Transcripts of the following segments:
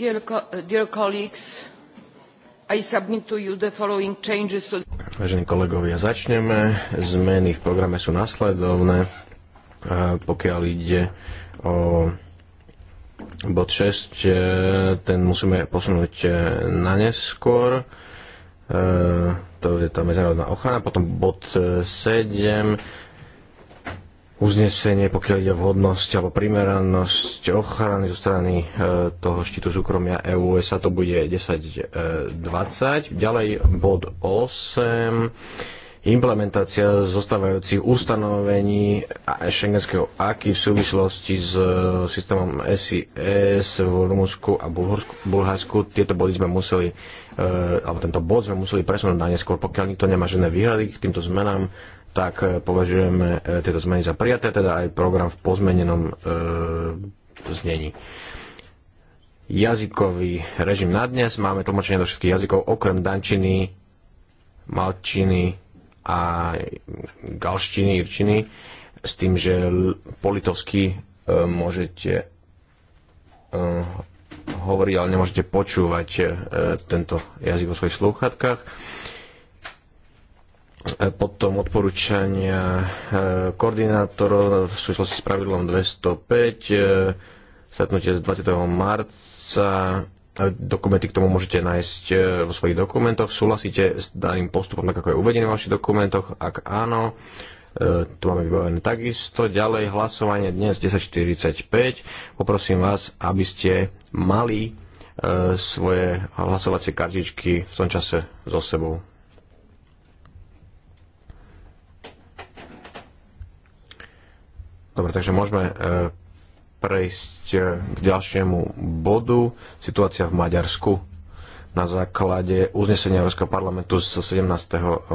Eh, Vážení kolegovia, začneme. Zmeny v programe sú nasledovné. Pokiaľ ide o bod 6, eh, ten musíme posunúť eh, na neskôr to je tá medzinárodná ochrana, potom bod 7, uznesenie, pokiaľ ide o vhodnosť alebo primeranosť ochrany zo strany e, toho štítu súkromia EU sa to bude 10.20. E, Ďalej bod 8 implementácia zostávajúcich ustanovení šengenského AKI v súvislosti s e, systémom SIS v Rumunsku a Bulharsku. Tieto body sme museli, e, alebo tento bod sme museli presunúť na neskôr, pokiaľ nikto nemá žiadne výhrady k týmto zmenám, tak e, považujeme e, tieto zmeny za prijaté, teda aj program v pozmenenom e, znení. Jazykový režim na dnes. Máme tlmočenie do všetkých jazykov, okrem dančiny, malčiny a galštiny, irčiny, s tým, že politovsky e, môžete e, hovoriť, ale nemôžete počúvať e, tento jazyk vo svojich slúchatkách. E, E, potom odporúčania e, koordinátorov v súvislosti s pravidlom 205, e, stretnutie z 20. marca, dokumenty k tomu môžete nájsť vo svojich dokumentoch, súhlasíte s daným postupom, tak ako je uvedené v vašich dokumentoch, ak áno, tu máme vybavené takisto. Ďalej hlasovanie dnes 10.45. Poprosím vás, aby ste mali svoje hlasovacie kartičky v tom čase so sebou. Dobre, takže môžeme e, prejsť e, k ďalšiemu bodu. Situácia v Maďarsku na základe uznesenia Európskeho parlamentu z 17.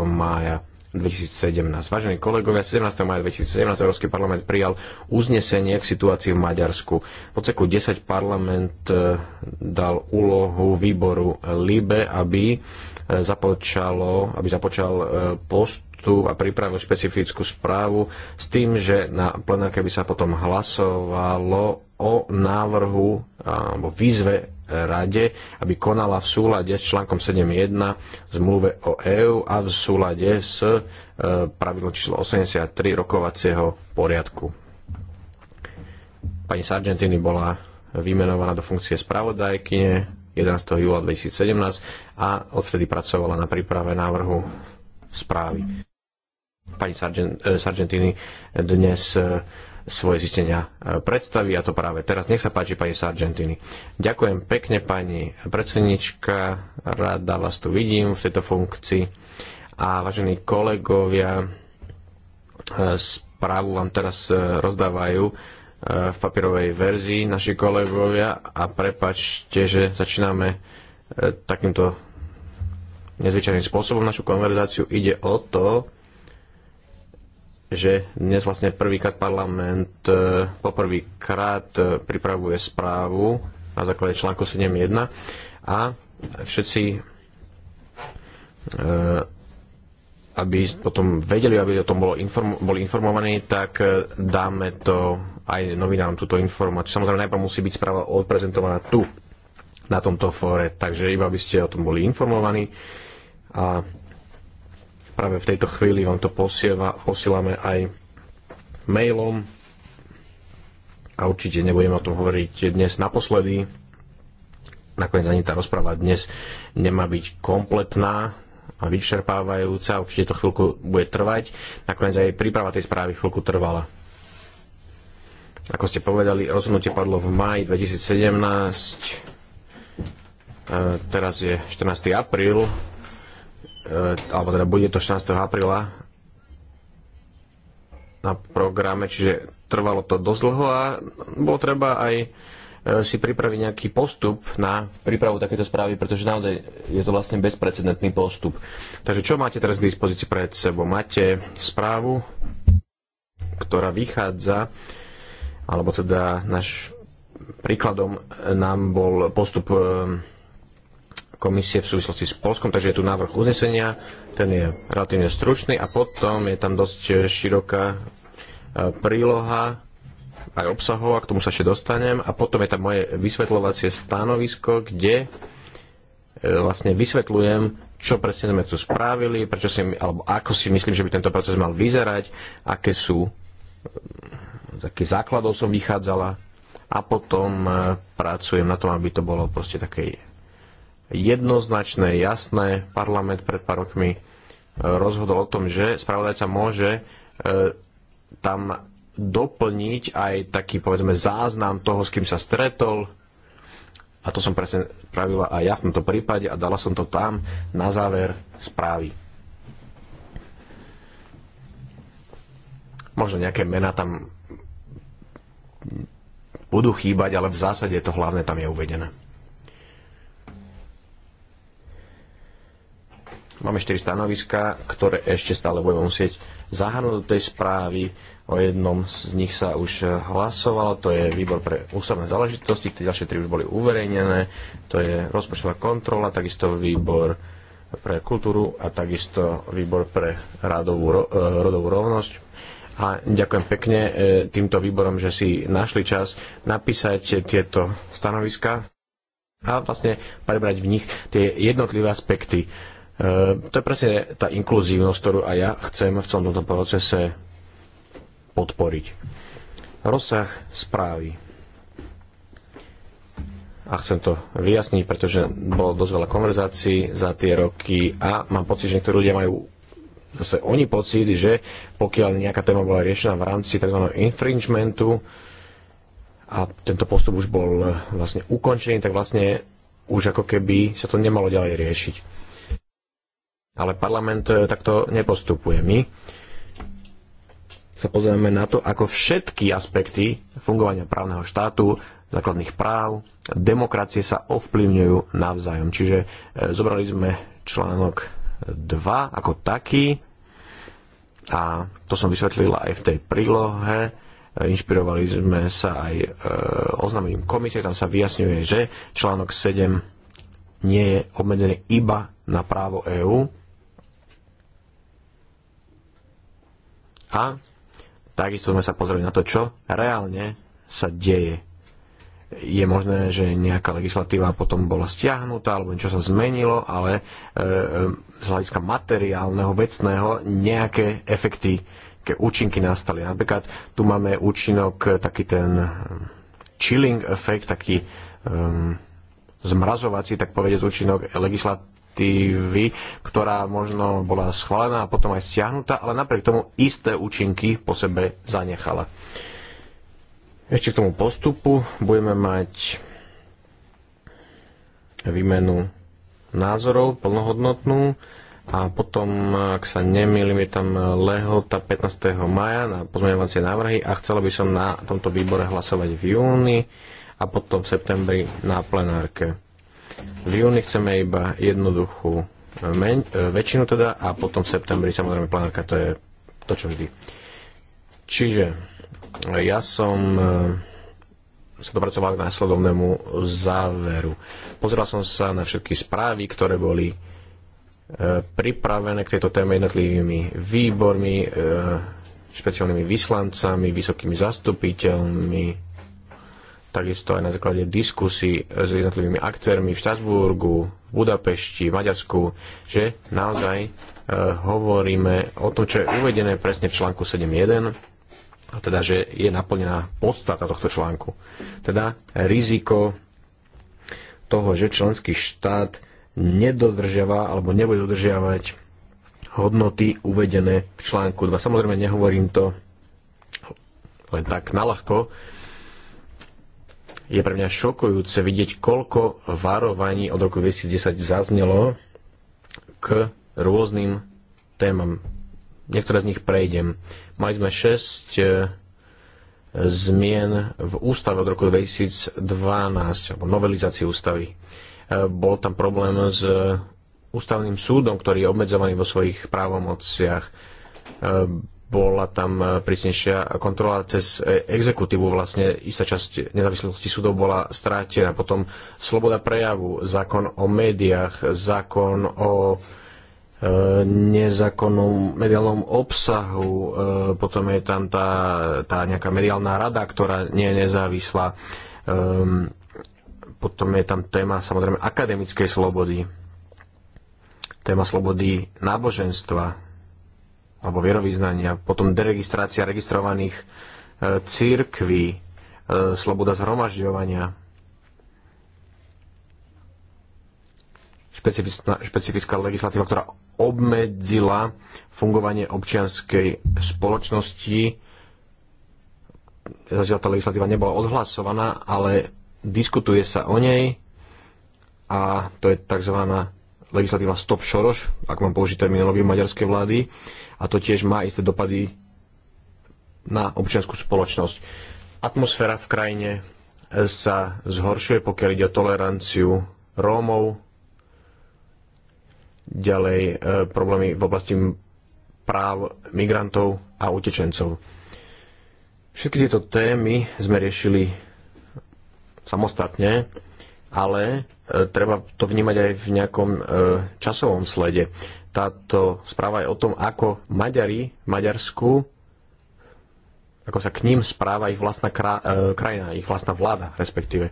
mája 2017. Vážení kolegovia, 17. maja 2017 Európsky parlament prijal uznesenie k situácii v Maďarsku. V odseku 10 parlament e, dal úlohu výboru LIBE, aby započalo, aby započal post, tu a pripravil špecifickú správu s tým, že na plenárke by sa potom hlasovalo o návrhu alebo výzve rade, aby konala v súlade s článkom 7.1 zmluve o EÚ a v súlade s e, pravidlo číslo 83 rokovacieho poriadku. Pani Sargentini bola vymenovaná do funkcie spravodajkyne 11. júla 2017 a odvtedy pracovala na príprave návrhu správy. Pani Sargentini e, dnes e, svoje zistenia e, predstaví a to práve teraz. Nech sa páči, pani Sargentini. Ďakujem pekne, pani predsednička. Rada vás tu vidím v tejto funkcii. A vážení kolegovia, správu vám teraz rozdávajú v papierovej verzii naši kolegovia a prepačte, že začíname takýmto nezvyčajným spôsobom našu konverzáciu. Ide o to, že dnes vlastne prvýkrát parlament e, poprvýkrát e, pripravuje správu na základe článku 7.1 a všetci e, aby potom vedeli, aby o tom bolo inform- boli informovaní, tak dáme to aj novinám túto informáciu. Samozrejme, najprv musí byť správa odprezentovaná tu, na tomto fóre. Takže iba by ste o tom boli informovaní a Práve v tejto chvíli vám to posieva, posielame aj mailom a určite nebudem o tom hovoriť dnes naposledy. Nakoniec ani tá rozpráva dnes nemá byť kompletná a vyčerpávajúca, určite to chvíľku bude trvať. Nakoniec aj príprava tej správy chvíľku trvala. Ako ste povedali, rozhodnutie padlo v maji 2017, e, teraz je 14. apríl, E, alebo teda bude to 16. apríla na programe, čiže trvalo to dosť dlho a bolo treba aj e, si pripraviť nejaký postup na prípravu takéto správy, pretože naozaj je to vlastne bezprecedentný postup. Takže čo máte teraz k dispozícii pred sebou? Máte správu, ktorá vychádza, alebo teda náš príkladom nám bol postup e, komisie v súvislosti s Polskom, takže je tu návrh uznesenia, ten je relatívne stručný a potom je tam dosť e, široká e, príloha, aj obsahová, k tomu sa ešte dostanem a potom je tam moje vysvetľovacie stanovisko, kde e, vlastne vysvetľujem, čo presne sme tu spravili, prečo si, alebo ako si myslím, že by tento proces mal vyzerať, aké sú, z akých základov som vychádzala a potom pracujem na tom, aby to bolo proste také jednoznačné, jasné. Parlament pred pár rokmi e, rozhodol o tom, že spravodajca môže e, tam doplniť aj taký, povedzme, záznam toho, s kým sa stretol, a to som presne pravila aj ja v tomto prípade a dala som to tam na záver správy. Možno nejaké mená tam budú chýbať, ale v zásade to hlavné tam je uvedené. Máme 4 stanoviska, ktoré ešte stále budeme musieť zahrnúť do tej správy. O jednom z nich sa už hlasovalo, to je výbor pre ústavné záležitosti, tie ďalšie tri už boli uverejnené, to je rozpočtová kontrola, takisto výbor pre kultúru a takisto výbor pre radovú, e, rodovú rovnosť. A ďakujem pekne e, týmto výborom, že si našli čas napísať tieto stanoviska a vlastne prebrať v nich tie jednotlivé aspekty Eh, to je presne tá inkluzívnosť, ktorú aj ja chcem v celom tomto procese podporiť. Rozsah správy. A chcem to vyjasniť, pretože bolo dosť veľa konverzácií za tie roky a mám pocit, že niektorí ľudia majú zase oni pocit, že pokiaľ nejaká téma bola riešená v rámci tzv. infringementu a tento postup už bol eh, vlastne ukončený, tak vlastne už ako keby sa to nemalo ďalej riešiť ale parlament e, takto nepostupuje. My sa pozrieme na to, ako všetky aspekty fungovania právneho štátu, základných práv, demokracie sa ovplyvňujú navzájom. Čiže e, zobrali sme článok 2 ako taký a to som vysvetlil aj v tej prílohe. E, inšpirovali sme sa aj oznámením komisie, tam sa vyjasňuje, že článok 7 nie je obmedzený iba na právo EÚ, A takisto sme sa pozreli na to, čo reálne sa deje. Je možné, že nejaká legislatíva potom bola stiahnutá, alebo niečo sa zmenilo, ale e, e z hľadiska materiálneho, vecného, nejaké efekty, nejaké účinky nastali. Napríklad tu máme účinok, e, taký ten e, chilling efekt, taký e, zmrazovací, tak povedať, účinok legislatívy legislatívy, ktorá možno bola schválená a potom aj stiahnutá, ale napriek tomu isté účinky po sebe zanechala. Ešte k tomu postupu budeme mať výmenu názorov plnohodnotnú a potom, ak sa nemýlim, je tam lehota 15. maja na pozmeňovacie návrhy a chcela by som na tomto výbore hlasovať v júni a potom v septembri na plenárke. V júni chceme iba jednoduchú meň, e, väčšinu teda a potom v septembri samozrejme plánka, to je to, čo vždy. Čiže e, ja som e, sa dopracoval k následovnému záveru. Pozrel som sa na všetky správy, ktoré boli pripravené k tejto téme jednotlivými výbormi, špeciálnymi vyslancami, vysokými zastupiteľmi, takisto aj na základe diskusí s jednotlivými aktérmi v Štrasburgu, v Budapešti, v Maďarsku, že naozaj e, hovoríme o tom, čo je uvedené presne v článku 7.1, a teda, že je naplnená podstata tohto článku. Teda riziko toho, že členský štát nedodržiava alebo nebude dodržiavať hodnoty uvedené v článku 2. Samozrejme, nehovorím to len tak nalahko, je pre mňa šokujúce vidieť, koľko varovaní od roku 2010 zaznelo k rôznym témam. Niektoré z nich prejdem. Mali sme 6 e, zmien v ústave od roku 2012, alebo novelizácii ústavy. E, bol tam problém s ústavným súdom, ktorý je obmedzovaný vo svojich právomociach. E, bola tam e, prísnejšia kontrola cez e, exekutívu. Vlastne istá časť nezávislosti súdov bola strátená. Potom sloboda prejavu, zákon o médiách, zákon o e, nezákonnom mediálnom obsahu, potom je tam tá, tá nejaká mediálna rada, ktorá nie je nezávislá, ehm, potom je tam téma samozrejme akademickej slobody, téma slobody náboženstva, alebo vierovýznania, potom deregistrácia registrovaných e, církví, e, sloboda zhromažďovania, špecifická, špecifická legislatíva, ktorá obmedzila fungovanie občianskej spoločnosti. Zatiaľ tá legislatíva nebola odhlasovaná, ale diskutuje sa o nej a to je tzv. legislatíva Stop Šoroš, ak mám použiť terminológiu maďarskej vlády a to tiež má isté dopady na občianskú spoločnosť. Atmosféra v krajine e, sa zhoršuje, pokiaľ ide o toleranciu Rómov, ďalej e, problémy v oblasti práv migrantov a utečencov. Všetky tieto témy sme riešili samostatne, ale e, treba to vnímať aj v nejakom e, časovom slede táto správa je o tom, ako Maďari v Maďarsku, ako sa k ním správa ich vlastná e, krajina, ich vlastná vláda respektíve.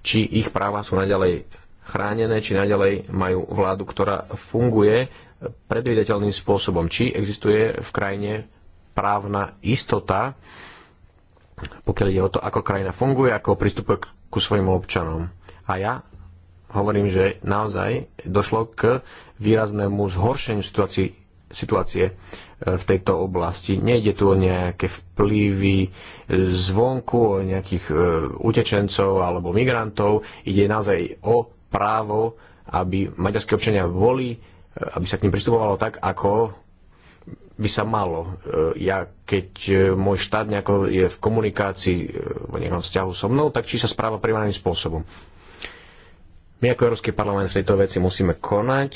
Či ich práva sú naďalej chránené, či naďalej majú vládu, ktorá funguje predvidateľným spôsobom. Či existuje v krajine právna istota, pokiaľ ide o to, ako krajina funguje, ako pristupuje ku svojim občanom. A ja hovorím, že naozaj došlo k výraznému zhoršeniu situácii, situácie e, v tejto oblasti. Nejde tu o nejaké vplyvy e, zvonku, o nejakých e, utečencov alebo migrantov. Ide naozaj o právo, aby maďarskí občania boli, e, aby sa k ním pristupovalo tak, ako by sa malo. Ja, keď môj štát nejako je v komunikácii, v nejakom vzťahu so mnou, tak či sa správa primárnym spôsobom. My ako Európsky parlament v tejto veci musíme konať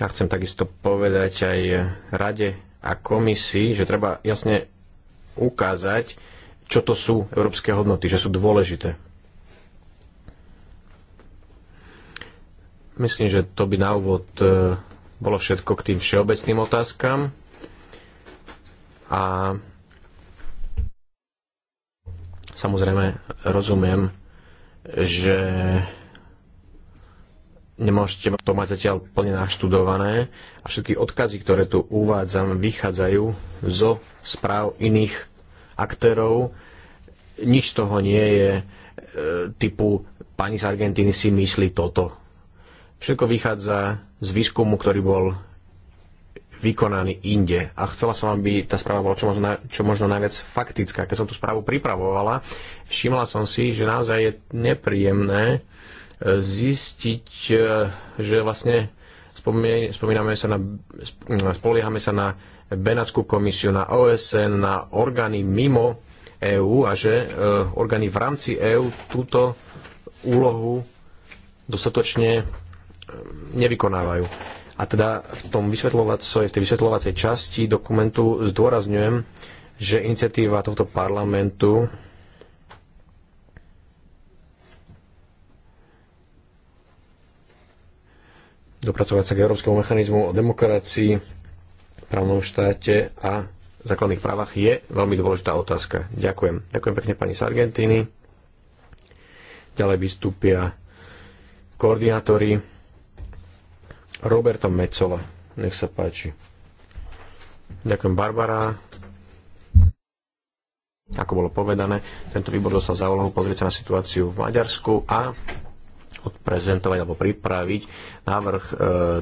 a chcem takisto povedať aj rade a komisii, že treba jasne ukázať, čo to sú európske hodnoty, že sú dôležité. Myslím, že to by na úvod e, bolo všetko k tým všeobecným otázkam. A samozrejme rozumiem, že nemôžete to mať zatiaľ plne naštudované a všetky odkazy, ktoré tu uvádzam, vychádzajú zo správ iných aktérov. Nič toho nie je e, typu pani z Argentíny si myslí toto. Všetko vychádza z výskumu, ktorý bol vykonaný inde. A chcela som, aby tá správa bola čo možno, na, čo možno najviac faktická. Keď som tú správu pripravovala, všimla som si, že naozaj je nepríjemné, zistiť, že vlastne spomíname sa na, spoliehame sa na Benátskú komisiu, na OSN, na orgány mimo EÚ a že e, orgány v rámci EÚ túto úlohu dostatočne e, nevykonávajú. A teda v, tom vysvetľovacej, v tej vysvetľovacej časti dokumentu zdôrazňujem, že iniciatíva tohto parlamentu dopracovať sa k európskemu mechanizmu o demokracii, právnom štáte a základných právach je veľmi dôležitá otázka. Ďakujem. Ďakujem pekne pani z Argentíny. Ďalej vystúpia koordinátori Roberta Mecola. Nech sa páči. Ďakujem Barbara. Ako bolo povedané, tento výbor dostal za úlohu pozrieť sa na situáciu v Maďarsku a odprezentovať alebo pripraviť návrh e,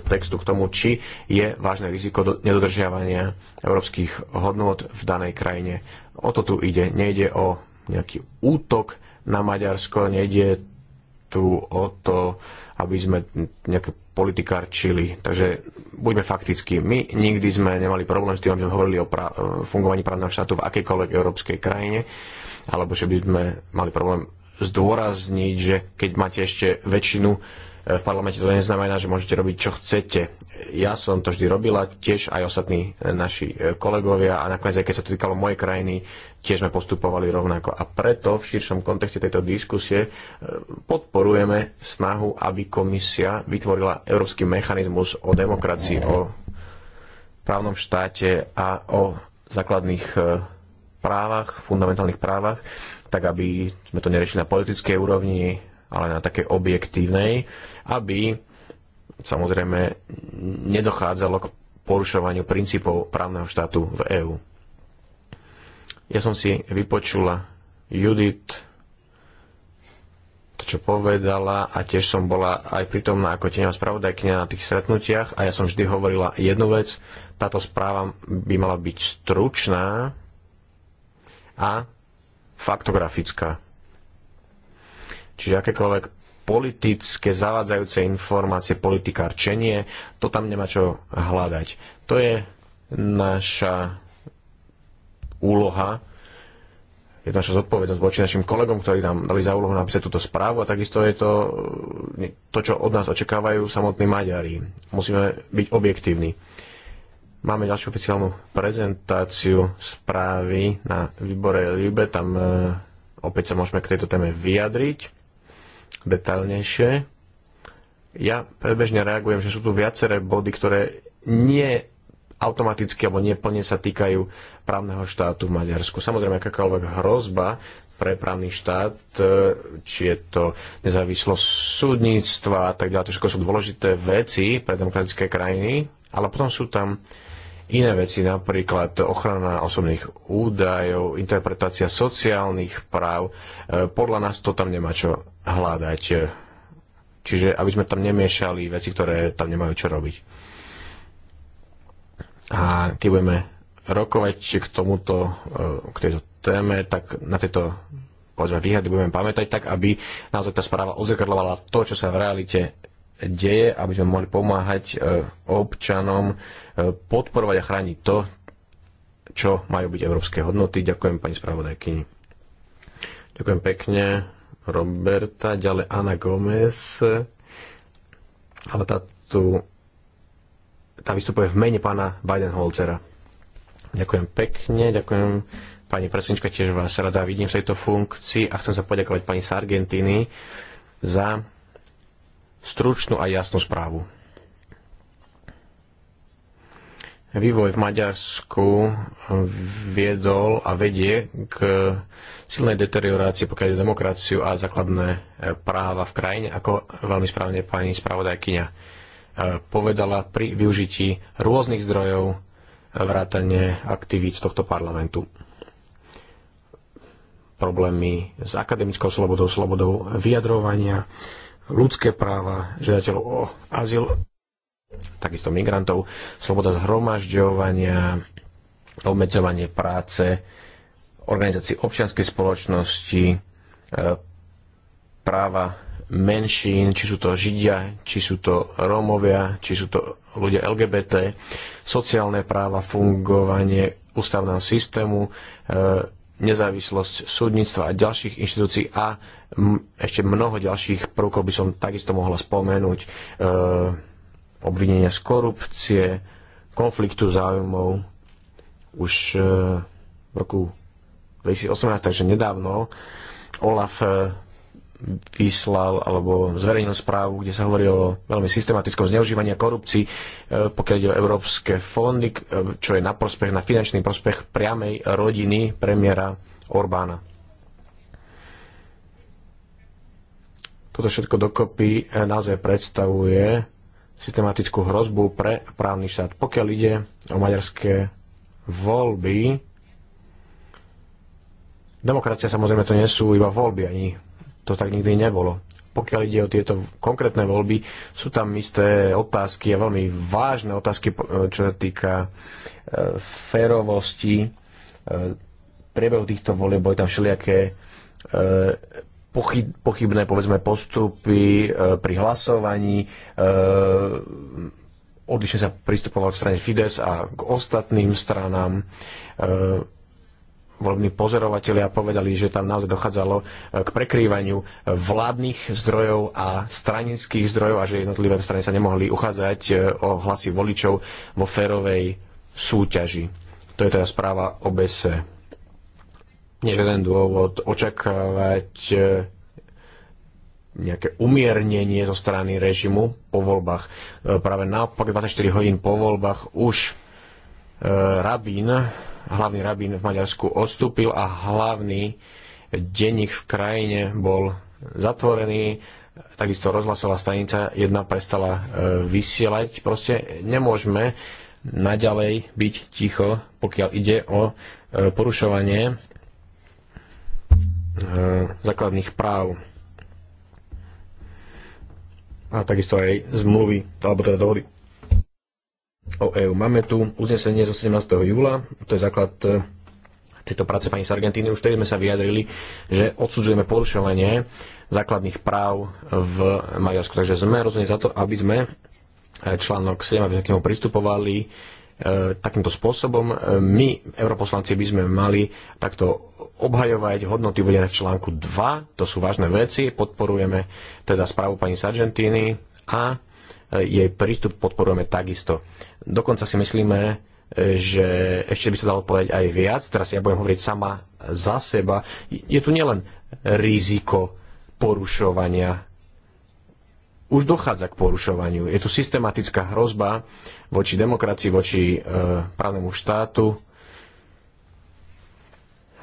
textu k tomu, či je vážne riziko do, nedodržiavania európskych hodnot v danej krajine. O to tu ide. Nejde o nejaký útok na Maďarsko, nejde tu o to, aby sme nejaké politikárčili. Takže buďme fakticky. My nikdy sme nemali problém s tým, aby sme hovorili o pra- fungovaní právneho štátu v akejkoľvek európskej krajine, alebo že by sme mali problém zdôrazniť, že keď máte ešte väčšinu e, v parlamente, to neznamená, že môžete robiť, čo chcete. Ja som to vždy robila, tiež aj ostatní e, naši e, kolegovia a nakoniec, aj keď sa to týkalo mojej krajiny, tiež sme postupovali rovnako. A preto v širšom kontexte tejto diskusie podporujeme snahu, aby komisia vytvorila európsky mechanizmus o demokracii, o právnom štáte a o základných právach, fundamentálnych právach tak aby sme to neriešili na politickej úrovni, ale na takej objektívnej, aby samozrejme nedochádzalo k porušovaniu princípov právneho štátu v EÚ. Ja som si vypočula Judith, to čo povedala a tiež som bola aj pritomná ako teňová spravodajkňa na tých stretnutiach a ja som vždy hovorila jednu vec, táto správa by mala byť stručná a faktografická. Čiže akékoľvek politické zavádzajúce informácie, politikárčenie, to tam nemá čo hľadať. To je naša úloha, je to naša zodpovednosť voči našim kolegom, ktorí nám dali za úlohu napísať túto správu a takisto je to to, čo od nás očakávajú samotní Maďari. Musíme byť objektívni. Máme ďalšiu oficiálnu prezentáciu správy na výbore LIBE. Tam e, opäť sa môžeme k tejto téme vyjadriť detailnejšie. Ja prebežne reagujem, že sú tu viaceré body, ktoré nie automaticky alebo neplne sa týkajú právneho štátu v Maďarsku. Samozrejme, akákoľvek hrozba pre právny štát, e, či je to nezávislosť súdnictva a tak ďalej, to všetko sú dôležité veci pre demokratické krajiny, ale potom sú tam iné veci, napríklad ochrana osobných údajov, interpretácia sociálnych práv. E, podľa nás to tam nemá čo hľadať. E, čiže aby sme tam nemiešali veci, ktoré tam nemajú čo robiť. A keď budeme rokovať k tomuto, e, k tejto téme, tak na tieto povedzme, výhľady budeme pamätať tak, aby naozaj tá správa odzrkadlovala to, čo sa v realite deje, aby sme mohli pomáhať e, občanom e, podporovať a chrániť to, čo majú byť európske hodnoty. Ďakujem pani spravodajkyni. Ďakujem pekne Roberta, ďalej Ana Gomez, ale tá tu tá vystupuje v mene pána Bidenholzera. Ďakujem pekne, ďakujem pani predsednička, tiež vás rada vidím v tejto funkcii a chcem sa poďakovať pani Sargentini za stručnú a jasnú správu. Vývoj v Maďarsku viedol a vedie k silnej deteriorácii, pokiaľ je demokraciu a základné e, práva v krajine, ako veľmi správne pani spravodajkyňa e, povedala pri využití rôznych zdrojov vrátane aktivít z tohto parlamentu. Problémy s akademickou slobodou, slobodou vyjadrovania, ľudské práva žiadateľov o azyl, takisto migrantov, sloboda zhromažďovania, obmedzovanie práce, organizácii občianskej spoločnosti, e, práva menšín, či sú to Židia, či sú to Rómovia, či sú to ľudia LGBT, sociálne práva, fungovanie ústavného systému, e, nezávislosť súdnictva a ďalších inštitúcií a ešte mnoho ďalších prvkov by som takisto mohla spomenúť. E, obvinenia z korupcie, konfliktu záujmov už e, v roku 2018, takže nedávno, Olaf e, vyslal alebo zverejnil správu, kde sa hovorí o veľmi systematickom zneužívaní a korupcii, e, pokiaľ ide o európske fondy, e, čo je na prospech, na finančný prospech priamej rodiny premiéra Orbána. Toto všetko dokopy eh, naozaj predstavuje systematickú hrozbu pre právny štát. Pokiaľ ide o maďarské voľby, demokracia samozrejme to nie sú iba voľby, ani to tak nikdy nebolo. Pokiaľ ide o tieto konkrétne voľby, sú tam isté otázky a veľmi vážne otázky, eh, čo sa týka eh, férovosti priebehu týchto volieb boli tam všelijaké pochyb, pochybné povedzme, postupy e, pri hlasovaní, e, odlišne sa pristupoval k strane Fides a k ostatným stranám. E, volební pozorovatelia povedali, že tam naozaj dochádzalo k prekrývaniu vládnych zdrojov a stranických zdrojov a že jednotlivé strany sa nemohli uchádzať o hlasy voličov vo férovej súťaži. To je teda správa OBSE nie žiaden dôvod očakávať e, nejaké umiernenie zo strany režimu po voľbách. E, práve naopak 24 hodín po voľbách už e, rabín, hlavný rabín v Maďarsku odstúpil a hlavný denník v krajine bol zatvorený, takisto rozhlasová stanica jedna prestala vysielať. Proste nemôžeme naďalej byť ticho, pokiaľ ide o porušovanie Eh, základných práv a takisto aj zmluvy, alebo teda dohody o EÚ. Máme tu uznesenie zo 17. júla, to je základ eh, tejto práce pani z Argentíny. Už tedy sme sa vyjadrili, že odsudzujeme porušovanie základných práv v Maďarsku. Takže sme rozhodne za to, aby sme eh, článok 7, aby sme k nemu pristupovali e, takýmto spôsobom. My, europoslanci, by sme mali takto obhajovať hodnoty uvedené v článku 2, to sú vážne veci, podporujeme teda správu pani Sargentini a e, jej prístup podporujeme takisto. Dokonca si myslíme, e, že ešte by sa dalo povedať aj viac, teraz ja budem hovoriť sama za seba. Je tu nielen riziko porušovania, už dochádza k porušovaniu. Je tu systematická hrozba voči demokracii, voči e, právnemu štátu,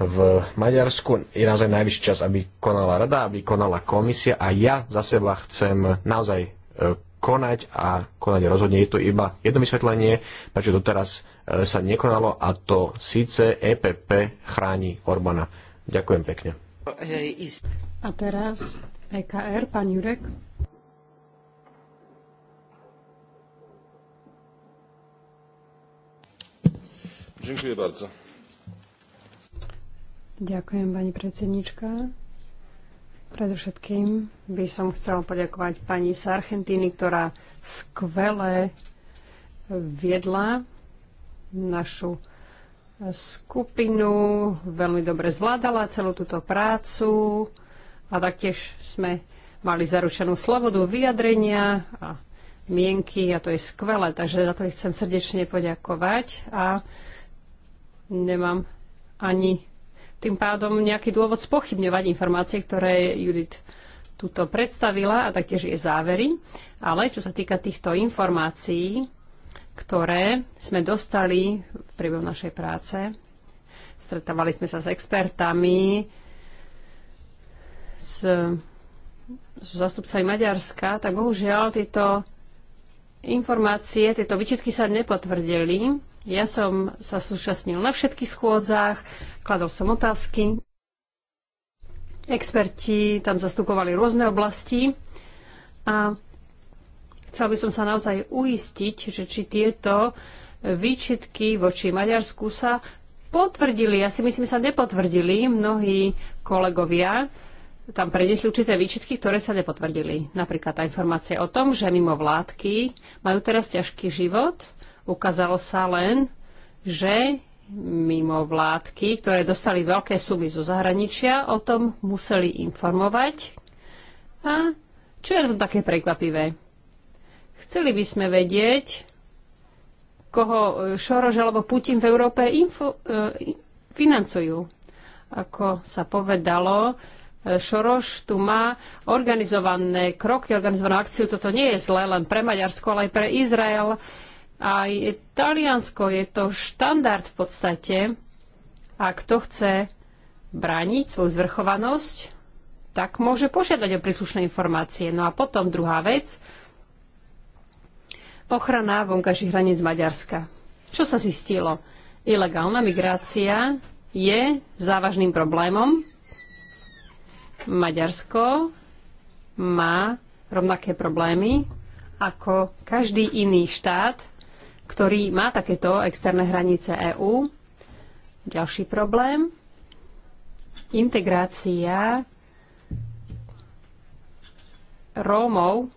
v Maďarsku. Je naozaj najvyšší čas, aby konala rada, aby konala komisia a ja za seba chcem naozaj e, konať a konať rozhodne. Je to iba jedno vysvetlenie, prečo doteraz e, sa nekonalo a to síce EPP chráni Orbana. Ďakujem pekne. A teraz EKR, pán Jurek. Dziękuję bardzo. Ďakujem, pani predsednička. Predovšetkým by som chcela poďakovať pani Sargentini, ktorá skvele viedla našu skupinu, veľmi dobre zvládala celú túto prácu a taktiež sme mali zaručenú slobodu vyjadrenia a mienky a to je skvelé, takže za to ich chcem srdečne poďakovať a nemám ani tým pádom nejaký dôvod spochybňovať informácie, ktoré Judith túto predstavila a taktiež je závery. Ale čo sa týka týchto informácií, ktoré sme dostali v priebehu našej práce, stretávali sme sa s expertami, s, s zastupcami Maďarska, tak bohužiaľ tieto informácie, tieto vyčitky sa nepotvrdili ja som sa súčasnil na všetkých schôdzach, kladol som otázky. Experti tam zastupovali rôzne oblasti a chcel by som sa naozaj uistiť, že či tieto výčitky voči Maďarsku sa potvrdili. Ja si myslím, sa nepotvrdili. Mnohí kolegovia tam prenesli určité výčitky, ktoré sa nepotvrdili. Napríklad tá informácia o tom, že mimo vládky majú teraz ťažký život Ukázalo sa len, že mimo vládky, ktoré dostali veľké sumy zo zahraničia, o tom museli informovať. A čo je to také prekvapivé? Chceli by sme vedieť, koho Šorož alebo Putin v Európe info, e, financujú. Ako sa povedalo, e, Šoroš tu má organizované kroky, organizovanú akciu. Toto nie je zlé len pre Maďarsko, ale aj pre Izrael. Aj Taliansko je to štandard v podstate. A kto chce brániť svoju zvrchovanosť, tak môže požiadať o príslušné informácie. No a potom druhá vec, ochrana vonkajších hraníc Maďarska. Čo sa zistilo? Ilegálna migrácia je závažným problémom. Maďarsko má rovnaké problémy ako každý iný štát ktorý má takéto externé hranice EÚ. Ďalší problém. Integrácia Rómov,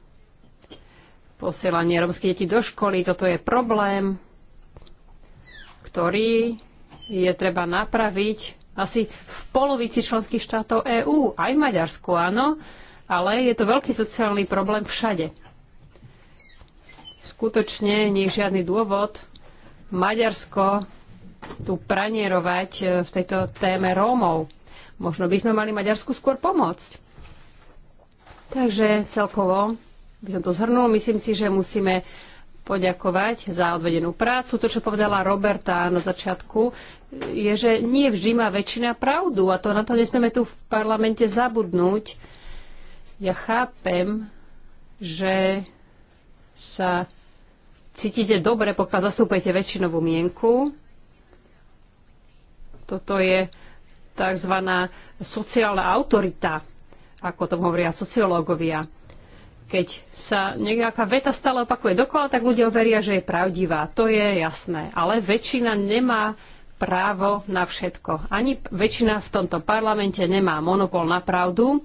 posielanie rómskych detí do školy, toto je problém, ktorý je treba napraviť asi v polovici členských štátov EÚ, aj v Maďarsku, áno, ale je to veľký sociálny problém všade skutočne nie je žiadny dôvod Maďarsko tu pranierovať e, v tejto téme Rómov. Možno by sme mali Maďarsku skôr pomôcť. Takže celkovo by som to zhrnul. Myslím si, že musíme poďakovať za odvedenú prácu. To, čo povedala Roberta na začiatku, je, že nie vždy má väčšina pravdu a to na to nesmieme tu v parlamente zabudnúť. Ja chápem, že sa cítite dobre, pokiaľ zastupujete väčšinovú mienku. Toto je tzv. sociálna autorita, ako to hovoria sociológovia. Keď sa nejaká veta stále opakuje dokola, tak ľudia veria, že je pravdivá. To je jasné. Ale väčšina nemá právo na všetko. Ani väčšina v tomto parlamente nemá monopol na pravdu.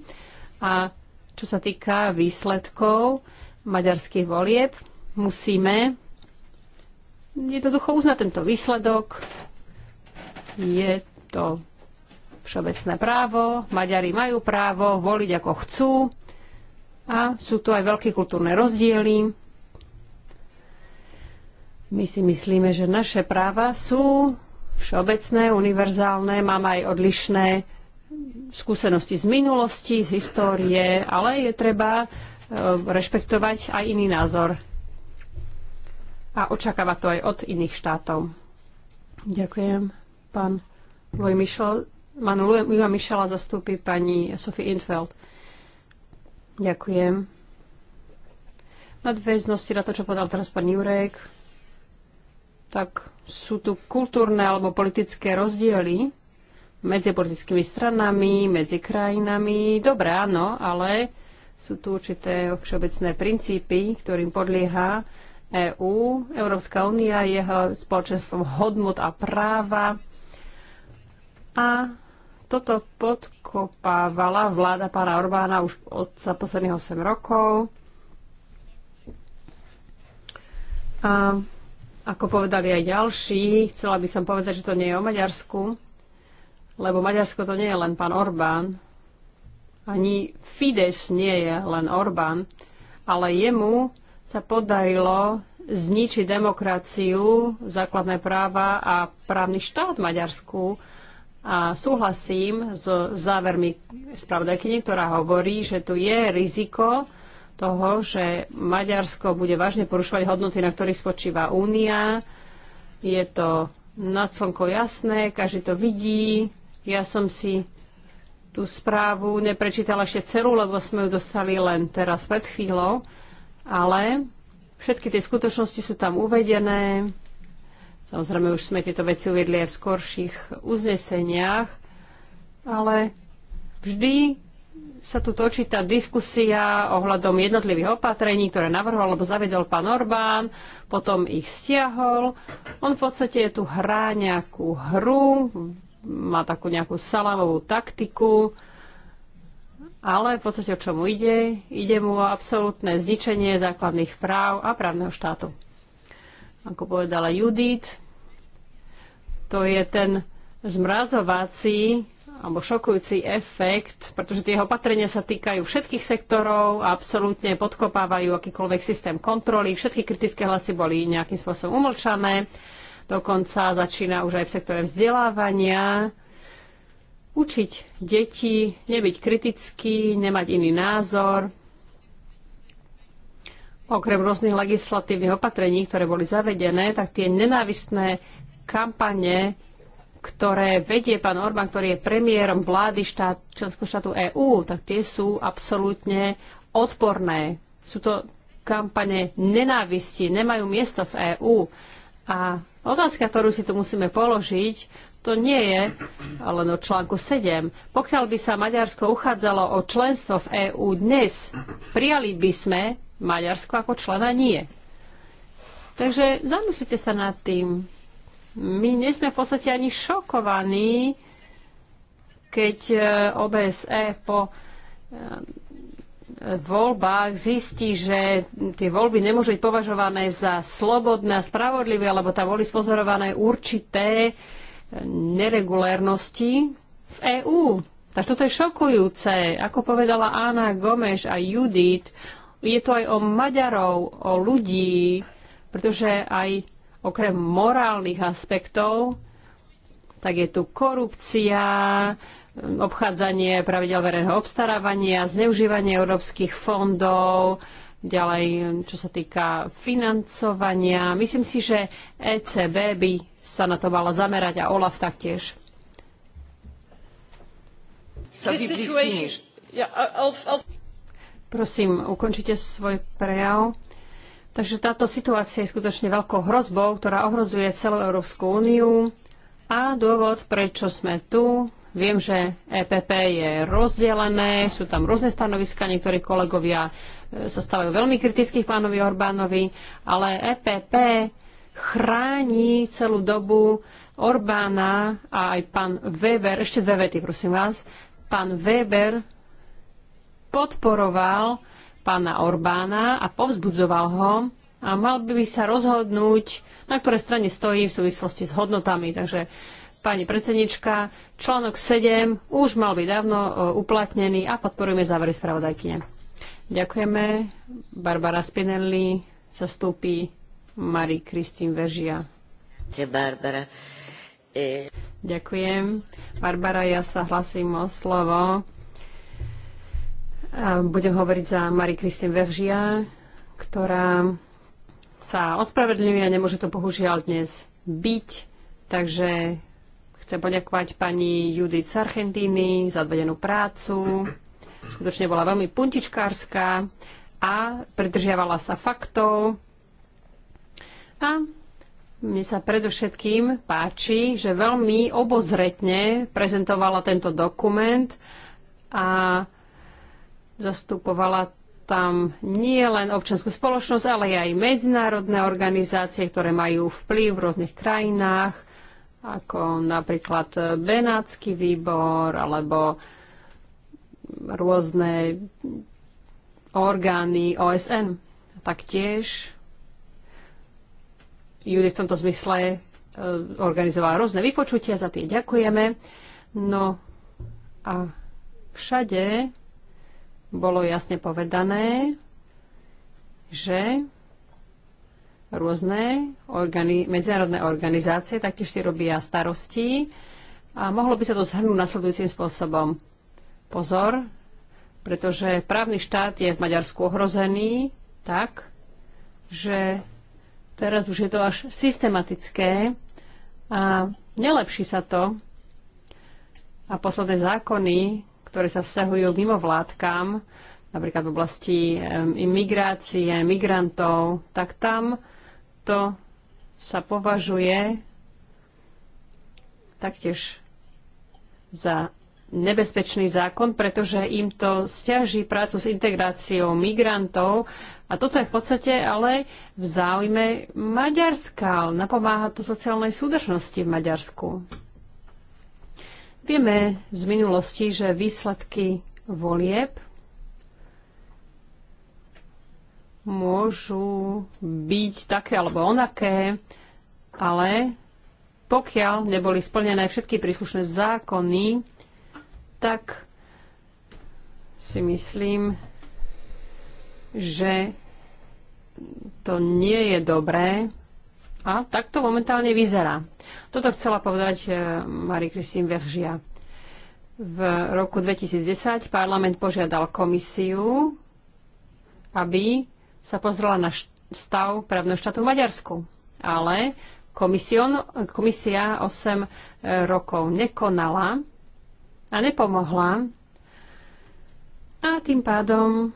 A čo sa týka výsledkov maďarských volieb, musíme jednoducho uznať tento výsledok. Je to všeobecné právo, Maďari majú právo voliť ako chcú a sú tu aj veľké kultúrne rozdiely. My si myslíme, že naše práva sú všeobecné, univerzálne, máme aj odlišné skúsenosti z minulosti, z histórie, ale je treba eh, rešpektovať aj iný názor a očakáva to aj od iných štátov. Ďakujem. Pán Louis Michel, pán Louis Michela zastúpi pani Sophie Infeld. Ďakujem. Nadväznosti na to, čo povedal teraz pán Jurek, tak sú tu kultúrne alebo politické rozdiely medzi politickými stranami, medzi krajinami. Dobre, áno, ale sú tu určité všeobecné princípy, ktorým podlieha EÚ, EU, Európska únia, jeho spoločenstvom hodnot a práva. A toto podkopávala vláda pána Orbána už od za posledných 8 rokov. A ako povedali aj ďalší, chcela by som povedať, že to nie je o Maďarsku, lebo Maďarsko to nie je len pán Orbán, ani Fides nie je len Orbán, ale jemu sa podarilo zničiť demokraciu, základné práva a právny štát v Maďarsku. A súhlasím s závermi spravodajkyne, ktorá hovorí, že tu je riziko toho, že Maďarsko bude vážne porušovať hodnoty, na ktorých spočíva únia. Je to nad slnko jasné, každý to vidí. Ja som si tú správu neprečítala ešte celú, lebo sme ju dostali len teraz pred chvíľou ale všetky tie skutočnosti sú tam uvedené. Samozrejme, už sme tieto veci uvedli aj v skorších uzneseniach, ale vždy sa tu točí tá diskusia ohľadom jednotlivých opatrení, ktoré navrhol alebo zavedol pán Orbán, potom ich stiahol. On v podstate je tu hrá nejakú hru, má takú nejakú salamovú taktiku, ale v podstate o čomu ide? Ide mu o absolútne zničenie základných práv a právneho štátu. Ako povedala Judith, to je ten zmrazovací alebo šokujúci efekt, pretože tie opatrenia sa týkajú všetkých sektorov a absolútne podkopávajú akýkoľvek systém kontroly. Všetky kritické hlasy boli nejakým spôsobom umlčané. Dokonca začína už aj v sektore vzdelávania učiť deti, nebyť kritický, nemať iný názor. Okrem rôznych legislatívnych opatrení, ktoré boli zavedené, tak tie nenávistné kampane, ktoré vedie pán Orbán, ktorý je premiérom vlády štát, členského štátu EÚ, tak tie sú absolútne odporné. Sú to kampane nenávisti, nemajú miesto v EÚ. A otázka, ktorú si tu musíme položiť, to nie je len o článku 7. Pokiaľ by sa Maďarsko uchádzalo o členstvo v EÚ dnes, prijali by sme Maďarsko ako člena nie. Takže zamyslite sa nad tým. My nie sme v podstate ani šokovaní, keď OBSE e po e, voľbách zistí, že tie voľby nemôžu byť považované za slobodné a spravodlivé, lebo tam boli spozorované určité neregulérnosti v EÚ. Tak toto je šokujúce. Ako povedala Anna Gomeš a Judith, je to aj o Maďarov, o ľudí, pretože aj okrem morálnych aspektov, tak je tu korupcia, obchádzanie pravidel verejného obstarávania, zneužívanie európskych fondov, ďalej, čo sa týka financovania. Myslím si, že ECB by sa na to mala zamerať a OLAF taktiež. Prosím, ukončite svoj prejav. Takže táto situácia je skutočne veľkou hrozbou, ktorá ohrozuje celú Európsku úniu. A dôvod, prečo sme tu, viem, že EPP je rozdelené, sú tam rôzne stanoviska, niektorí kolegovia e, sa stávajú veľmi kritických pánovi Orbánovi, ale EPP chráni celú dobu Orbána a aj pán Weber, ešte dve vety, prosím vás, pán Weber podporoval pána Orbána a povzbudzoval ho a mal by sa rozhodnúť, na ktorej strane stojí v súvislosti s hodnotami. Takže pani predsednička, článok 7 už mal byť dávno e, uplatnený a podporujeme závery spravodajkyne. Ďakujeme. Barbara Spinelli zastúpi Marie Kristín Vežia. Barbara. E... Ďakujem. Barbara, ja sa hlasím o slovo. Budem hovoriť za Marie Kristín Veržia, ktorá sa ospravedlňuje a nemôže to bohužiaľ dnes byť. Takže chcem poďakovať pani Judith Sargentini za odvedenú prácu. Skutočne bola veľmi puntičkárska a pridržiavala sa faktov a mne sa predovšetkým páči, že veľmi obozretne prezentovala tento dokument a zastupovala tam nie len občanskú spoločnosť, ale aj medzinárodné organizácie, ktoré majú vplyv v rôznych krajinách, ako napríklad Benátsky výbor alebo rôzne orgány OSN. Taktiež Juli v tomto zmysle e, organizovala rôzne vypočutia, za tie ďakujeme. No a všade bolo jasne povedané, že rôzne organi- medzinárodné organizácie taktiež si robia starosti a mohlo by sa to zhrnúť nasledujúcim spôsobom. Pozor, pretože právny štát je v Maďarsku ohrozený tak, že Teraz už je to až systematické a nelepší sa to. A posledné zákony, ktoré sa vzťahujú mimo vládkam, napríklad v oblasti imigrácie, migrantov, tak tam to sa považuje taktiež za nebezpečný zákon, pretože im to stiaží prácu s integráciou migrantov. A toto je v podstate ale v záujme Maďarska. Napomáha to sociálnej súdržnosti v Maďarsku. Vieme z minulosti, že výsledky volieb môžu byť také alebo onaké, ale pokiaľ neboli splnené všetky príslušné zákony, tak si myslím, že to nie je dobré. A tak to momentálne vyzerá. Toto chcela povedať eh, Marie-Christine Veržia. V roku 2010 parlament požiadal komisiu, aby sa pozrela na stav právneho štátu v Maďarsku. Ale komisia 8 eh, rokov nekonala a nepomohla. A tým pádom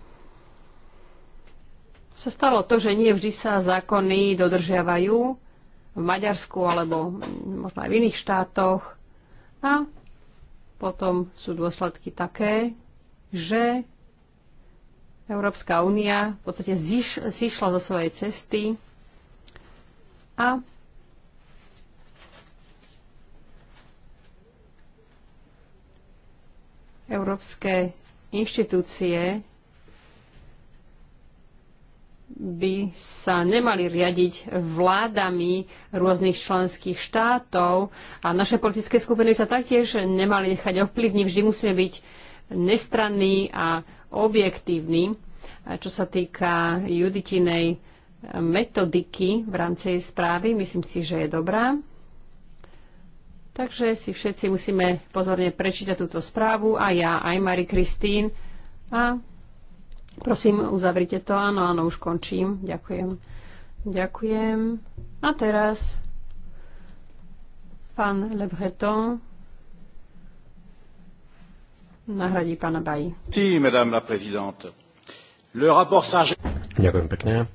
sa stalo to, že nie vždy sa zákony dodržiavajú v Maďarsku alebo možno aj v iných štátoch. A potom sú dôsledky také, že Európska únia v podstate zišla zo svojej cesty a Európske inštitúcie by sa nemali riadiť vládami rôznych členských štátov a naše politické skupiny sa taktiež nemali nechať ovplyvniť. Vždy musíme byť nestranní a objektívni. A čo sa týka juditinej metodiky v rámci správy, myslím si, že je dobrá. Takže si všetci musíme pozorne prečítať túto správu, a ja, aj Marie Kristín. A prosím, uzavrite to. Áno, áno, už končím. Ďakujem. Ďakujem. A teraz pán Le Breton nahradí pána Bají. Sí, madame la présidente. Le rapport Ďakujem pekne.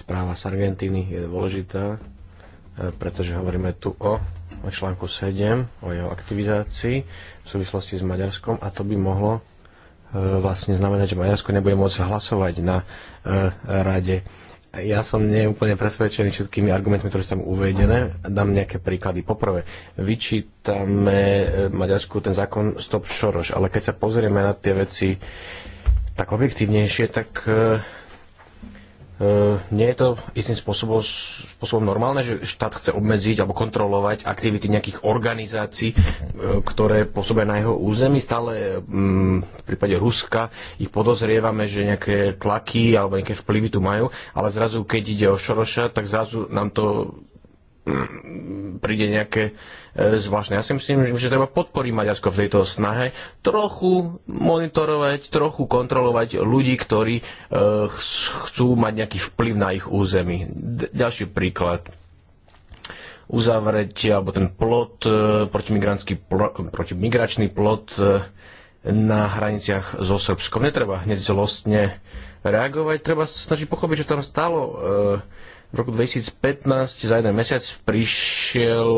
Správa z Argentíny je dôležitá, eh, pretože hovoríme tu o o článku 7, o jeho aktivizácii v súvislosti s Maďarskom a to by mohlo e, vlastne znamenať, že Maďarsko nebude môcť hlasovať na e, rade. Ja som neúplne presvedčený všetkými argumentmi, ktoré sú tam uvedené. Dám nejaké príklady. Poprvé, vyčítame e, Maďarsku ten zákon Stop Šoroš, ale keď sa pozrieme na tie veci tak objektívnejšie, tak E, nie je to istým spôsobom, spôsobom normálne, že štát chce obmedziť alebo kontrolovať aktivity nejakých organizácií, e, ktoré pôsobia na jeho území. Stále e, v prípade Ruska ich podozrievame, že nejaké tlaky alebo nejaké vplyvy tu majú, ale zrazu, keď ide o Šoroša, tak zrazu nám to príde nejaké e, zvláštne. Ja si myslím, že treba podporiť Maďarsko v tejto snahe, trochu monitorovať, trochu kontrolovať ľudí, ktorí e, chcú mať nejaký vplyv na ich území. Ďalší príklad Uzavrieť alebo ten plot, e, protimigrantský plot, protimigračný plot na hraniciach so Srbskom. Netreba hneď zlostne reagovať, treba sa snažiť pochopiť, že tam stalo e, v roku 2015 za jeden mesiac prišiel,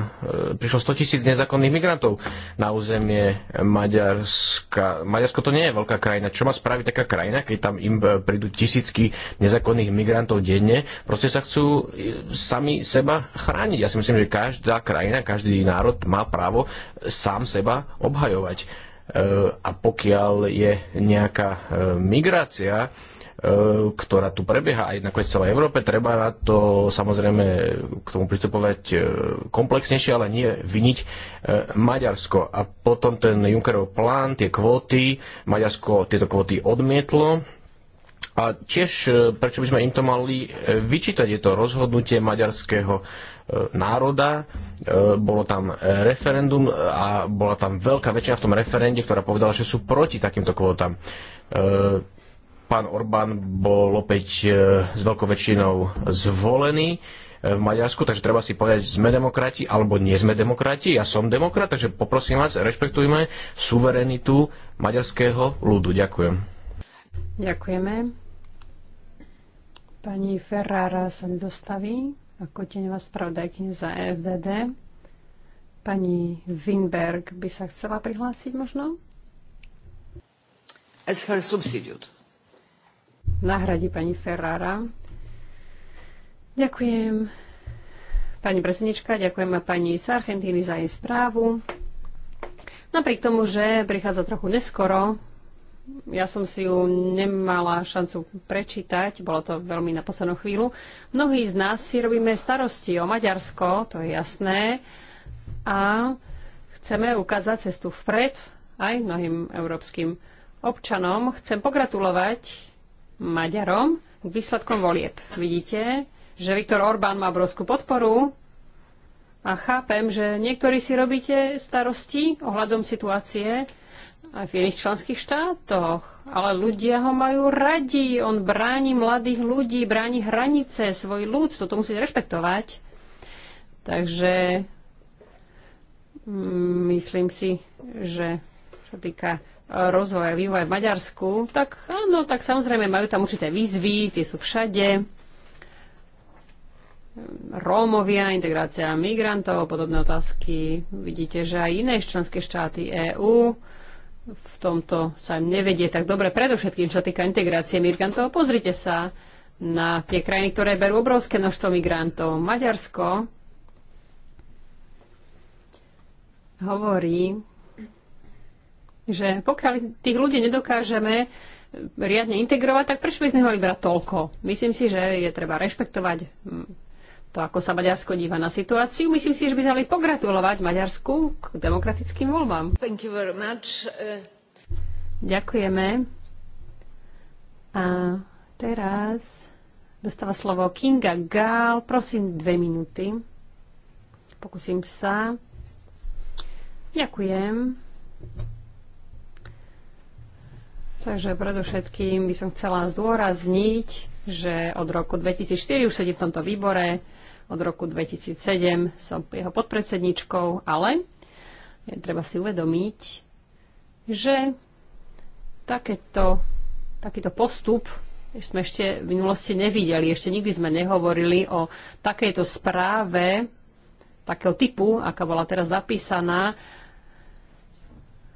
eh, prišlo 100 tisíc nezákonných migrantov na územie Maďarska. Maďarsko to nie je veľká krajina. Čo má spraviť taká krajina, keď tam im eh, prídu tisícky nezákonných migrantov denne? Proste sa chcú eh, sami seba chrániť. Ja si myslím, že každá krajina, každý národ má právo sám seba obhajovať. A pokiaľ je nejaká migrácia, E, ktorá tu prebieha aj na nakoniec celej Európe. Treba na to samozrejme k tomu pristupovať e, komplexnejšie, ale nie vyniť e, Maďarsko. A potom ten Junckerov plán, tie kvóty, Maďarsko tieto kvóty odmietlo. A tiež, prečo by sme im to mali vyčítať, je to rozhodnutie maďarského národa, bolo tam referendum a bola tam veľká väčšina v tom referende, ktorá povedala, že sú proti takýmto kvótam Pán Orbán bol opäť e, s veľkou väčšinou zvolený e, v Maďarsku, takže treba si povedať, sme demokrati alebo nie sme demokrati. Ja som demokrat, takže poprosím vás, rešpektujme suverenitu maďarského ľudu. Ďakujem. Ďakujeme. Pani Ferrara sa dostaví ako teňová spravodajkyňa za FDD. Pani Winberg by sa chcela prihlásiť možno? As her substitute nahradí pani Ferrara. Ďakujem pani predsednička, ďakujem a pani Sargentini za jej správu. Napriek tomu, že prichádza trochu neskoro, ja som si ju nemala šancu prečítať, bolo to veľmi na poslednú chvíľu. Mnohí z nás si robíme starosti o Maďarsko, to je jasné, a chceme ukázať cestu vpred aj mnohým európskym občanom. Chcem pogratulovať Maďarom k výsledkom volieb. Vidíte, že Viktor Orbán má obrovskú podporu a chápem, že niektorí si robíte starosti ohľadom situácie aj v iných členských štátoch, ale ľudia ho majú radi, on bráni mladých ľudí, bráni hranice, svoj ľud, toto musí rešpektovať. Takže mm, myslím si, že čo týka rozvoj a vývoj v Maďarsku, tak áno, tak samozrejme majú tam určité výzvy, tie sú všade. Rómovia, integrácia migrantov, podobné otázky. Vidíte, že aj iné členské štáty EÚ v tomto sa nevedie tak dobre, predovšetkým čo týka integrácie migrantov. Pozrite sa na tie krajiny, ktoré berú obrovské množstvo migrantov. Maďarsko hovorí, že pokiaľ tých ľudí nedokážeme riadne integrovať, tak prečo by sme mali brať toľko? Myslím si, že je treba rešpektovať hm, to, ako sa Maďarsko díva na situáciu. Myslím si, že by sme mali pogratulovať Maďarsku k demokratickým voľbám. Thank you very much. Uh... Ďakujeme. A teraz dostáva slovo Kinga Gál. Prosím, dve minúty. Pokúsim sa. Ďakujem. Takže predovšetkým by som chcela zdôrazniť, že od roku 2004 už sedím v tomto výbore, od roku 2007 som jeho podpredsedničkou, ale je treba si uvedomiť, že takéto, takýto postup sme ešte v minulosti nevideli. Ešte nikdy sme nehovorili o takejto správe, takého typu, aká bola teraz napísaná,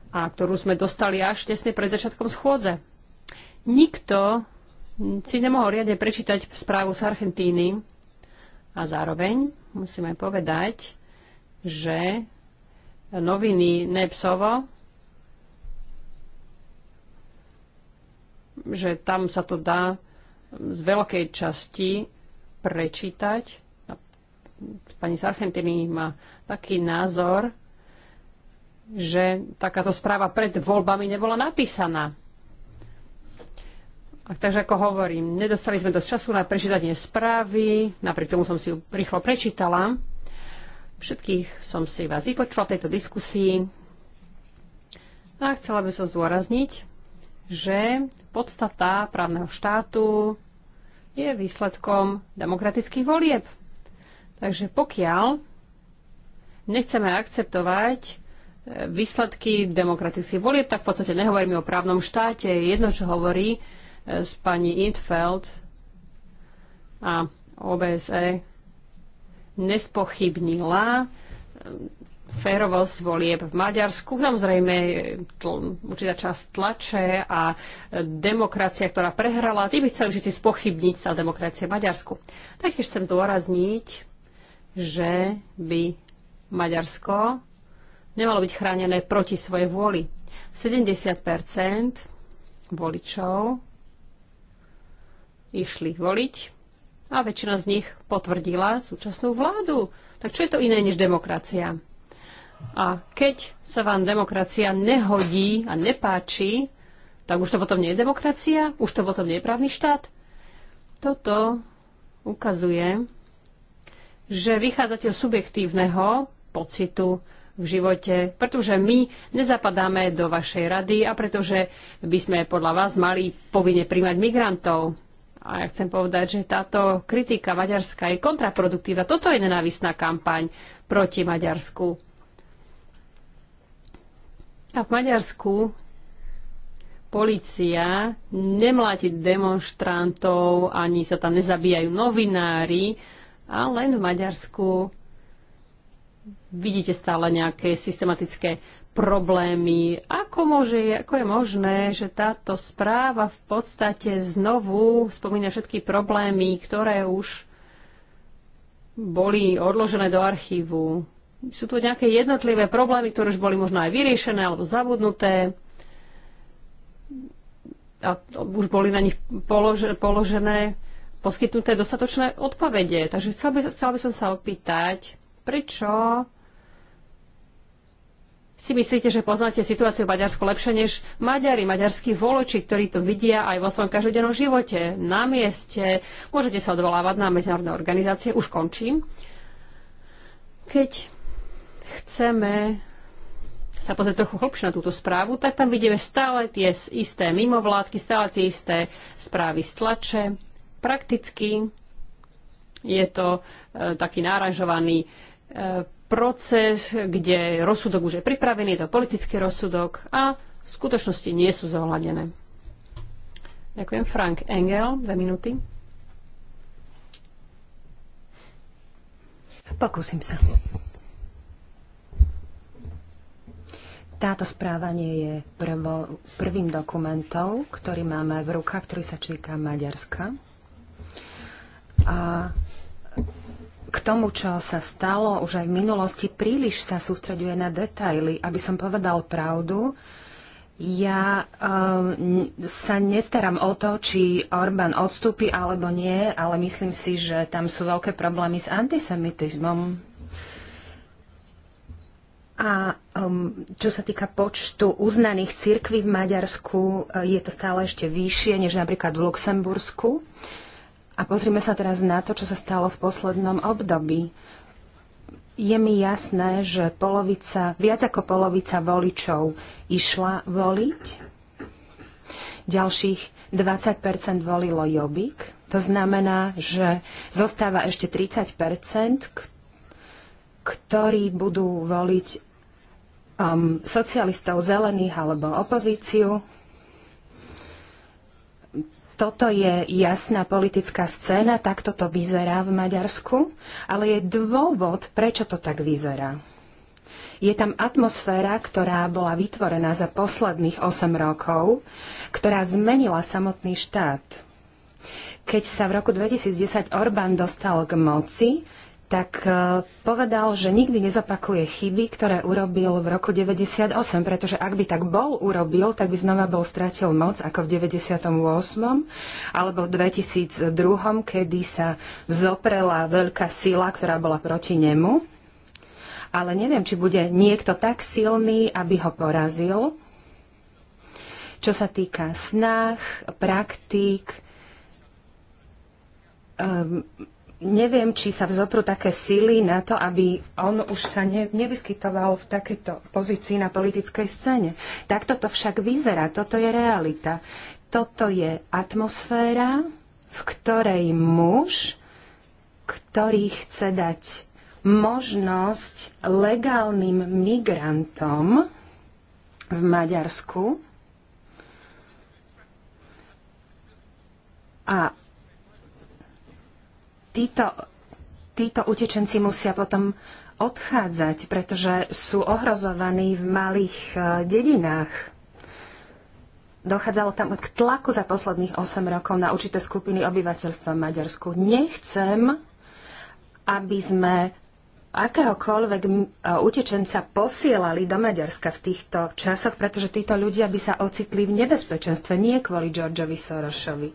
a ktorú sme dostali až tesne pred začiatkom schôdze. Nikto si nemohol riadne prečítať správu z Argentíny a zároveň musíme povedať, že noviny Nepsovo, že tam sa to dá z veľkej časti prečítať. No, pani z Argentíny má taký názor, že takáto správa pred voľbami nebola napísaná. A takže ako hovorím, nedostali sme dosť času na prečítanie správy, napriek tomu som si ju rýchlo prečítala. Všetkých som si vás vypočula v tejto diskusii. A chcela by som zdôrazniť, že podstata právneho štátu je výsledkom demokratických volieb. Takže pokiaľ nechceme akceptovať výsledky demokratických volieb, tak v podstate nehovoríme o právnom štáte. Jedno, čo hovorí e, s pani Intfeld a OBSE, nespochybnila e, férovosť volieb v Maďarsku. Samozrejme, tl- určitá časť tlače a demokracia, ktorá prehrala, tí by chceli všetci spochybniť sa demokracie v Maďarsku. Takže chcem dôrazniť, že by Maďarsko nemalo byť chránené proti svojej vôli. 70 voličov išli voliť a väčšina z nich potvrdila súčasnú vládu. Tak čo je to iné než demokracia? A keď sa vám demokracia nehodí a nepáči, tak už to potom nie je demokracia, už to potom nie je právny štát. Toto ukazuje, že vychádzate z subjektívneho pocitu v živote, pretože my nezapadáme do vašej rady a pretože by sme podľa vás mali povinne príjmať migrantov. A ja chcem povedať, že táto kritika Maďarska je kontraproduktívna. Toto je nenávisná kampaň proti Maďarsku. A v Maďarsku policia nemláti demonstrantov, ani sa tam nezabíjajú novinári, a len v Maďarsku vidíte stále nejaké systematické problémy. Ako, môže, ako je možné, že táto správa v podstate znovu spomína všetky problémy, ktoré už boli odložené do archívu? Sú tu nejaké jednotlivé problémy, ktoré už boli možno aj vyriešené alebo zabudnuté a už boli na nich položené, položené poskytnuté dostatočné odpovede. Takže chcel by, chcel by som sa opýtať, prečo si myslíte, že poznáte situáciu v Maďarsku lepšie než Maďari, maďarskí voloči, ktorí to vidia aj vo svojom každodennom živote, na mieste. Môžete sa odvolávať na medzinárodné organizácie. Už končím. Keď chceme sa pozrieť trochu hlbšie na túto správu, tak tam vidíme stále tie isté mimovládky, stále tie isté správy z tlače. Prakticky je to e, taký náražovaný e, proces, kde rozsudok už je pripravený, je to politický rozsudok a v skutočnosti nie sú zohľadené. Ďakujem. Frank Engel, dve minúty. Pokúsim sa. Táto správa nie je prvo, prvým dokumentom, ktorý máme v rukách, ktorý sa číka Maďarska. A k tomu, čo sa stalo už aj v minulosti, príliš sa sústreďuje na detaily. Aby som povedal pravdu, ja um, sa nestaram o to, či Orbán odstúpi alebo nie, ale myslím si, že tam sú veľké problémy s antisemitizmom. A um, čo sa týka počtu uznaných cirkví v Maďarsku, e, je to stále ešte vyššie než napríklad v Luxembursku. Uh, a pozrime sa teraz na to, čo sa stalo v poslednom období. Je mi jasné, že polovica, viac ako polovica voličov išla voliť, ďalších 20 volilo jobik, To znamená, že zostáva ešte 30 ktorí budú voliť um, socialistov, zelených alebo opozíciu. Toto je jasná politická scéna, takto to vyzerá v Maďarsku, ale je dôvod, prečo to tak vyzerá. Je tam atmosféra, ktorá bola vytvorená za posledných 8 rokov, ktorá zmenila samotný štát. Keď sa v roku 2010 Orbán dostal k moci, tak e, povedal, že nikdy nezopakuje chyby, ktoré urobil v roku 98, pretože ak by tak bol urobil, tak by znova bol strátil moc ako v 98. alebo v 2002, kedy sa zoprela veľká sila, ktorá bola proti nemu. Ale neviem, či bude niekto tak silný, aby ho porazil. Čo sa týka snách, praktík, um, neviem, či sa vzopru také sily na to, aby on už sa ne, nevyskytoval v takéto pozícii na politickej scéne. Takto to však vyzerá, toto je realita. Toto je atmosféra, v ktorej muž, ktorý chce dať možnosť legálnym migrantom v Maďarsku a títo, títo utečenci musia potom odchádzať, pretože sú ohrozovaní v malých e, dedinách. Dochádzalo tam k tlaku za posledných 8 rokov na určité skupiny obyvateľstva v Maďarsku. Nechcem, aby sme akéhokoľvek utečenca posielali do Maďarska v týchto časoch, pretože títo ľudia by sa ocitli v nebezpečenstve, nie kvôli Georgeovi Sorošovi.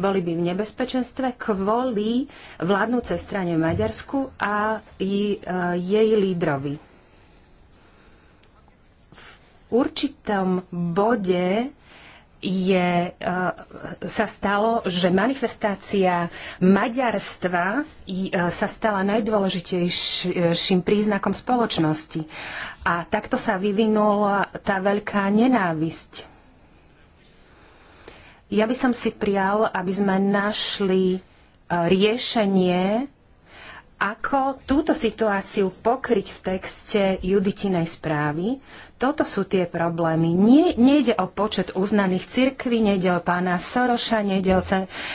Boli by v nebezpečenstve kvôli vládnúcej strane Maďarsku a e, jej lídrovi. V určitom bode je, eh, sa stalo, že manifestácia maďarstva eh, sa stala najdôležitejším príznakom spoločnosti. A takto sa vyvinula tá veľká nenávisť. Ja by som si prial, aby sme našli eh, riešenie, ako túto situáciu pokryť v texte Juditinej správy, toto sú tie problémy. Nie, nejde o počet uznaných cirkví, nejde o pána Soroša, nejde o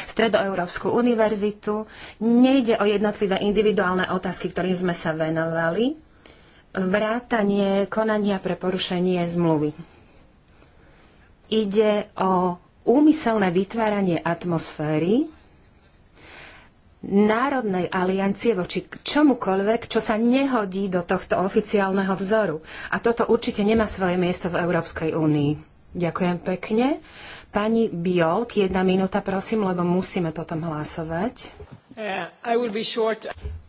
Stredoeurópsku univerzitu, nejde o jednotlivé individuálne otázky, ktorým sme sa venovali, vrátanie konania pre porušenie zmluvy. Ide o úmyselné vytváranie atmosféry, národnej aliancie voči čomukoľvek, čo sa nehodí do tohto oficiálneho vzoru. A toto určite nemá svoje miesto v Európskej únii. Ďakujem pekne. Pani Biolk, jedna minúta, prosím, lebo musíme potom hlasovať. Uh,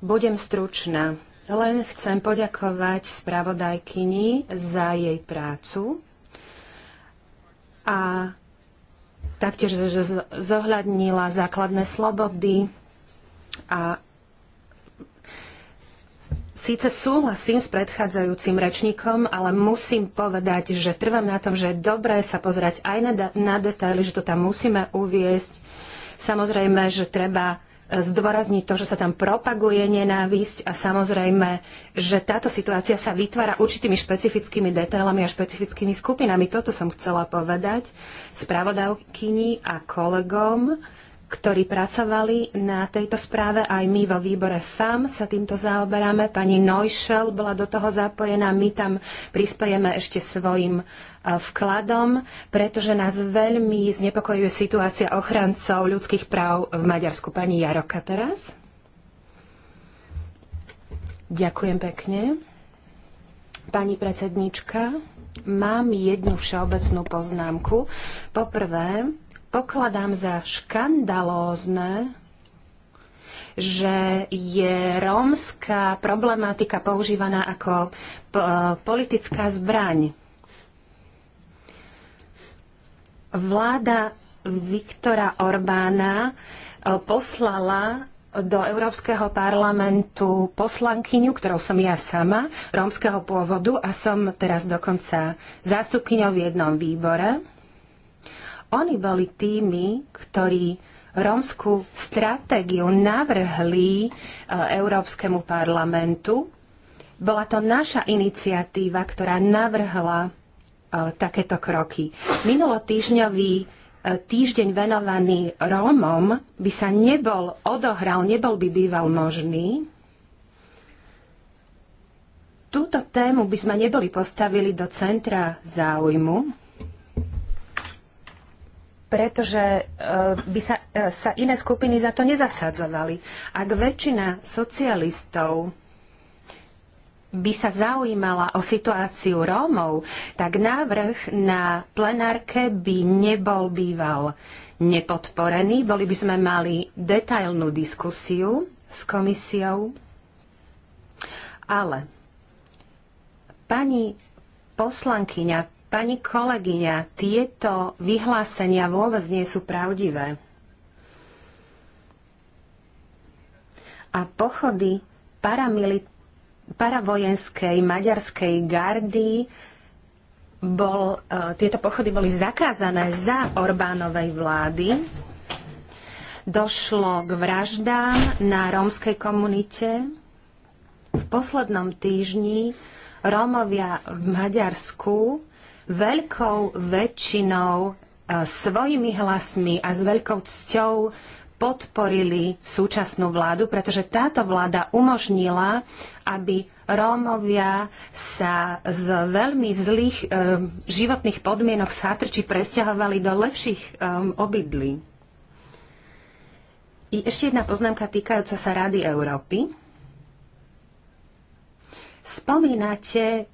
Budem stručná. Len chcem poďakovať spravodajkyni za jej prácu a taktiež, že zohľadnila základné slobody a Síce súhlasím s predchádzajúcim rečníkom, ale musím povedať, že trvám na tom, že je dobré sa pozerať aj na, na detaily, že to tam musíme uviesť. Samozrejme, že treba e, zdôrazniť to, že sa tam propaguje nenávisť a samozrejme, že táto situácia sa vytvára určitými špecifickými detailami a špecifickými skupinami. Toto som chcela povedať spravodavkyni a kolegom ktorí pracovali na tejto správe. Aj my vo výbore FAM sa týmto zaoberáme. Pani Neuschel bola do toho zapojená. My tam prispejeme ešte svojim e, vkladom, pretože nás veľmi znepokojuje situácia ochrancov ľudských práv v Maďarsku. Pani Jaroka teraz. Ďakujem pekne. Pani predsednička, mám jednu všeobecnú poznámku. Poprvé, pokladám za škandalózne, že je rómska problematika používaná ako politická zbraň. Vláda Viktora Orbána e, poslala do Európskeho parlamentu poslankyňu, ktorou som ja sama, rómskeho pôvodu a som teraz dokonca zástupkyňou v jednom výbore oni boli tými, ktorí rómskú stratégiu navrhli e, Európskemu parlamentu. Bola to naša iniciatíva, ktorá navrhla e, takéto kroky. Minulotýžňový e, týždeň venovaný Rómom by sa nebol odohral, nebol by býval možný. Túto tému by sme neboli postavili do centra záujmu pretože e, by sa, e, sa iné skupiny za to nezasadzovali. Ak väčšina socialistov by sa zaujímala o situáciu Rómov, tak návrh na plenárke by nebol býval nepodporený. Boli by sme mali detailnú diskusiu s komisiou. Ale pani poslankyňa Pani kolegyňa, tieto vyhlásenia vôbec nie sú pravdivé. A pochody paramili- paravojenskej maďarskej gardy bol, uh, tieto pochody boli zakázané za Orbánovej vlády. Došlo k vraždám na rómskej komunite. V poslednom týždni Rómovia v Maďarsku veľkou väčšinou, e, svojimi hlasmi a s veľkou cťou podporili súčasnú vládu, pretože táto vláda umožnila, aby Rómovia sa z veľmi zlých e, životných podmienok z Hatrči presťahovali do lepších e, obydlí. I ešte jedna poznámka týkajúca sa Rady Európy. Spomínate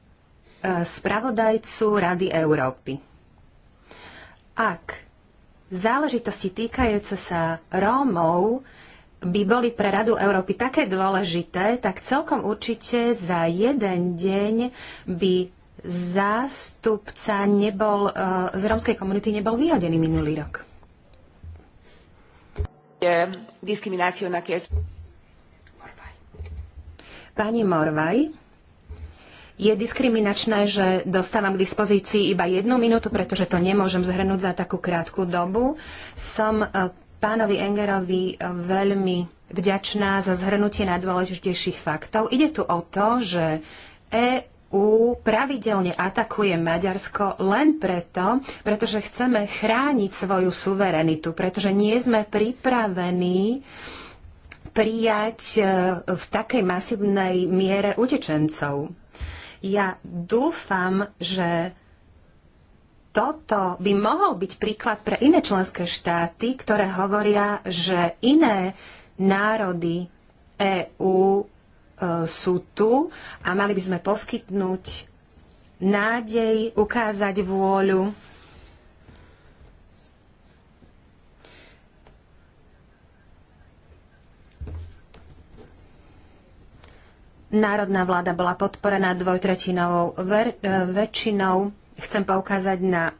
spravodajcu Rady Európy. Ak záležitosti týkajúce sa Rómov by boli pre Radu Európy také dôležité, tak celkom určite za jeden deň by zástupca nebol, e, z rómskej komunity nebol vyhodený minulý rok. Pani Morvaj, je diskriminačné, že dostávam k dispozícii iba jednu minútu, pretože to nemôžem zhrnúť za takú krátku dobu. Som e, pánovi Engerovi e, veľmi vďačná za zhrnutie najdôležitejších faktov. Ide tu o to, že EU EÚ pravidelne atakuje Maďarsko len preto, pretože chceme chrániť svoju suverenitu, pretože nie sme pripravení prijať e, v takej masívnej miere utečencov. Ja dúfam, že toto by mohol byť príklad pre iné členské štáty, ktoré hovoria, že iné národy EÚ e, sú tu a mali by sme poskytnúť nádej, ukázať vôľu národná vláda bola podporená dvojtretinovou ver, e, väčšinou. Chcem poukázať na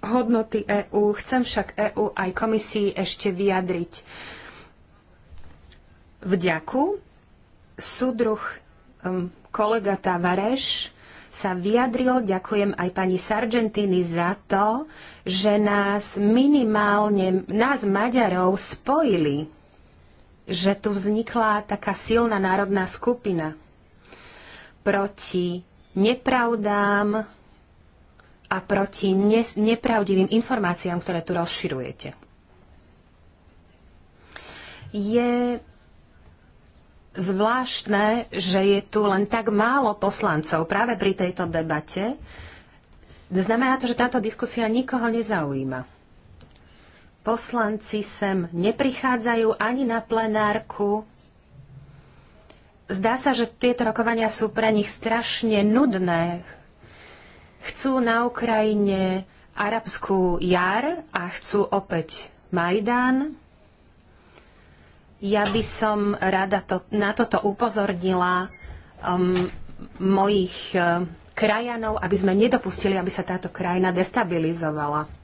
hodnoty EÚ. Chcem však EÚ aj komisii ešte vyjadriť vďaku. Súdruh um, kolega Tavareš sa vyjadril. Ďakujem aj pani Sargentini za to, že nás minimálne, nás Maďarov spojili že tu vznikla taká silná národná skupina proti nepravdám a proti ne nepravdivým informáciám, ktoré tu rozširujete. Je zvláštne, že je tu len tak málo poslancov práve pri tejto debate. Znamená to, že táto diskusia nikoho nezaujíma poslanci sem neprichádzajú ani na plenárku. Zdá sa, že tieto rokovania sú pre nich strašne nudné. Chcú na Ukrajine arabskú jar a chcú opäť Majdán. Ja by som rada to, na toto upozornila um, mojich uh, krajanov, aby sme nedopustili, aby sa táto krajina destabilizovala.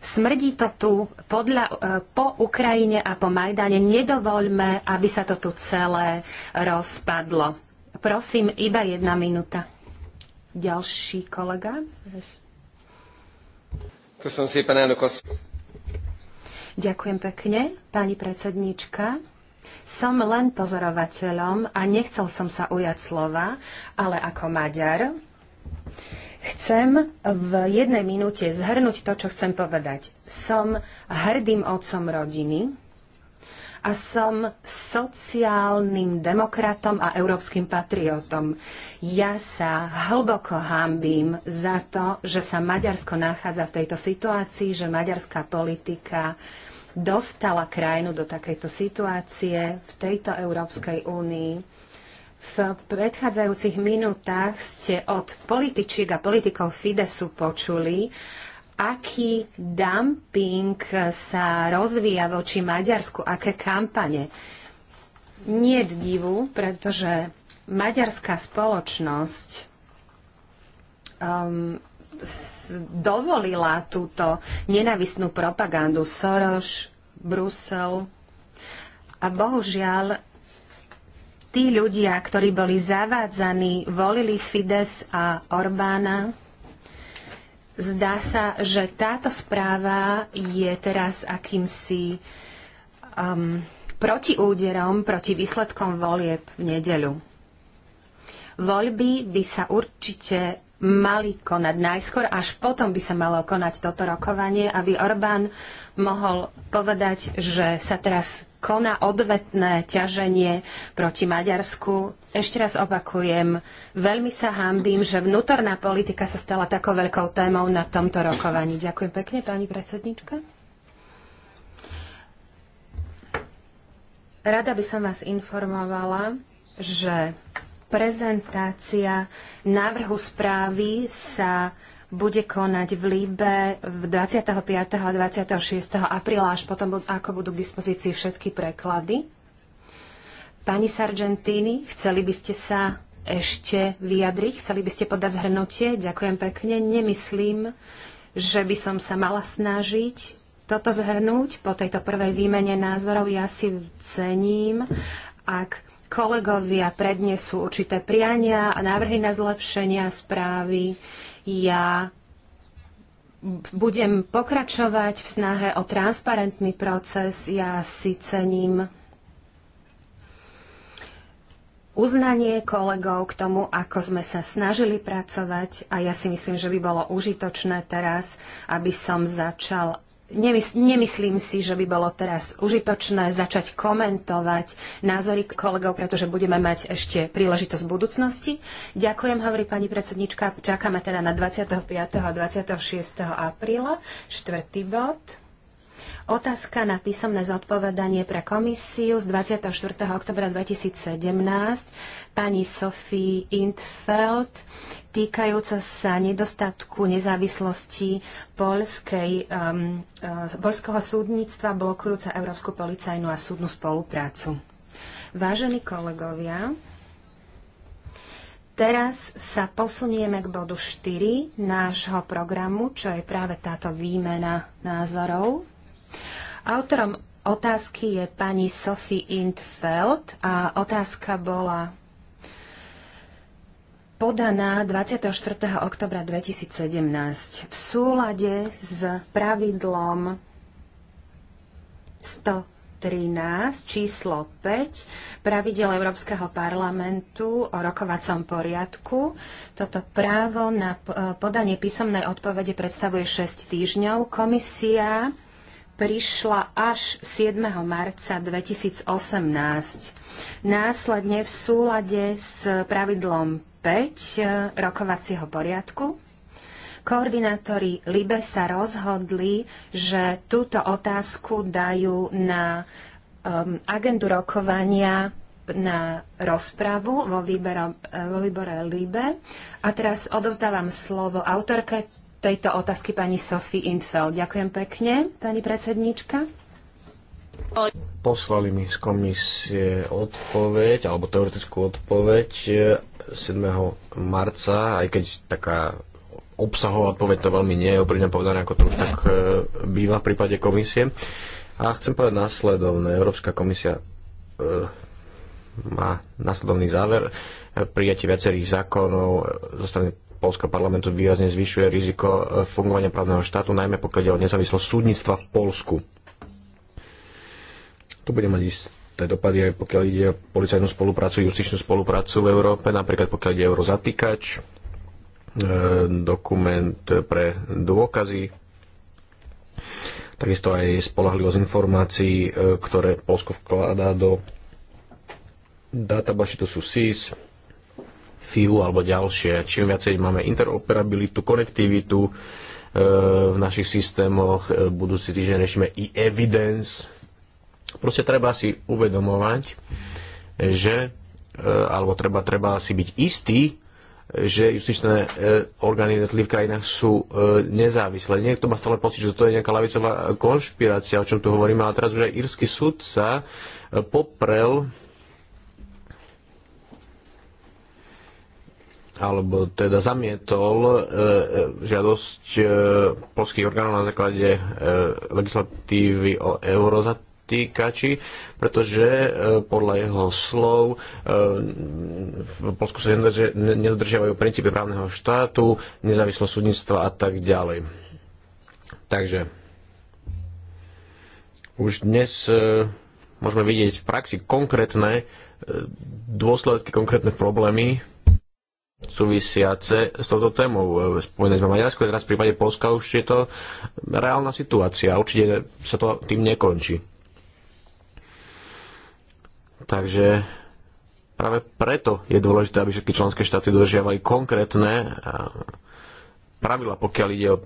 Smrdí to tu podľa, e, po Ukrajine a po Majdane. Nedovoľme, aby sa to tu celé rozpadlo. Prosím, iba jedna minúta. Ďalší kolega. Ďakujem pekne, pani predsedníčka. Som len pozorovateľom a nechcel som sa ujať slova, ale ako Maďar Chcem v jednej minúte zhrnúť to, čo chcem povedať. Som hrdým otcom rodiny a som sociálnym demokratom a európskym patriotom. Ja sa hlboko hambím za to, že sa Maďarsko nachádza v tejto situácii, že maďarská politika dostala krajinu do takejto situácie v tejto Európskej únii v predchádzajúcich minútach ste od političiek a politikov Fidesu počuli, aký dumping sa rozvíja voči Maďarsku, aké kampane. Nie je divu, pretože maďarská spoločnosť um, dovolila túto nenavistnú propagandu Soros, Brusel. A bohužiaľ tí ľudia, ktorí boli zavádzaní, volili Fides a Orbána. Zdá sa, že táto správa je teraz akýmsi um, protiúderom proti výsledkom volieb v nedeľu. Voľby by sa určite mali konať najskôr, až potom by sa malo konať toto rokovanie, aby Orbán mohol povedať, že sa teraz koná odvetné ťaženie proti Maďarsku. Ešte raz opakujem, veľmi sa hambím, že vnútorná politika sa stala takou veľkou témou na tomto rokovaní. Ďakujem pekne, pani predsednička. Rada by som vás informovala, že prezentácia návrhu správy sa bude konať v Líbe 25. a 26. apríla, až potom, ako budú k dispozícii všetky preklady. Pani Sargentini, chceli by ste sa ešte vyjadriť? Chceli by ste podať zhrnutie? Ďakujem pekne. Nemyslím, že by som sa mala snažiť toto zhrnúť. Po tejto prvej výmene názorov ja si cením, ak kolegovia prednesú určité priania a návrhy na zlepšenia správy ja budem pokračovať v snahe o transparentný proces. Ja si cením uznanie kolegov k tomu, ako sme sa snažili pracovať a ja si myslím, že by bolo užitočné teraz, aby som začal nemyslím si, že by bolo teraz užitočné začať komentovať názory kolegov, pretože budeme mať ešte príležitosť v budúcnosti. Ďakujem, hovorí pani predsednička. Čakáme teda na 25. a 26. apríla, štvrtý bod. Otázka na písomné zodpovedanie pre komisiu z 24. oktobra 2017 pani Sophie Intfeld týkajúca sa nedostatku nezávislosti polskej, um, uh, polského súdnictva blokujúca európsku policajnú a súdnu spoluprácu. Vážení kolegovia, teraz sa posunieme k bodu 4 nášho programu, čo je práve táto výmena názorov. Autorom otázky je pani Sophie Intfeld a otázka bola podaná 24. oktobra 2017 v súlade s pravidlom 113 číslo 5 pravidel Európskeho parlamentu o rokovacom poriadku. Toto právo na e, podanie písomnej odpovede predstavuje 6 týždňov. Komisia prišla až 7. marca 2018. Následne v súlade s pravidlom 5 e, rokovacieho poriadku. Koordinátori LIBE sa rozhodli, že túto otázku dajú na um, agendu rokovania na rozpravu vo, výbero, e, vo výbore LIBE. A teraz odovzdávam slovo autorke tejto otázky pani Sophie Intfeld. Ďakujem pekne, pani predsedníčka. Poslali mi z komisie odpoveď, alebo teoretickú odpoveď 7. E, marca, aj keď taká obsahová odpoveď to veľmi nie je oprímne povedané, ako to už tak e, býva v prípade komisie. A chcem povedať následovné. Európska komisia e, má následovný záver. Prijatie viacerých zákonov e, zo strany Polského parlamentu výrazne zvyšuje riziko fungovania právneho štátu, najmä pokiaľ ide o nezávislosť súdnictva v Polsku. To bude mať isté dopady aj pokiaľ ide o policajnú spoluprácu, justičnú spoluprácu v Európe, napríklad pokiaľ ide o e, dokument pre dôkazy, takisto aj spolahlivosť informácií, e, ktoré Polsko vkladá do databáši, to sú SIS, FIU alebo ďalšie. Čím viacej máme interoperabilitu, konektivitu e, v našich systémoch, e, budúci týždeň riešime e-evidence, Proste treba si uvedomovať, že e, alebo treba, treba si byť istý, že justičné e, orgány v krajinách sú e, nezávislé. Niekto má stále pocit, že to je nejaká lavicová konšpirácia, o čom tu hovoríme, ale teraz už aj írsky sa poprel alebo teda zamietol žiadosť polských orgánov na základe legislatívy o Eurozat týkači, pretože e, podľa jeho slov e, v Polsku sa nedodržiavajú princípy právneho štátu, nezávislosť súdnictva a tak ďalej. Takže už dnes e, môžeme vidieť v praxi konkrétne dôsledky, konkrétne problémy súvisiace s touto témou. Spomínali sme Maďarsko, teraz v prípade Polska už je to reálna situácia. Určite sa to tým nekončí. Takže práve preto je dôležité, aby všetky členské štáty dodržiavali konkrétne eh, pravidla, pokiaľ ide o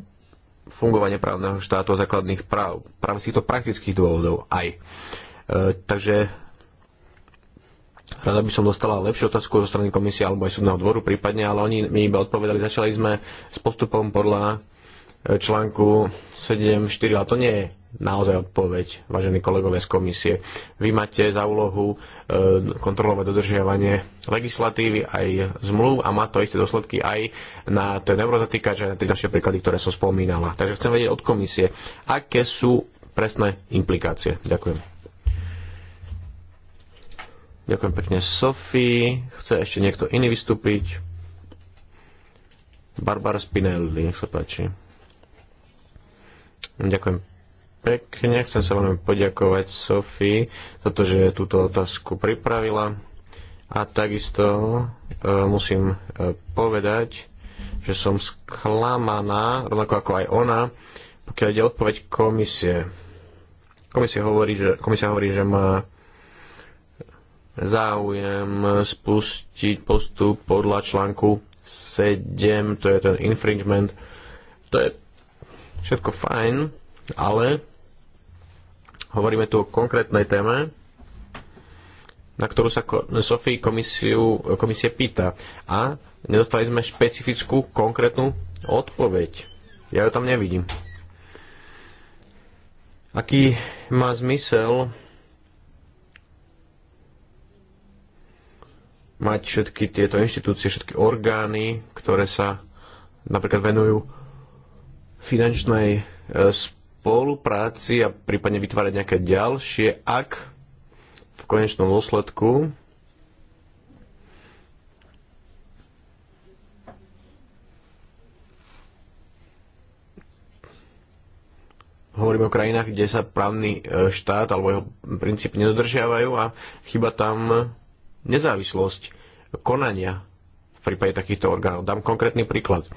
fungovanie právneho štátu a základných práv. Práve z týchto praktických dôvodov aj. E, takže rada by som dostala lepšiu otázku zo strany komisie alebo aj súdneho dvoru prípadne, ale oni mi iba odpovedali, začali sme s postupom podľa eh, článku 7.4, ale to nie je naozaj odpoveď, vážení kolegovia z komisie. Vy máte za úlohu e, kontrolovať dodržiavanie legislatívy aj zmluv a má to isté dôsledky aj na ten eurotatýkač že na tie ďalšie príklady, ktoré som spomínala. Takže chcem vedieť od komisie, aké sú presné implikácie. Ďakujem. Ďakujem pekne Sofii. Chce ešte niekto iný vystúpiť? Barbara Spinelli, nech sa páči. Ďakujem pekne. Chcem sa veľmi poďakovať Sofii za to, že túto otázku pripravila. A takisto e, musím e, povedať, že som sklamaná, rovnako ako aj ona, pokiaľ ide odpoveď komisie. Komisia hovorí, že, komisia hovorí, že má záujem spustiť postup podľa článku 7, to je ten infringement. To je všetko fajn, ale Hovoríme tu o konkrétnej téme, na ktorú sa Sofii komisie pýta. A nedostali sme špecifickú, konkrétnu odpoveď. Ja ju tam nevidím. Aký má zmysel mať všetky tieto inštitúcie, všetky orgány, ktoré sa napríklad venujú finančnej e, spolupráci a prípadne vytvárať nejaké ďalšie, ak v konečnom dôsledku hovoríme o krajinách, kde sa právny e, štát alebo jeho princípy nedodržiavajú a chyba tam nezávislosť konania v prípade takýchto orgánov. Dám konkrétny príklad.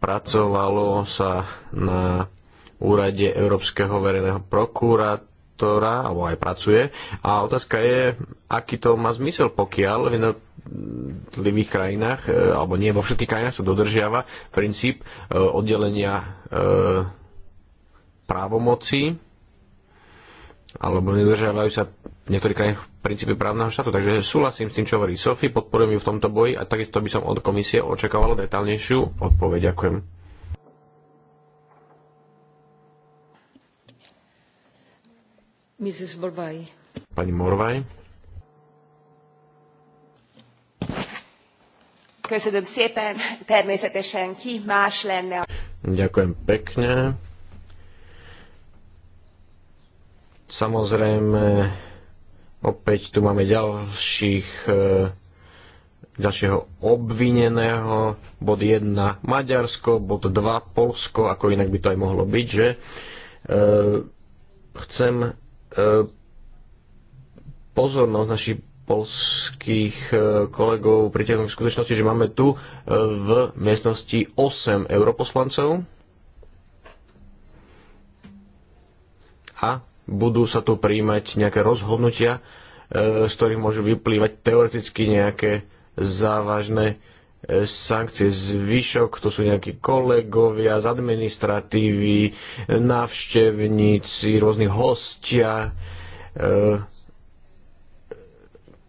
Pracovalo sa na úrade Európskeho verejného prokurátora, alebo aj pracuje. A otázka je, aký to má zmysel, pokiaľ v jednotlivých krajinách, e, alebo nie vo všetkých krajinách sa dodržiava princíp e, oddelenia e, právomoci, alebo nedržiavajú sa v niektorých krajinách princípy právneho štátu. Takže súhlasím s tým, čo hovorí Sofi, podporujem ju v tomto boji a takisto by som od komisie očakával detálnejšiu odpoveď. Ďakujem. Mrs. Pani Morvaj. Köszönöm szépen, természetesen ki más lenne. Ďakujem pekne. Samozrejme, opäť tu máme ďalších e, ďalšieho obvineného, bod 1 Maďarsko, bod 2 Polsko, ako inak by to aj mohlo byť, že e, chcem E, pozornosť našich polských e, kolegov priťahujem k skutočnosti, že máme tu e, v miestnosti 8 europoslancov a budú sa tu príjmať nejaké rozhodnutia, z ktorých môžu vyplývať teoreticky nejaké závažné sankcie zvyšok, to sú nejakí kolegovia z administratívy, návštevníci, rôzni hostia. E,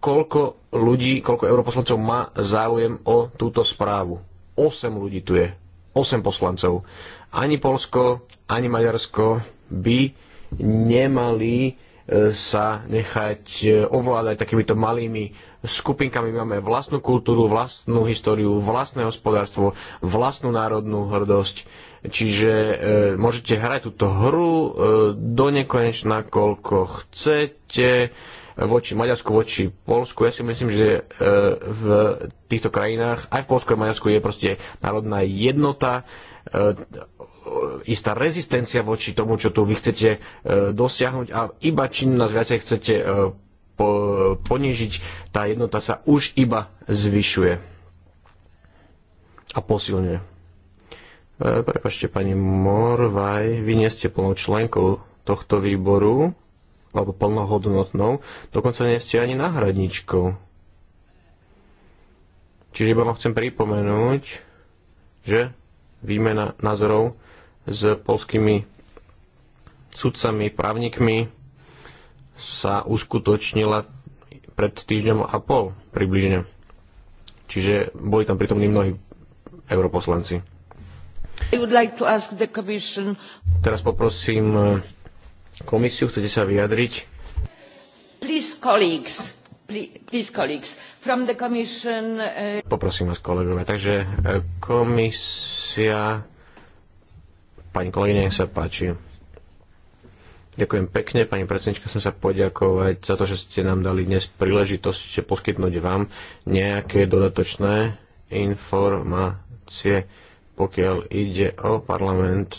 koľko ľudí, koľko europoslancov má záujem o túto správu? 8 ľudí tu je. 8 poslancov. Ani Polsko, ani Maďarsko by nemali sa nechať e, ovládať takýmito malými skupinkami. Máme vlastnú kultúru, vlastnú históriu, vlastné hospodárstvo, vlastnú národnú hrdosť. Čiže e, môžete hrať túto hru e, do nekonečna, koľko chcete voči Maďarsku, voči Polsku. Ja si myslím, že e, v týchto krajinách, aj v Polsku a Maďarsku je proste národná jednota e, istá rezistencia voči tomu, čo tu vy chcete e, dosiahnuť a iba čím nás viacej chcete e, po, ponížiť, tá jednota sa už iba zvyšuje a posilňuje. E, prepačte, pani Morvaj, vy nie ste plnou členkou tohto výboru, alebo plnohodnotnou, dokonca nie ste ani náhradničkou. Čiže iba vám chcem pripomenúť, že výmena názorov s polskými sudcami, právnikmi sa uskutočnila pred týždňom a pol približne. Čiže boli tam pritomní mnohí europoslanci. Like to ask the commission. Teraz poprosím eh, komisiu, chcete sa vyjadriť? Please, colleagues. Please, colleagues. From the Commission, uh... Poprosím vás, kolegovia. Takže eh, komisia Pani kolegyne, nech sa páči. Ďakujem pekne, pani predsednička, som sa poďakovať za to, že ste nám dali dnes príležitosť poskytnúť vám nejaké dodatočné informácie, pokiaľ ide o parlament,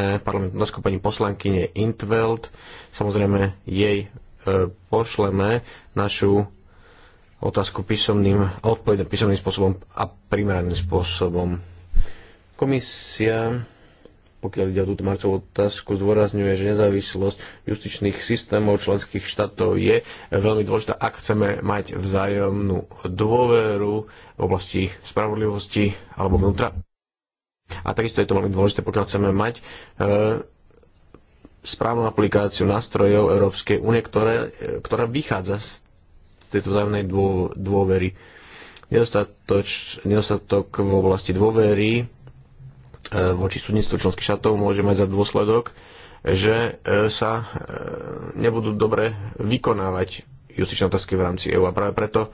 ne, parlament pani poslankyne Intveld. Samozrejme, jej e, pošleme našu otázku písomným, odpovedným písomným spôsobom a primeraným spôsobom. Komisia pokiaľ ide o túto marcovú otázku, zdôrazňuje, že nezávislosť justičných systémov členských štátov je veľmi dôležitá, ak chceme mať vzájomnú dôveru v oblasti spravodlivosti alebo vnútra. A takisto je to veľmi dôležité, pokiaľ chceme mať e, správnu aplikáciu nástrojov Európskej únie, ktoré, e, ktorá vychádza z tejto vzájomnej dô, dôvery. nedostatok v oblasti dôvery E, voči súdnictvu členských štátov môže mať za dôsledok, že e, sa e, nebudú dobre vykonávať justičné otázky v rámci EÚ. A práve preto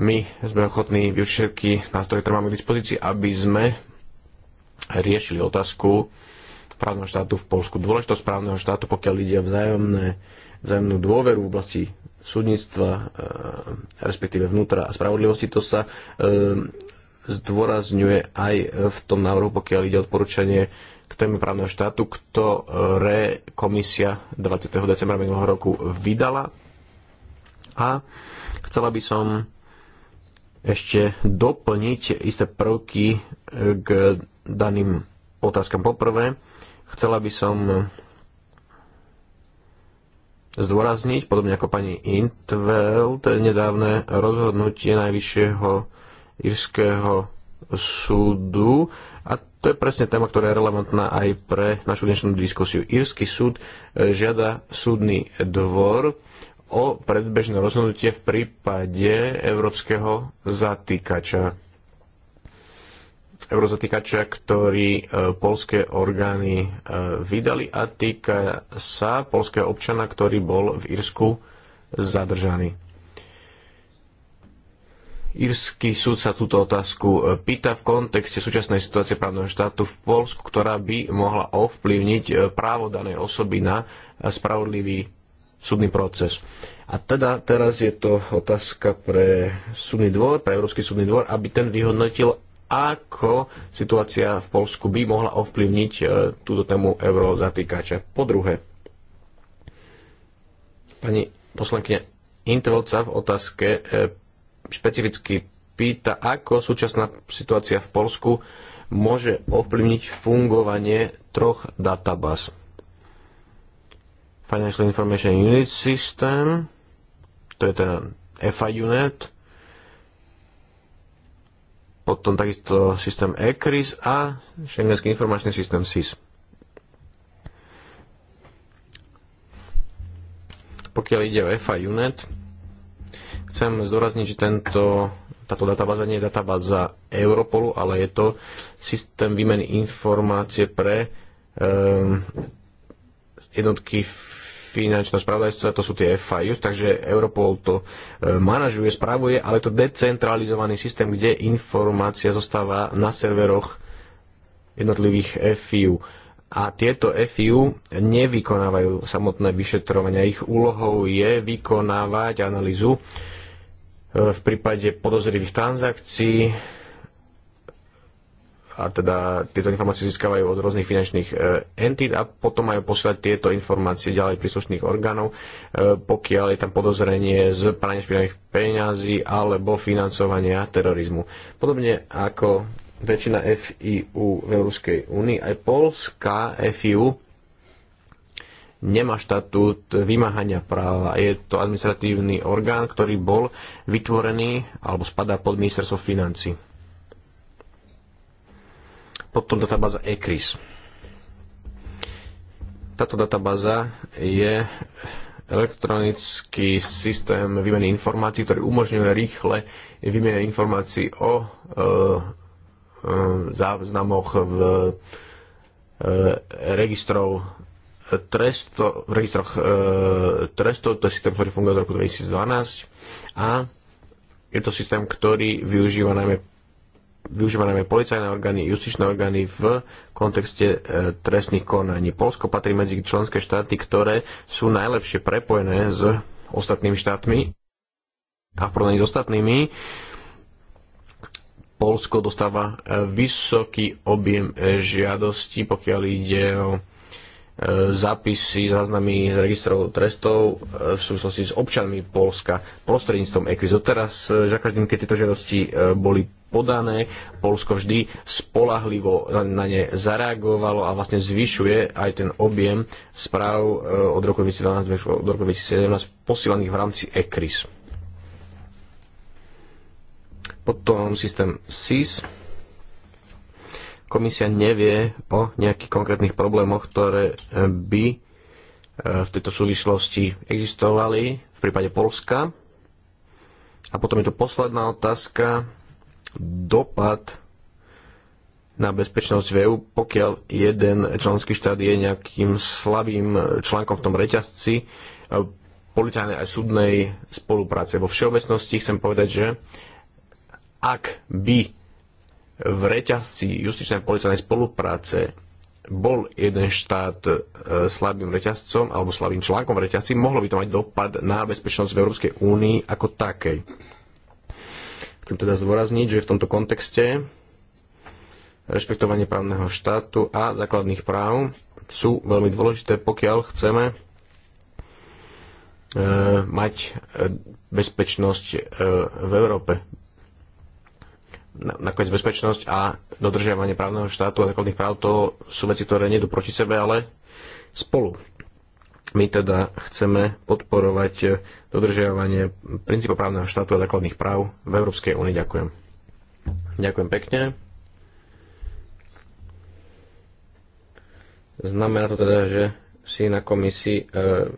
my sme ochotní využiť všetky nástroje, ktoré máme k dispozícii, aby sme riešili otázku právneho štátu v Polsku. Dôležitosť právneho štátu, pokiaľ ide o vzájomné, vzájomnú dôveru v oblasti súdnictva, e, respektíve vnútra a spravodlivosti, to sa e, zdôrazňuje aj v tom návrhu, pokiaľ ide odporúčanie k téme právneho štátu, ktoré komisia 20. decembra minulého roku vydala. A chcela by som ešte doplniť isté prvky k daným otázkam. Poprvé, chcela by som zdôrazniť, podobne ako pani Intveld, nedávne rozhodnutie Najvyššieho írskeho súdu a to je presne téma, ktorá je relevantná aj pre našu dnešnú diskusiu. Írsky súd e, žiada súdny dvor o predbežné rozhodnutie v prípade európskeho zatýkača. Eurozatýkača, ktorý e, polské orgány e, vydali a týka sa polského občana, ktorý bol v Írsku zadržaný. Írsky súd sa túto otázku e, pýta v kontexte súčasnej situácie právneho štátu v Polsku, ktorá by mohla ovplyvniť e, právo danej osoby na e, spravodlivý súdny proces. A teda teraz je to otázka pre súdny dvor, pre Európsky súdny dvor, aby ten vyhodnotil, ako situácia v Polsku by mohla ovplyvniť túto tému eurozatýkača. Po druhé, pani poslankyňa Intelca v otázke špecificky pýta, ako súčasná situácia v Polsku môže ovplyvniť fungovanie troch databáz. Financial Information Unit System, to je ten teda e FI Unit, potom takisto systém ECRIS a Schengenský informačný systém SIS. Pokiaľ ide o e FI Unit, Chcem zdôrazniť, že tento, táto databáza nie je databáza Europolu, ale je to systém výmeny informácie pre um, jednotky finančného spravodajstva, to sú tie FIU, takže Europol to e, manažuje, spravuje, ale je to decentralizovaný systém, kde informácia zostáva na serveroch jednotlivých FIU. A tieto FIU nevykonávajú samotné vyšetrovania. Ich úlohou je vykonávať analýzu v prípade podozrivých transakcií a teda tieto informácie získavajú od rôznych finančných e, entít a potom majú posielať tieto informácie ďalej príslušných orgánov, e, pokiaľ je tam podozrenie z prania špinavých peňazí alebo financovania terorizmu. Podobne ako väčšina FIU v Európskej únii, aj Polska FIU nemá štatút vymáhania práva. Je to administratívny orgán, ktorý bol vytvorený alebo spadá pod ministerstvo financí. Potom databáza ECRIS. Táto databáza je elektronický systém výmeny informácií, ktorý umožňuje rýchle výmenu informácií o e, e, záznamoch v e, registrov tresto, v registroch e, trestov, to je systém, ktorý funguje od roku 2012 a je to systém, ktorý využíva najmä využíva najmä policajné orgány, justičné orgány v kontexte e, trestných konaní. Polsko patrí medzi členské štáty, ktoré sú najlepšie prepojené s ostatnými štátmi a v porovnaní s ostatnými Polsko dostáva e, vysoký objem e, žiadostí, pokiaľ ide o E, zápisy, záznamy z registrov trestov e, v súvislosti s občanmi Polska prostredníctvom ECRIS. Doteraz e, za každým, keď tieto žiadosti boli podané, Polsko vždy spolahlivo na ne zareagovalo a vlastne zvyšuje aj ten objem správ od roku 2012 do roku 2017 posílaných v rámci ECRIS. Potom systém SIS komisia nevie o nejakých konkrétnych problémoch, ktoré eh, by eh, v tejto súvislosti existovali v prípade Polska. A potom je to posledná otázka, dopad na bezpečnosť v EU, pokiaľ jeden členský štát je nejakým slabým článkom v tom reťazci eh, policajnej aj súdnej spolupráce. Vo všeobecnosti chcem povedať, že ak by v reťazci justičnej policajnej spolupráce bol jeden štát e, slabým reťazcom alebo slabým článkom v reťazci, mohlo by to mať dopad na bezpečnosť v Európskej únii ako takej. Chcem teda zdôrazniť, že v tomto kontexte rešpektovanie právneho štátu a základných práv sú veľmi dôležité, pokiaľ chceme e, mať e, bezpečnosť e, v Európe nakoniec bezpečnosť a dodržiavanie právneho štátu a základných práv to sú veci, ktoré nie proti sebe, ale spolu. My teda chceme podporovať dodržiavanie princípov právneho štátu a základných práv v Európskej únii. Ďakujem. Ďakujem pekne. Znamená to teda, že si na komisii e,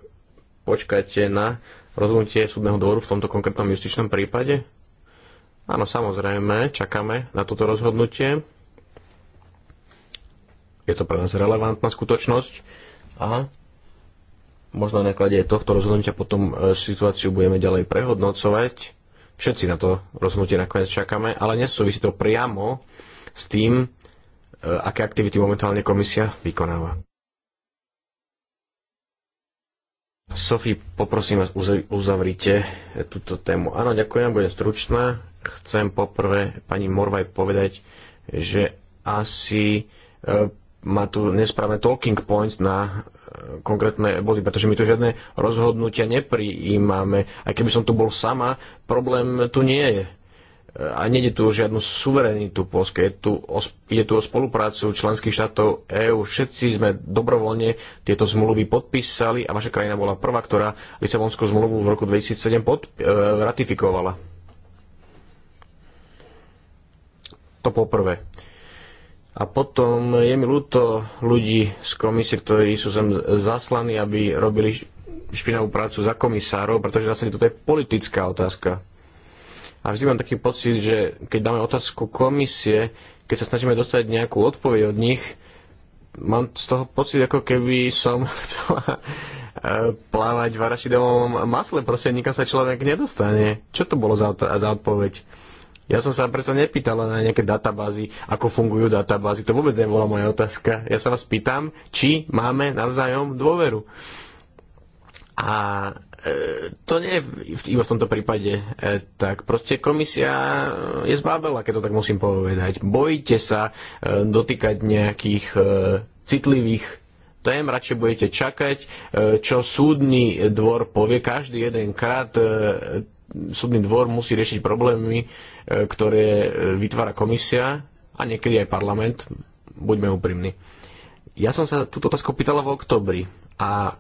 počkajte na rozhodnutie súdneho dvoru v tomto konkrétnom justičnom prípade? Áno, samozrejme, čakáme na toto rozhodnutie. Je to pre nás relevantná skutočnosť Aha. možno na základe tohto rozhodnutia potom e, situáciu budeme ďalej prehodnocovať. Všetci na to rozhodnutie nakoniec čakáme, ale nesúvisí to priamo s tým, e, aké aktivity momentálne komisia vykonáva. Sofie, poprosím vás, uzavrite túto tému. Áno, ďakujem, budem stručná chcem poprvé pani Morvaj povedať, že asi e, má tu nesprávne talking points na e, konkrétne body, pretože my tu žiadne rozhodnutia neprijímame. A keby som tu bol sama, problém tu nie je. E, a nejde tu o žiadnu suverenitu Polske, je tu o, ide tu o spoluprácu členských štátov EÚ. Všetci sme dobrovoľne tieto zmluvy podpísali a vaša krajina bola prvá, ktorá Lisabonskú zmluvu v roku 2007 pod, e, ratifikovala. To poprvé. A potom je mi ľúto ľudí z komisie, ktorí sú sem zaslaní, aby robili špinavú prácu za komisárov, pretože vlastne toto je politická otázka. A vždy mám taký pocit, že keď dáme otázku komisie, keď sa snažíme dostať nejakú odpoveď od nich, mám z toho pocit, ako keby som chcela e, plávať v arašidovom masle, proste nikam sa človek nedostane. Čo to bolo za, za odpoveď? Ja som sa preto nepýtal na nejaké databázy, ako fungujú databázy. To vôbec nebola moja otázka. Ja sa vás pýtam, či máme navzájom dôveru. A e, to nie je iba v tomto prípade. E, tak proste komisia je zbábela, keď to tak musím povedať. Bojíte sa e, dotýkať nejakých e, citlivých tém, radšej budete čakať, e, čo súdny dvor povie každý jeden krát. E, súdny dvor musí riešiť problémy, e, ktoré e, vytvára komisia a niekedy aj parlament, buďme úprimní. Ja som sa túto otázku pýtala v oktobri a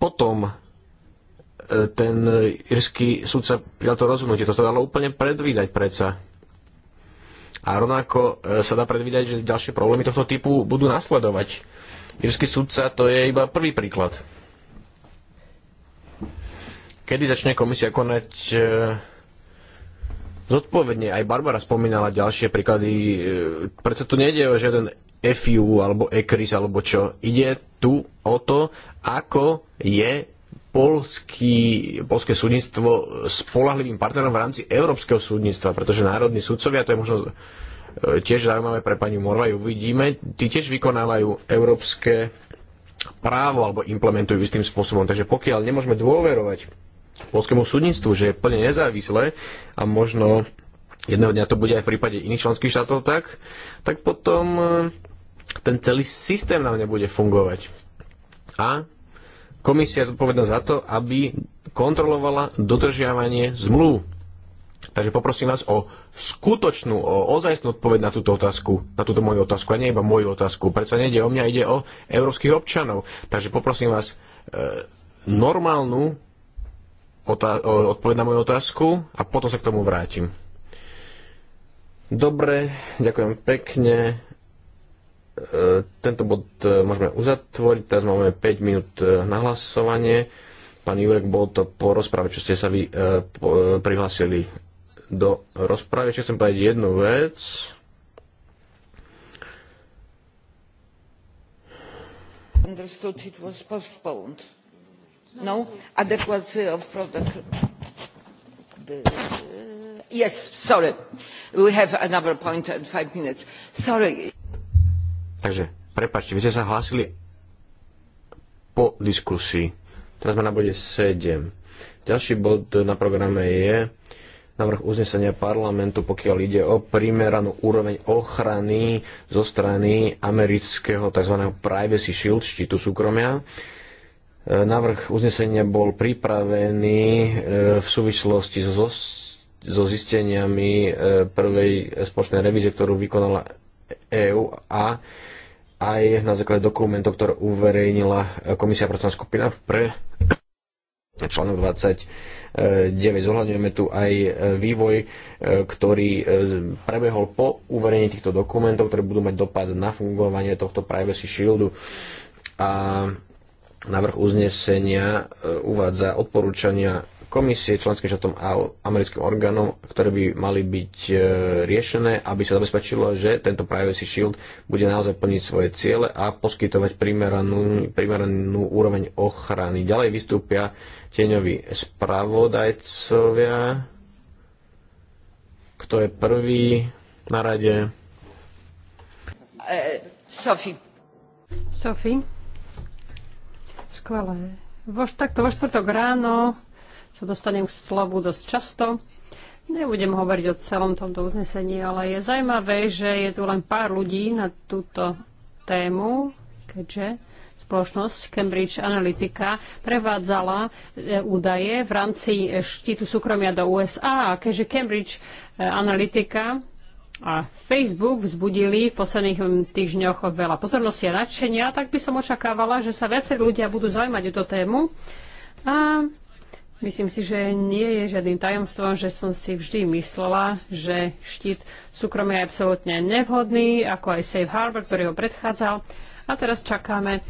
potom e, ten irský sa prijal to rozhodnutie. To sa dalo úplne predvídať predsa. A rovnako sa dá predvídať, že ďalšie problémy tohto typu budú nasledovať. Irský súdca to je iba prvý príklad. Kedy začne komisia konať e, zodpovedne? Aj Barbara spomínala ďalšie príklady. E, Prečo tu nejde o žiaden FIU alebo ECRIS alebo čo. Ide tu o to, ako je polský, polské súdnictvo spolahlivým partnerom v rámci európskeho súdnictva, pretože národní súdcovia, to je možno e, tiež zaujímavé pre pani Morvaj, uvidíme, tí tiež vykonávajú európske právo alebo implementujú istým spôsobom. Takže pokiaľ nemôžeme dôverovať polskému súdnictvu, že je plne nezávislé a možno jedného dňa to bude aj v prípade iných členských štátov tak, tak potom e, ten celý systém nám nebude fungovať. A komisia je zodpovedná za to, aby kontrolovala dodržiavanie zmluv. Takže poprosím vás o skutočnú, o ozajstnú odpoveď na túto otázku, na túto moju otázku a nie iba moju otázku. Predsa nejde o mňa, ide o európskych občanov. Takže poprosím vás e, normálnu odpoveď na moju otázku a potom sa k tomu vrátim. Dobre, ďakujem pekne. E, tento bod e, môžeme uzatvoriť. Teraz máme 5 minút e, na hlasovanie. Pán Jurek, bol to po rozprave, čo ste sa vy prihlásili do rozprave. Ešte chcem povedať jednu vec. Understood it was postponed no adequacy of uh, yes sorry we have another point and five minutes sorry takže prepáčte vy ste sa hlásili po diskusii teraz sme na bode 7 ďalší bod na programe je návrh uznesenia parlamentu, pokiaľ ide o primeranú úroveň ochrany zo strany amerického tzv. Privacy Shield, štítu súkromia, E, návrh uznesenia bol pripravený e, v súvislosti so, so zisteniami e, prvej spoločnej revízie, ktorú vykonala EÚ a aj na základe dokumentov, ktoré uverejnila Komisia pracovná skupina pre článok 29. Zohľadňujeme tu aj vývoj, ktorý prebehol po uverejnení týchto dokumentov, ktoré budú mať dopad na fungovanie tohto Privacy Shieldu. A Návrh uznesenia e, uvádza odporúčania komisie členským štátom a americkým orgánom, ktoré by mali byť e, riešené, aby sa zabezpečilo, že tento Privacy Shield bude naozaj plniť svoje ciele a poskytovať primeranú, primeranú úroveň ochrany. Ďalej vystúpia tieňoví spravodajcovia. Kto je prvý na rade? E, Sophie. Sophie. Skvelé. Vo, takto vo štvrtok ráno sa dostanem k slovu dosť často. Nebudem hovoriť o celom tomto uznesení, ale je zaujímavé, že je tu len pár ľudí na túto tému, keďže spoločnosť Cambridge Analytica prevádzala e, údaje v rámci e, štítu súkromia do USA. Keďže Cambridge e, Analytica a Facebook vzbudili v posledných týždňoch veľa pozornosti a nadšenia, tak by som očakávala, že sa viacerí ľudia budú zaujímať o to tému. A myslím si, že nie je žiadnym tajomstvom, že som si vždy myslela, že štít súkromia je absolútne nevhodný, ako aj Safe Harbor, ktorý ho predchádzal. A teraz čakáme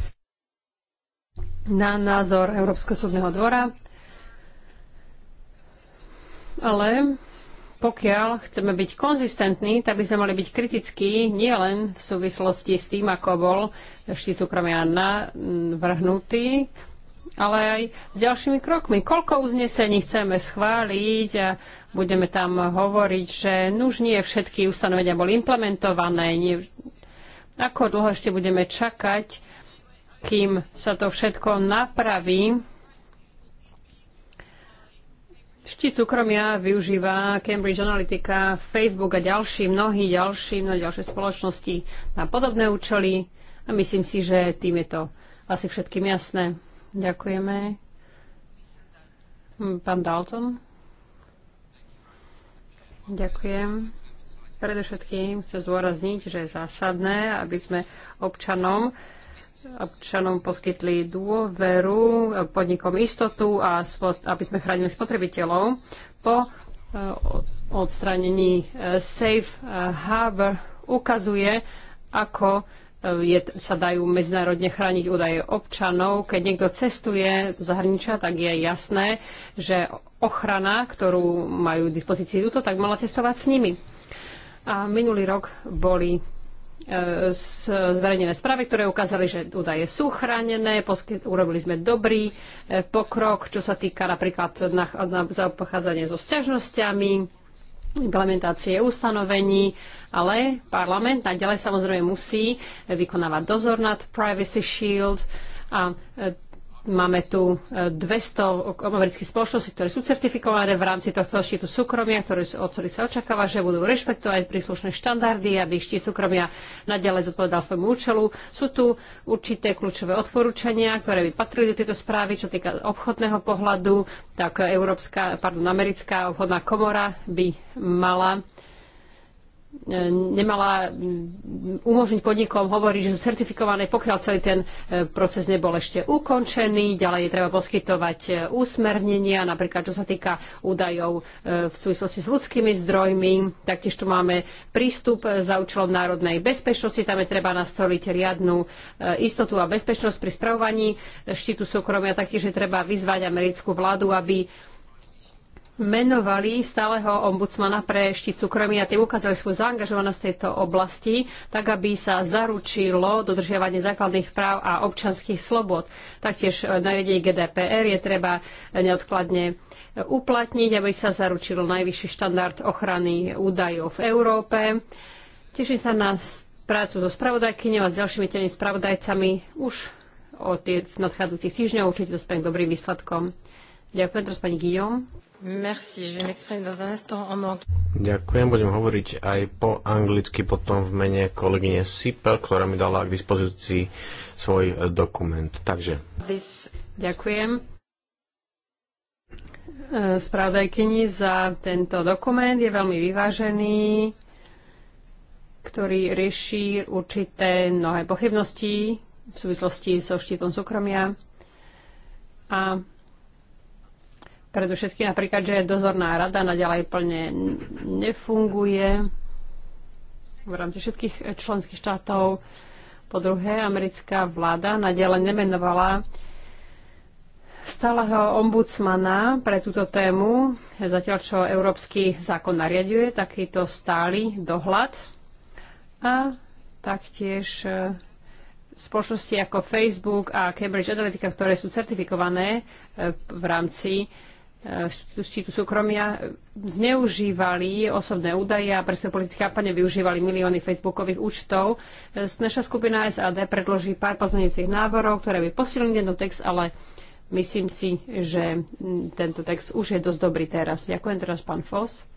na názor Európskeho súdneho dvora. Ale pokiaľ chceme byť konzistentní, tak by sme mali byť kritickí nielen v súvislosti s tým, ako bol štít súkromia navrhnutý, ale aj s ďalšími krokmi. Koľko uznesení chceme schváliť a budeme tam hovoriť, že nuž nie všetky ustanovenia boli implementované. Nie... Ako dlho ešte budeme čakať, kým sa to všetko napraví? štít súkromia využíva Cambridge Analytica, Facebook a ďalší, mnohí ďalší, mnohé ďalšie spoločnosti na podobné účely a myslím si, že tým je to asi všetkým jasné. Ďakujeme. Hm, pán Dalton. Ďakujem. Predovšetkým chcem zôrazniť, že je zásadné, aby sme občanom občanom poskytli dôveru, podnikom istotu a aby sme chránili spotrebiteľov. Po e, odstranení e, Safe e, Harbor ukazuje, ako je, sa dajú medzinárodne chrániť údaje občanov. Keď niekto cestuje do zahraničia, tak je jasné, že ochrana, ktorú majú v dispozícii túto, tak mala cestovať s nimi. A minulý rok boli E, zverejnené správy, ktoré ukázali, že údaje sú chránené, urobili sme dobrý e, pokrok, čo sa týka napríklad na, na zaobchádzanie so sťažnosťami, implementácie ustanovení, ale parlament naďalej samozrejme musí vykonávať dozor nad Privacy Shield a e, Máme tu 200 e, amerických spoločností, ktoré sú certifikované v rámci tohto štítu súkromia, ktoré, od ktorých sa očakáva, že budú rešpektovať príslušné štandardy, aby štít súkromia nadalej zodpovedal svojmu účelu. Sú tu určité kľúčové odporúčania, ktoré by patrili do tejto správy, čo týka obchodného pohľadu, tak Európska, pardon, americká obchodná komora by mala E, nemala mm, umožniť podnikom hovoriť, že sú certifikované, pokiaľ celý ten e, proces nebol ešte ukončený. Ďalej je treba poskytovať úsmernenia, e, napríklad čo sa týka údajov v súvislosti s ľudskými zdrojmi. Taktiež tu máme prístup za účelom národnej bezpečnosti. Tam je treba nastoliť riadnu istotu a bezpečnosť pri spravovaní štítu súkromia. Taktiež je treba vyzvať americkú vládu, aby menovali stáleho ombudsmana pre šticu krmy a tým ukázali svoju zaangažovanosť v tejto oblasti, tak aby sa zaručilo dodržiavanie základných práv a občanských slobod. Taktiež eh, nariadenie GDPR je treba neodkladne uplatniť, aby sa zaručilo najvyšší štandard ochrany údajov v Európe. Teším sa na prácu so spravodajkyňou a s ďalšími tými spravodajcami už od nadchádzajúcich týždňov. Určite dospiem dobrým výsledkom. Ďakujem teraz pani Guillaume. Merci, je vais m'exprimer dans un instant en anglais. Ďakujem, budem hovoriť aj po anglicky, potom v mene kolegyne Sipel, ktorá mi dala k dispozícii svoj dokument. Takže. This... Ďakujem eh, spravodajkyni za tento dokument. Je veľmi vyvážený, ktorý rieši určité mnohé pochybnosti v súvislosti so štítom súkromia. A Predovšetkým napríklad, že dozorná rada naďalej plne nefunguje v rámci všetkých členských štátov. Po druhé, americká vláda naďalej nemenovala stáleho ombudsmana pre túto tému, zatiaľ čo európsky zákon nariaduje takýto stály dohľad. A taktiež eh, spoločnosti ako Facebook a Cambridge Analytica, ktoré sú certifikované eh, v rámci štítu súkromia zneužívali osobné údaje a pre svoje politické kampane využívali milióny facebookových účtov. Naša skupina SAD predloží pár pozmeňujúcich návrhov, ktoré by posilnili tento text, ale myslím si, že tento text už je dosť dobrý teraz. Ďakujem teraz pán Foss.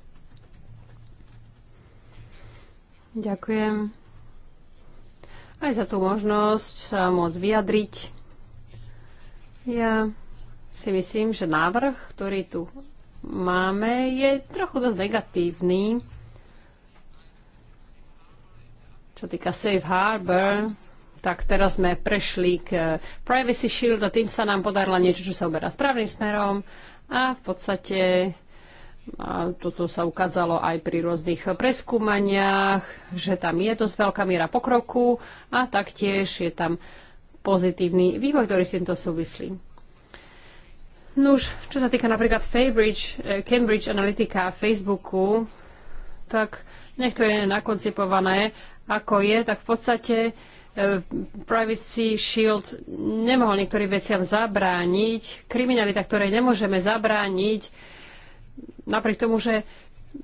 Ďakujem aj za tú možnosť sa môcť vyjadriť. Ja si myslím, že návrh, ktorý tu máme, je trochu dosť negatívny. Čo týka Safe Harbor, tak teraz sme prešli k eh, Privacy Shield a tým sa nám podarilo niečo, čo sa uberá správnym smerom a v podstate a toto sa ukázalo aj pri rôznych preskúmaniach, že tam je dosť veľká miera pokroku a taktiež je tam pozitívny vývoj, ktorý s týmto súvislí. No už, čo sa týka napríklad Fabridge, eh, Cambridge Analytica a Facebooku, tak nech to je nakoncipované, ako je, tak v podstate eh, Privacy Shield nemohol niektorým veciam zabrániť, kriminalita, ktorej nemôžeme zabrániť, napriek tomu, že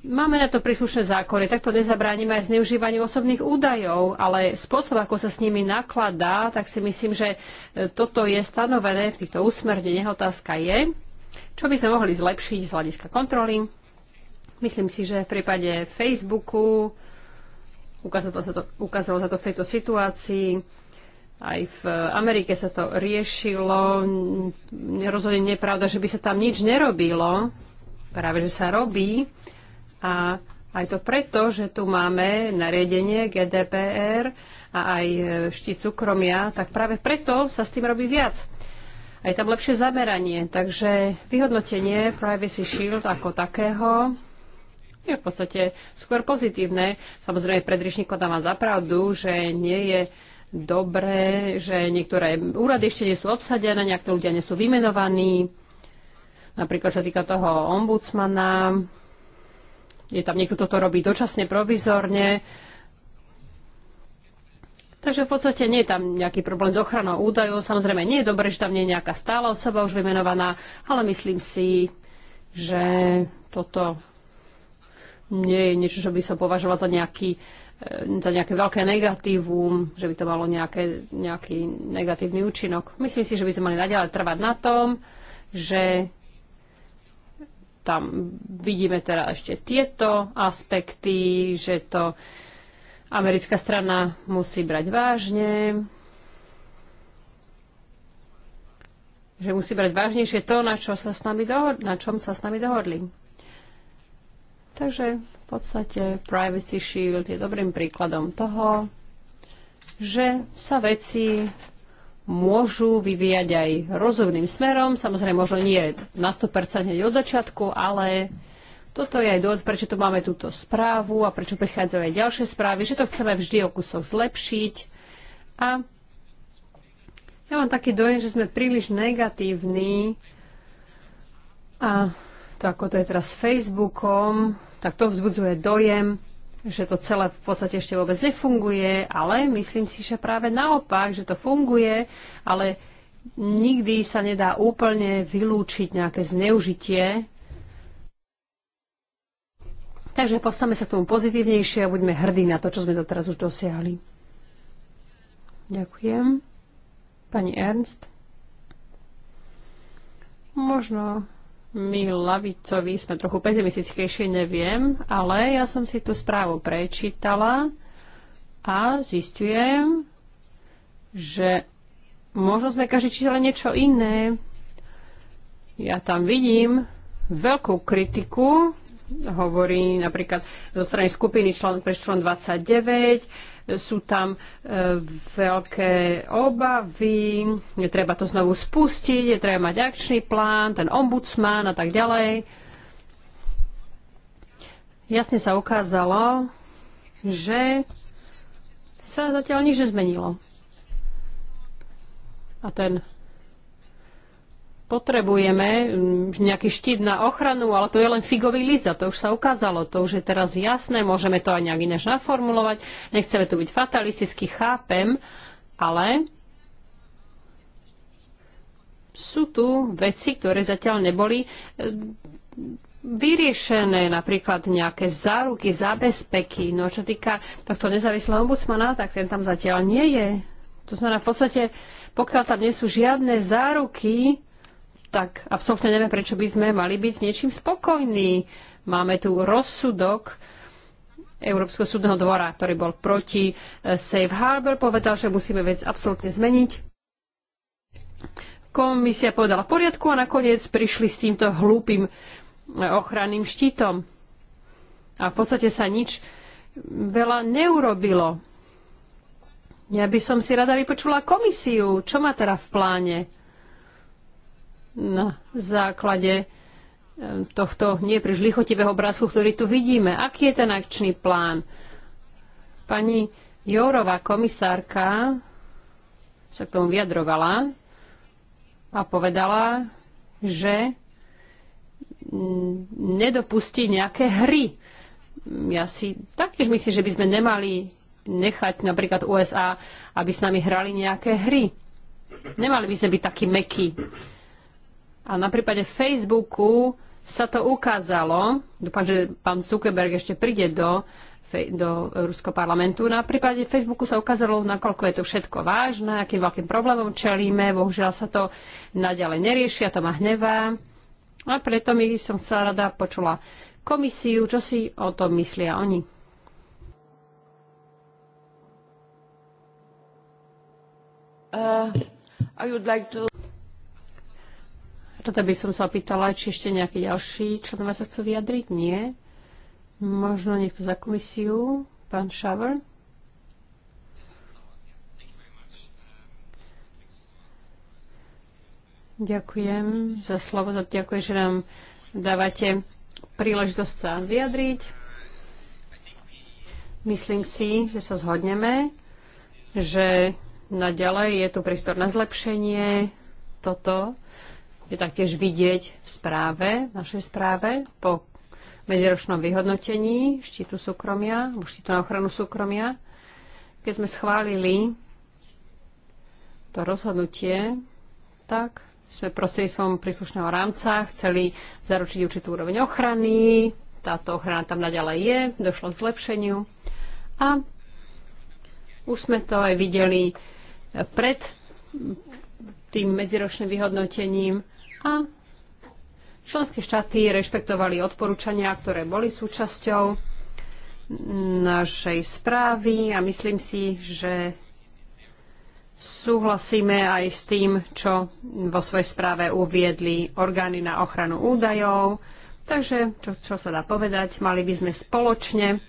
Máme na to príslušné zákony, takto nezabránime aj zneužívaniu osobných údajov, ale spôsob, ako sa s nimi nakladá, tak si myslím, že e, toto je stanovené v týchto usmerneniach. Otázka je, čo by sme mohli zlepšiť z hľadiska kontroly. Myslím si, že v prípade Facebooku ukázalo sa to, ukázalo sa to v tejto situácii, aj v Amerike sa to riešilo. Rozhodne nie je pravda, že by sa tam nič nerobilo. Práve, že sa robí. A aj to preto, že tu máme nariadenie GDPR a aj e, štít súkromia, tak práve preto sa s tým robí viac. Aj tam lepšie zameranie. Takže vyhodnotenie Privacy Shield ako takého je v podstate skôr pozitívne. Samozrejme, predrišníko dáva za pravdu, že nie je dobré, že niektoré úrady ešte nie sú obsadené, nejaké ľudia nie sú vymenovaní. Napríklad, čo týka toho ombudsmana, je tam niekto, kto to robí dočasne, provizorne. Takže v podstate nie je tam nejaký problém s ochranou údajov. Samozrejme, nie je dobré, že tam nie je nejaká stála osoba už vymenovaná, ale myslím si, že toto nie je niečo, čo by som považoval za, nejaký, e, za nejaké veľké negatívum, že by to malo nejaké, nejaký negatívny účinok. Myslím si, že by sme mali naďalej trvať na tom, že tam vidíme teda ešte tieto aspekty, že to americká strana musí brať vážne, že musí brať vážnejšie to, na, čo sa s nami dohod- na čom sa s nami dohodli. Takže v podstate Privacy Shield je dobrým príkladom toho, že sa veci môžu vyvíjať aj rozumným smerom. Samozrejme, možno nie na 100% od začiatku, ale toto je aj dôvod, prečo tu máme túto správu a prečo prichádzajú aj ďalšie správy, že to chceme vždy o kusoch zlepšiť. A ja mám taký dojem, že sme príliš negatívni a to, ako to je teraz s Facebookom, tak to vzbudzuje dojem, že to celé v podstate ešte vôbec nefunguje, ale myslím si, že práve naopak, že to funguje, ale nikdy sa nedá úplne vylúčiť nejaké zneužitie. Takže postavme sa k tomu pozitívnejšie a buďme hrdí na to, čo sme doteraz už dosiahli. Ďakujem. Pani Ernst? Možno my lavicovi sme trochu pesimistickejšie, neviem, ale ja som si tú správu prečítala a zistujem, že možno sme každý čítali niečo iné. Ja tam vidím veľkú kritiku, hovorí napríklad zo strany skupiny člen, pre člen 29, sú tam e, veľké obavy, je treba to znovu spustiť, je treba mať akčný plán, ten ombudsman a tak ďalej. Jasne sa ukázalo, že sa zatiaľ nič nezmenilo. A ten potrebujeme mm, nejaký štít na ochranu, ale to je len figový list a to už sa ukázalo. To už je teraz jasné, môžeme to aj nejak inéž naformulovať. Nechceme tu byť fatalisticky, chápem, ale sú tu veci, ktoré zatiaľ neboli e, vyriešené, napríklad nejaké záruky, zabezpeky. No čo týka tohto nezávislého ombudsmana, tak ten tam zatiaľ nie je. To znamená, v podstate, pokiaľ tam nie sú žiadne záruky, tak absolútne neviem, prečo by sme mali byť s niečím spokojní. Máme tu rozsudok Európskeho súdneho dvora, ktorý bol proti e, Safe Harbor, povedal, že musíme vec absolútne zmeniť. Komisia povedala v poriadku a nakoniec prišli s týmto hlúpým e, ochranným štítom. A v podstate sa nič veľa neurobilo. Ja by som si rada vypočula komisiu. Čo má teda v pláne? na základe e, tohto nie príliš lichotivého obrázku, ktorý tu vidíme. Aký je ten akčný plán? Pani Jourová komisárka sa k tomu vyjadrovala a povedala, že nedopustí nejaké hry. Ja si taktiež myslím, že by sme nemali nechať napríklad USA, aby s nami hrali nejaké hry. Nemali by sme byť takí mekí. A na prípade Facebooku sa to ukázalo, dúfam, že pán Zuckerberg ešte príde do, do Ruského parlamentu, na prípade Facebooku sa ukázalo, nakoľko je to všetko vážne, akým veľkým problémom čelíme, bohužiaľ sa to naďalej neriešia, to ma hnevá. A preto mi som chcela rada počula komisiu, čo si o tom myslia oni. Uh, I would like to... Rada by som sa opýtala, či ešte nejakí ďalší členovia sa chcú vyjadriť. Nie. Možno niekto za komisiu. Pán Šavr. Ďakujem za slovo. Ďakujem, že nám dávate príležitosť sa vyjadriť. Myslím si, že sa zhodneme, že naďalej je tu prístor na zlepšenie. Toto je taktiež vidieť v správe, v našej správe po medziročnom vyhodnotení štítu súkromia, alebo štítu na ochranu súkromia, keď sme schválili to rozhodnutie, tak sme prostredníctvom príslušného rámca chceli zaručiť určitú úroveň ochrany. Táto ochrana tam naďalej je, došlo k zlepšeniu. A už sme to aj videli pred tým medziročným vyhodnotením a členské štáty rešpektovali odporúčania, ktoré boli súčasťou našej správy a myslím si, že súhlasíme aj s tým, čo vo svojej správe uviedli orgány na ochranu údajov. Takže, čo, čo sa dá povedať, mali by sme spoločne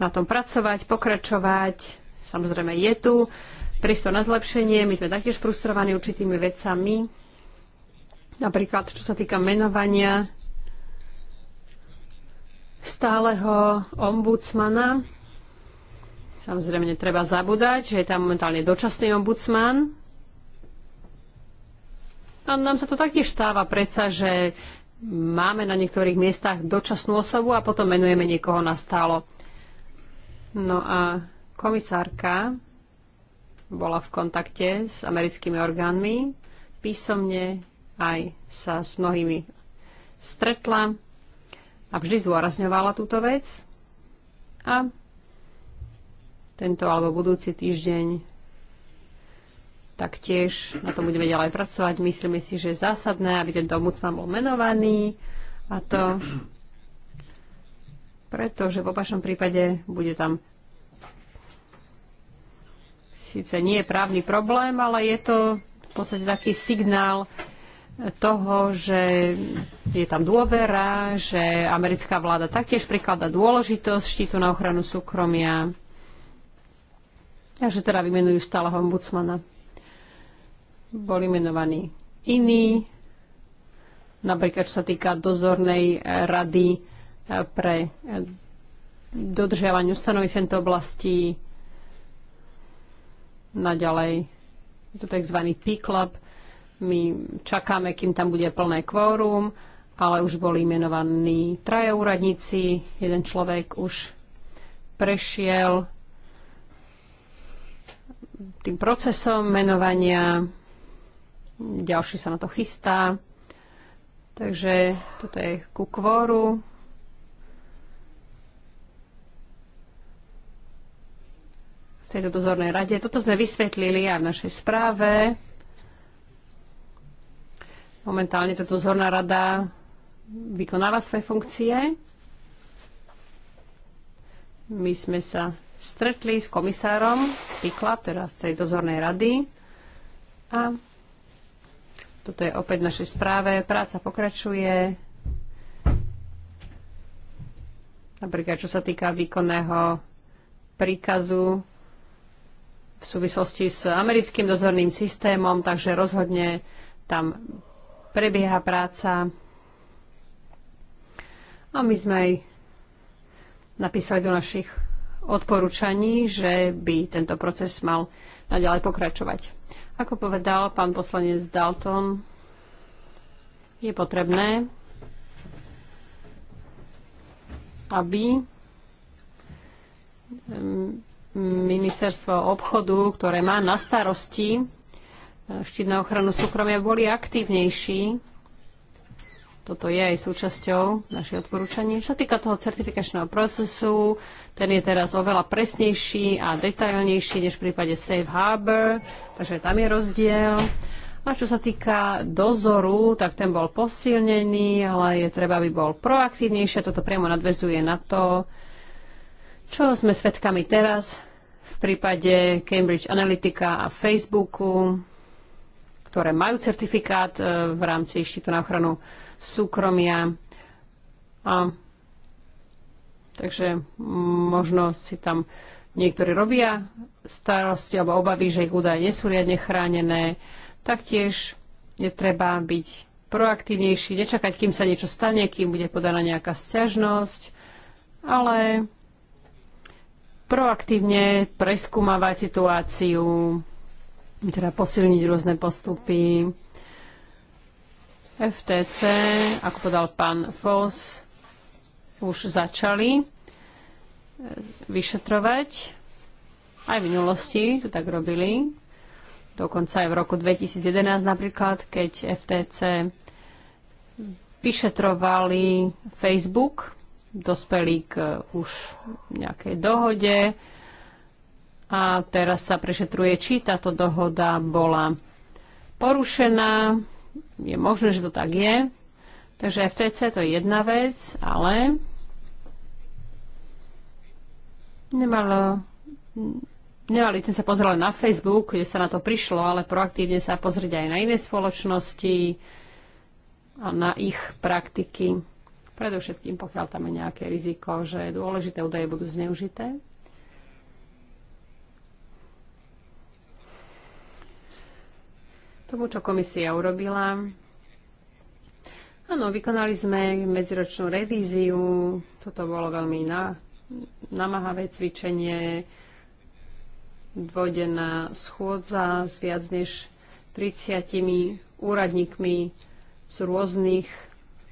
na tom pracovať, pokračovať. Samozrejme je tu prístor na zlepšenie. My sme taktiež frustrovaní určitými vecami, Napríklad, čo sa týka menovania stáleho ombudsmana. Samozrejme, treba zabúdať, že je tam momentálne dočasný ombudsman. A nám sa to taktiež stáva predsa, že máme na niektorých miestach dočasnú osobu a potom menujeme niekoho na stálo. No a komisárka bola v kontakte s americkými orgánmi. Písomne aj sa s mnohými stretla a vždy zdôrazňovala túto vec. A tento alebo budúci týždeň taktiež na tom budeme ďalej pracovať. Myslíme si, že je zásadné, aby tento ombudsman bol menovaný a to preto, že v vašom prípade bude tam síce nie je právny problém, ale je to v podstate taký signál toho, že je tam dôvera, že americká vláda taktiež prikladá dôležitosť štítu na ochranu súkromia a že teda vymenujú stáleho ombudsmana. Boli menovaní iní, napríklad čo sa týka dozornej eh, rady eh, pre eh, dodržiavanie ustanovy v tejto oblasti. Naďalej je to tzv. P-Club, my čakáme, kým tam bude plné kvórum, ale už boli menovaní traje úradníci, jeden človek už prešiel tým procesom menovania, ďalší sa na to chystá. Takže toto je ku kvóru. V tejto dozornej rade. Toto sme vysvetlili aj v našej správe. Momentálne táto zorná rada vykonáva svoje funkcie. My sme sa stretli s komisárom z PIKLA, teda z tej dozornej rady. A toto je opäť naše našej správe. Práca pokračuje. Napríklad, čo sa týka výkonného príkazu v súvislosti s americkým dozorným systémom, takže rozhodne tam prebieha práca a my sme aj napísali do našich odporúčaní, že by tento proces mal naďalej pokračovať. Ako povedal pán poslanec Dalton, je potrebné, aby mm, ministerstvo obchodu, ktoré má na starosti štít na ochranu súkromia boli aktívnejší. Toto je aj súčasťou našej odporúčaní. Čo týka toho certifikačného procesu, ten je teraz oveľa presnejší a detailnejší než v prípade Safe Harbor, takže tam je rozdiel. A čo sa týka dozoru, tak ten bol posilnený, ale je treba, aby bol proaktívnejší. Toto priamo nadvezuje na to, čo sme svedkami teraz v prípade Cambridge Analytica a Facebooku ktoré majú certifikát e, v rámci štítu na ochranu súkromia. A, takže možno si tam niektorí robia starosti alebo obavy, že ich údaje nie sú riadne chránené. Taktiež je treba byť proaktívnejší, nečakať, kým sa niečo stane, kým bude podaná nejaká sťažnosť, ale proaktívne preskúmavať situáciu, teda posilniť rôzne postupy. FTC, ako podal pán Foss, už začali e, vyšetrovať. Aj v minulosti to tak robili. Dokonca aj v roku 2011 napríklad, keď FTC vyšetrovali Facebook, dospeli k e, už nejakej dohode a teraz sa prešetruje, či táto dohoda bola porušená. Je možné, že to tak je. Takže FTC to je jedna vec, ale nemalo, nemali sme sa pozrieť na Facebook, kde sa na to prišlo, ale proaktívne sa pozrieť aj na iné spoločnosti a na ich praktiky. Predovšetkým, pokiaľ tam je nejaké riziko, že dôležité údaje budú zneužité. tomu, čo komisia urobila. Áno, vykonali sme medziročnú revíziu. Toto bolo veľmi na, namahavé cvičenie. Dvojdenná schôdza s viac než 30 úradníkmi z rôznych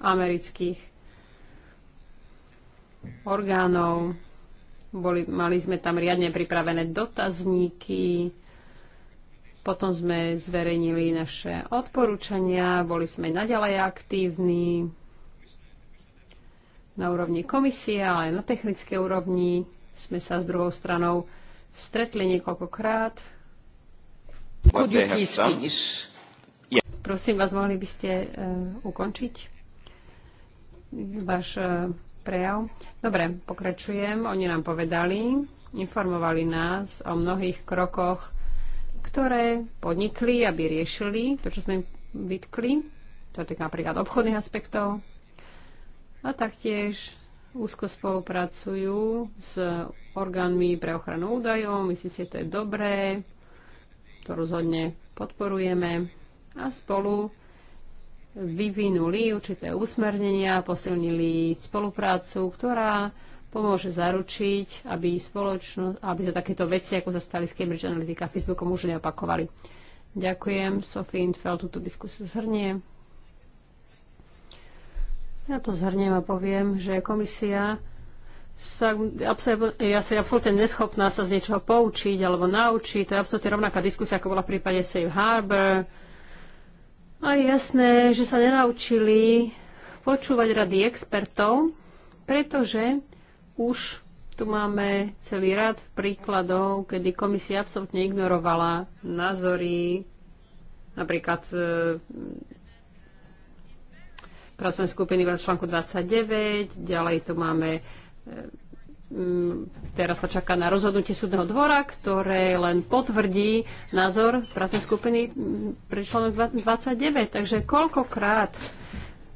amerických orgánov. Boli, mali sme tam riadne pripravené dotazníky, potom sme zverejnili naše odporúčania, boli sme naďalej aktívni na úrovni komisie, ale aj na technické úrovni. Sme sa s druhou stranou stretli niekoľkokrát. Prosím vás, mohli by ste uh, ukončiť váš uh, prejav? Dobre, pokračujem. Oni nám povedali, informovali nás o mnohých krokoch, ktoré podnikli, aby riešili to, čo sme im vytkli, to je napríklad obchodných aspektov, a taktiež úzko spolupracujú s orgánmi pre ochranu údajov. Myslím si, že to je dobré, to rozhodne podporujeme a spolu vyvinuli určité usmernenia, posilnili spoluprácu, ktorá pomôže zaručiť, aby, spoločno, aby sa takéto veci, ako sa stali z Cambridge Analytica a Facebookom, už neopakovali. Ďakujem. Sophie Infeld túto diskusiu zhrnie. Ja to zhrniem a poviem, že komisia sa, ja som absolútne neschopná sa z niečoho poučiť alebo naučiť. To je absolútne rovnaká diskusia, ako bola v prípade Safe Harbor. A je jasné, že sa nenaučili počúvať rady expertov, pretože už tu máme celý rad príkladov, kedy komisia absolútne ignorovala názory napríklad e, pracovné skupiny v článku 29, ďalej tu máme e, teraz sa čaká na rozhodnutie súdneho dvora, ktoré len potvrdí názor pracovnej skupiny pre článok 29. Takže koľkokrát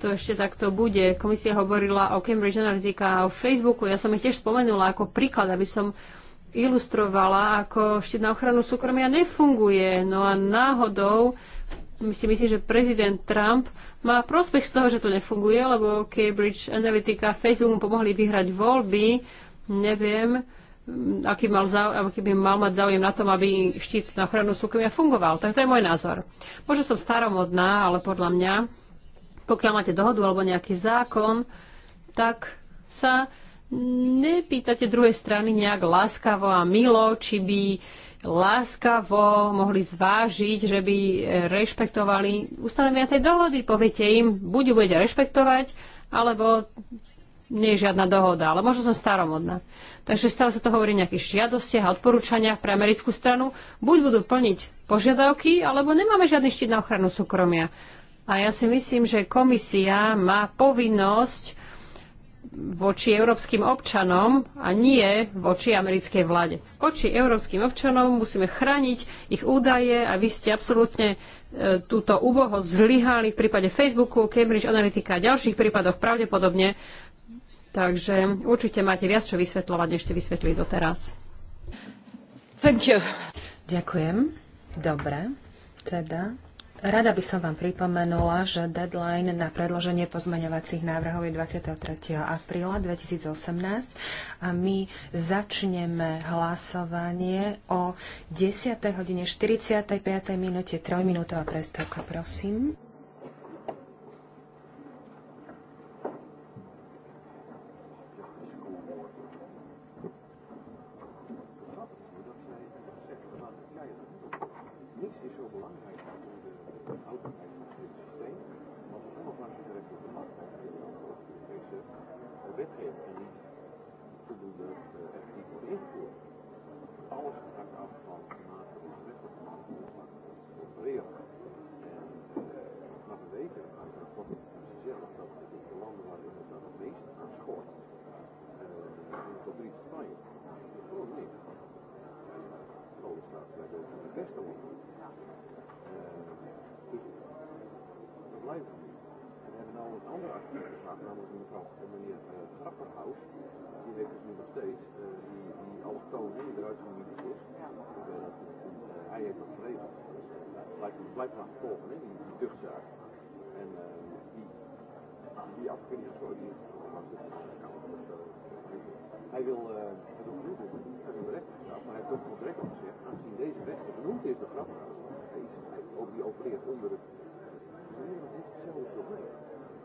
to ešte takto bude. Komisia hovorila o Cambridge Analytica a o Facebooku. Ja som ich tiež spomenula ako príklad, aby som ilustrovala, ako štít na ochranu súkromia nefunguje. No a náhodou my si myslím, že prezident Trump má prospech z toho, že to nefunguje, lebo Cambridge Analytica a Facebook mu pomohli vyhrať voľby. Neviem, aký, mal záujem, aký by mal mať záujem na tom, aby štít na ochranu súkromia fungoval. Tak to je môj názor. Možno som staromodná, ale podľa mňa pokiaľ máte dohodu alebo nejaký zákon, tak sa nepýtate druhej strany nejak láskavo a milo, či by láskavo mohli zvážiť, že by rešpektovali ustanovenia tej dohody. Poviete im, buď ju budete rešpektovať, alebo nie je žiadna dohoda, ale možno som staromodná. Takže stále sa to hovorí o nejakých žiadostiach a odporúčaniach pre americkú stranu. Buď budú plniť požiadavky, alebo nemáme žiadny štít na ochranu súkromia. A ja si myslím, že komisia má povinnosť voči európskym občanom a nie voči americkej vláde. Voči európskym občanom musíme chrániť ich údaje a vy ste absolútne e, túto úboho zlyhali v prípade Facebooku, Cambridge Analytica a ďalších prípadoch pravdepodobne. Takže určite máte viac čo vysvetľovať, než ste vysvetlili doteraz. Thank you. Ďakujem. Dobre. Teda Rada by som vám pripomenula, že deadline na predloženie pozmeňovacích návrhov je 23. apríla 2018 a my začneme hlasovanie o 10. hodine 45. minúte 3 minútová prestávka, prosím. vraag namelijk een mevrouw en meneer uh, Die heeft dus nu nog steeds, uh, die, die allochtoon die eruit gemanierd is. Ja. Uh, hij heeft dat geregeld. Dus, uh, blijft, blijft aan het volgen, hè, die, die tuchtzaak. En uh, die, die afkundige is gewoon die Hij wil uh, het opnieuw doen. Hij wil rechter gevraagd, maar hij heeft ook nog recht gezegd. Aangezien deze rechter genoemd is, de Grapperhaus, hij, hij, ook die opereert onder het. Dus hij heeft hetzelfde probleem.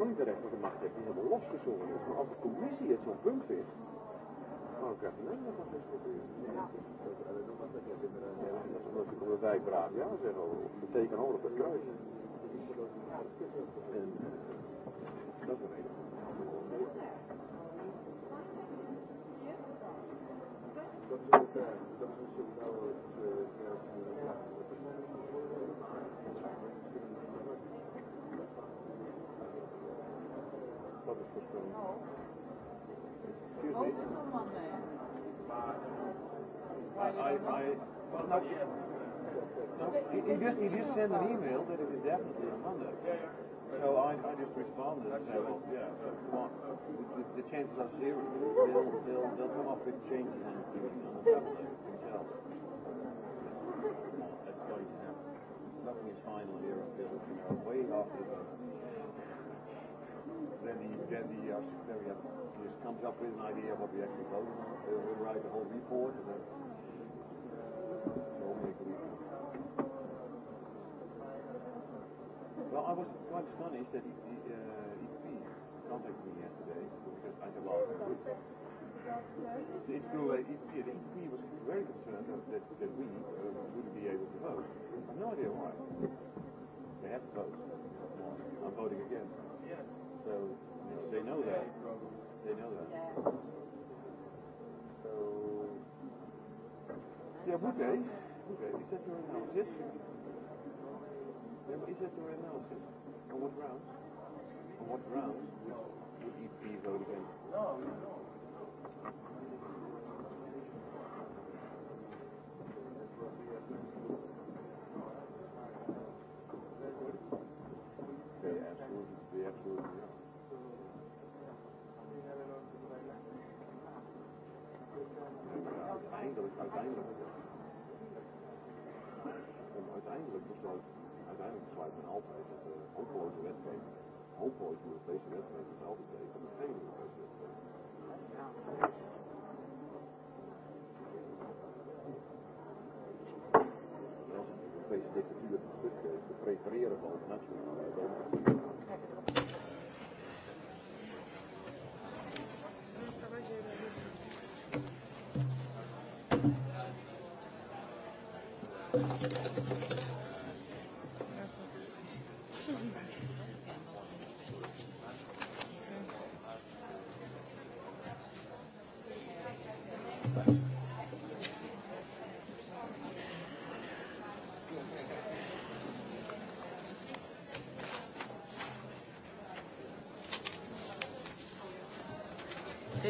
de macht heeft, die helemaal losgezongen is. Maar als de commissie het zo'n punt vindt, dan krijg je een van zes Dat is omdat ik op de wijk ja zeg, of de tekenhoor op het kruis. En eh, dat is een reden. Dat is I, I, well, not yet. No, just sent an email that it is definitely on Monday. Yeah, yeah. So I, I just responded and said, well, yeah, The, the, chances are zero. They'll, they'll, they'll come up with changes on the themselves. That's going to happen. Nothing is final here until, you know, way after the then the, then the uh, secretariat just comes up with an idea of what we actually vote. on. He'll write the whole report and then we'll make a report. Well, I was quite astonished that the uh, EP contacted me yesterday because I said, well, it's true. Uh, it, he, he was very concerned that, that we uh, wouldn't be able to vote. I have no idea why. They have to vote. I'm voting against. So they know that. They know that. So yeah, okay. Okay. Would they? Is that your analysis? Is that analysis? On what grounds? On what grounds would, would he be voted against? No, no, no. They eingeloggt, als eingeloggt. Als eingeloggt moest je uiteindelijk sluit men altijd dat de hopeloze wedstrijd, hopeloze Europese wedstrijd is altijd beter dan geen Europese wedstrijd. En als een Europese dictatuur een stuk te prefereren van nationale democratie.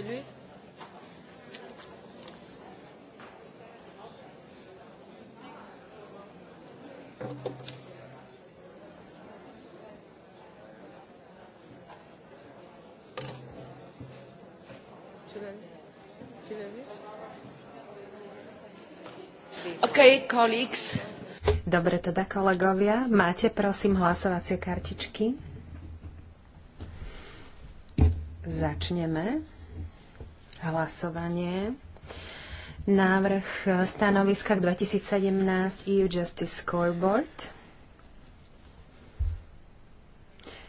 de lui colleagues. Dobre teda, kolegovia, máte prosím hlasovacie kartičky. Začneme hlasovanie. Návrh stanoviska k 2017 EU Justice Scoreboard.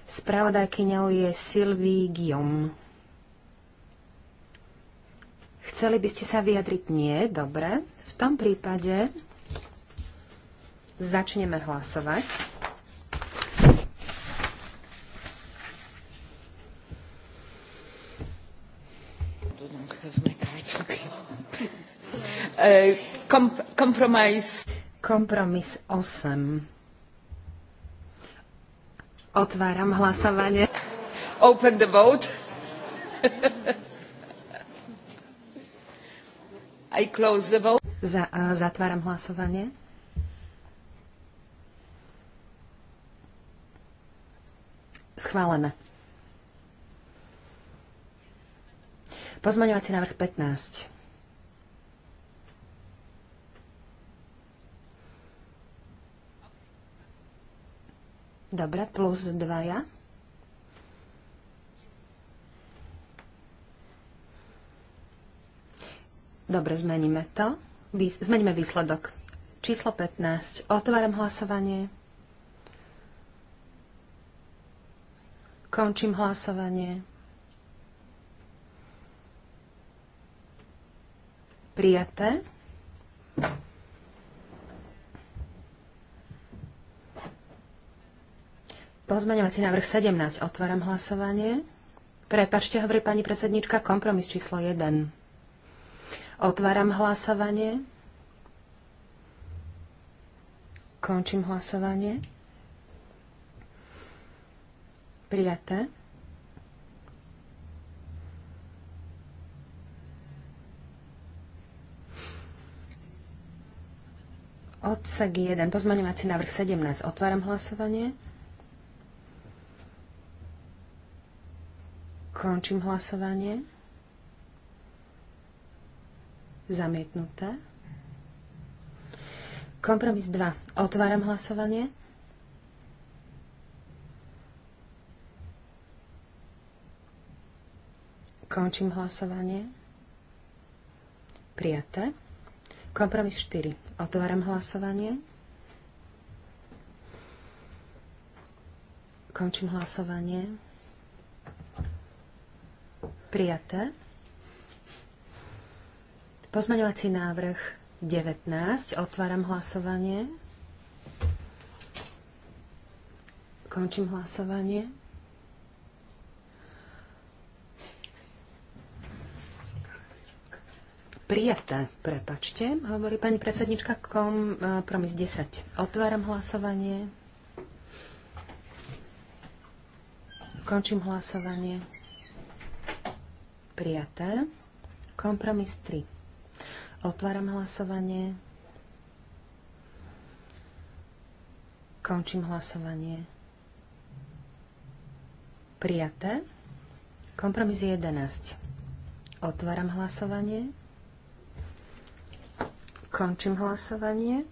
Spravodajkyňou je Sylvie Guillaume. Chceli by ste sa vyjadriť? Nie? Dobre. V tom prípade začneme hlasovať. Uh, kompromis. Kompromis 8. Otváram hlasovanie. Open the vote. I close the vote. Za, uh, zatváram hlasovanie. Schválené. Pozmaňovací návrh 15. Dobre, plus dvaja. Dobre, zmeníme to. zmeníme výsledok. Číslo 15. Otváram hlasovanie. Končím hlasovanie. Prijaté. Pozmeňovací návrh 17. Otváram hlasovanie. Prepačte, hovorí pani predsednička, kompromis číslo 1. Otváram hlasovanie. Končím hlasovanie. Prijaté. Odsek 1, pozmaňovací návrh 17. Otváram hlasovanie. Končím hlasovanie. Zamietnuté. Kompromis 2. Otváram hlasovanie. Končím hlasovanie. Prijaté. Kompromis 4. Otváram hlasovanie. Končím hlasovanie. Prijaté. Pozmaňovací návrh 19. Otváram hlasovanie. Končím hlasovanie. Prijaté, prepačte, hovorí pani predsednička e, promis 10. Otváram hlasovanie. Končím hlasovanie. Prijaté. Kompromis 3. Otváram hlasovanie. Končím hlasovanie. Prijaté. Kompromis 11. Otváram hlasovanie. Končím hlasovanie.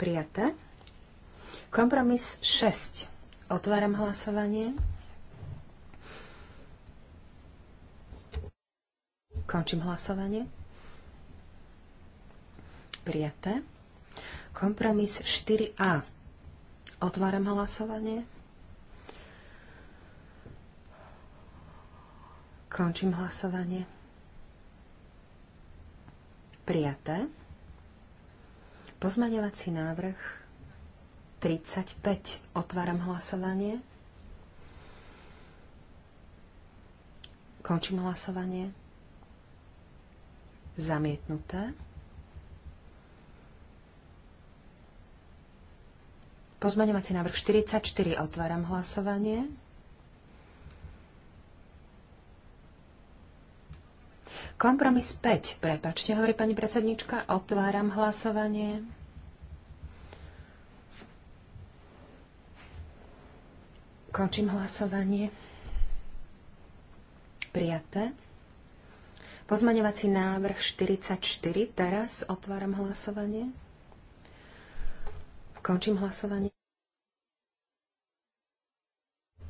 Prijaté. Kompromis 6. Otváram hlasovanie. Končím hlasovanie. Prijaté. Kompromis 4A. Otváram hlasovanie. Končím hlasovanie. Prijaté. Pozmaňovací návrh 35. Otváram hlasovanie. Končím hlasovanie. Zamietnuté. Pozmeňovací návrh 44. Otváram hlasovanie. Kompromis 5. Prepačte, hovorí pani predsednička. Otváram hlasovanie. Končím hlasovanie. Prijaté. Pozmaňovací návrh 44. Teraz otváram hlasovanie. Končím hlasovanie.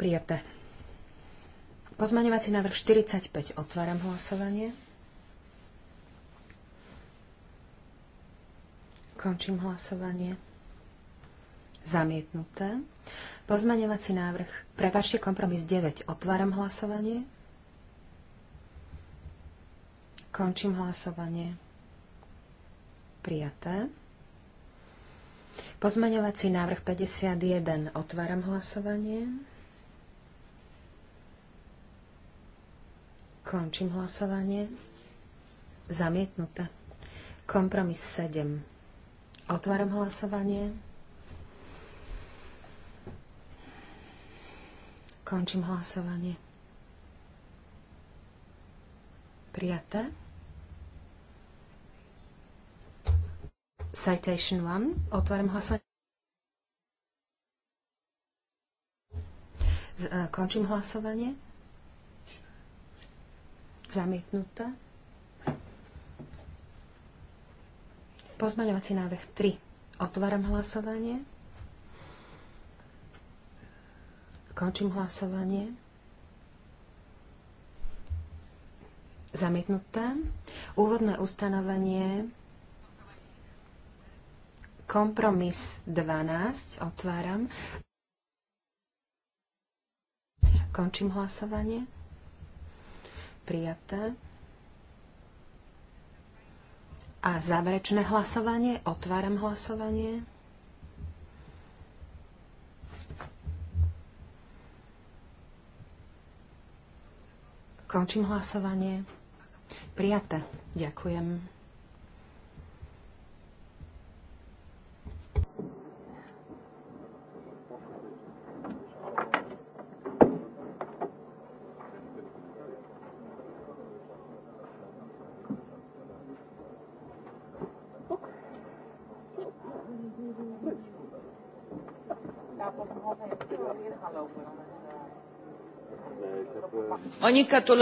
Prijaté. Pozmaňovací návrh 45. Otváram hlasovanie. Končím hlasovanie. Zamietnuté. Pozmaňovací návrh. Prepačte, kompromis 9. Otváram hlasovanie. Končím hlasovanie. Prijaté. Pozmeňovací návrh 51. Otváram hlasovanie. Končím hlasovanie. Zamietnuté. Kompromis 7. Otváram hlasovanie. Končím hlasovanie. Prijaté. Citation 1. Otváram hlasovanie. E, končím hlasovanie. Zamietnuté. Pozmaňovací návrh 3. Otváram hlasovanie. Končím hlasovanie. Zamietnuté. Úvodné ustanovenie Kompromis 12. Otváram. Končím hlasovanie. Prijaté. A záverečné hlasovanie. Otváram hlasovanie. Končím hlasovanie. Prijaté. Ďakujem. Monika too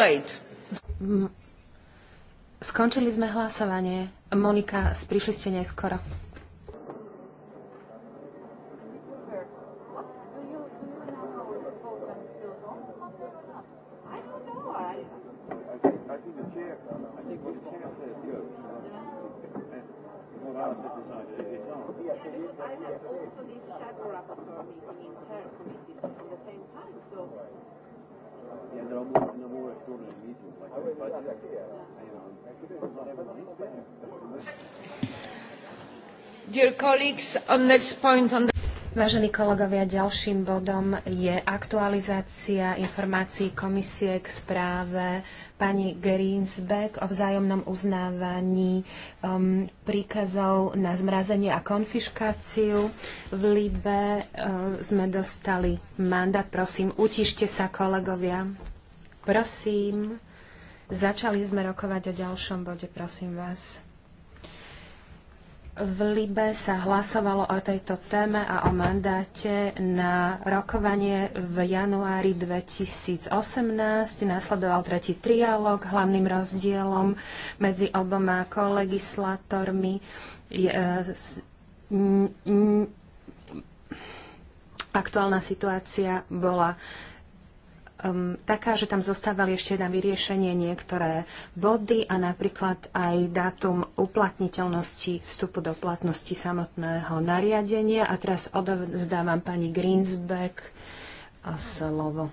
Skončili sme hlasovanie. Monika, prišli ste neskoro. Vážení kolegovia, ďalším bodom je aktualizácia informácií komisie k správe pani Greensbeck o vzájomnom uznávaní um, príkazov na zmrazenie a konfiškáciu. V Libe uh, sme dostali mandát. Prosím, utište sa, kolegovia. Prosím. Začali sme rokovať o ďalšom bode, prosím vás. V Libe sa hlasovalo o tejto téme a o mandáte na rokovanie v januári 2018. Nasledoval tretí trialog. Hlavným rozdielom medzi oboma kolegislatormi je e, aktuálna situácia bola um, taká, že tam zostávali ešte na vyriešenie niektoré body a napríklad aj dátum uplatniteľnosti vstupu do platnosti samotného nariadenia. A teraz odovzdávam pani Greensbeck a uh, slovo.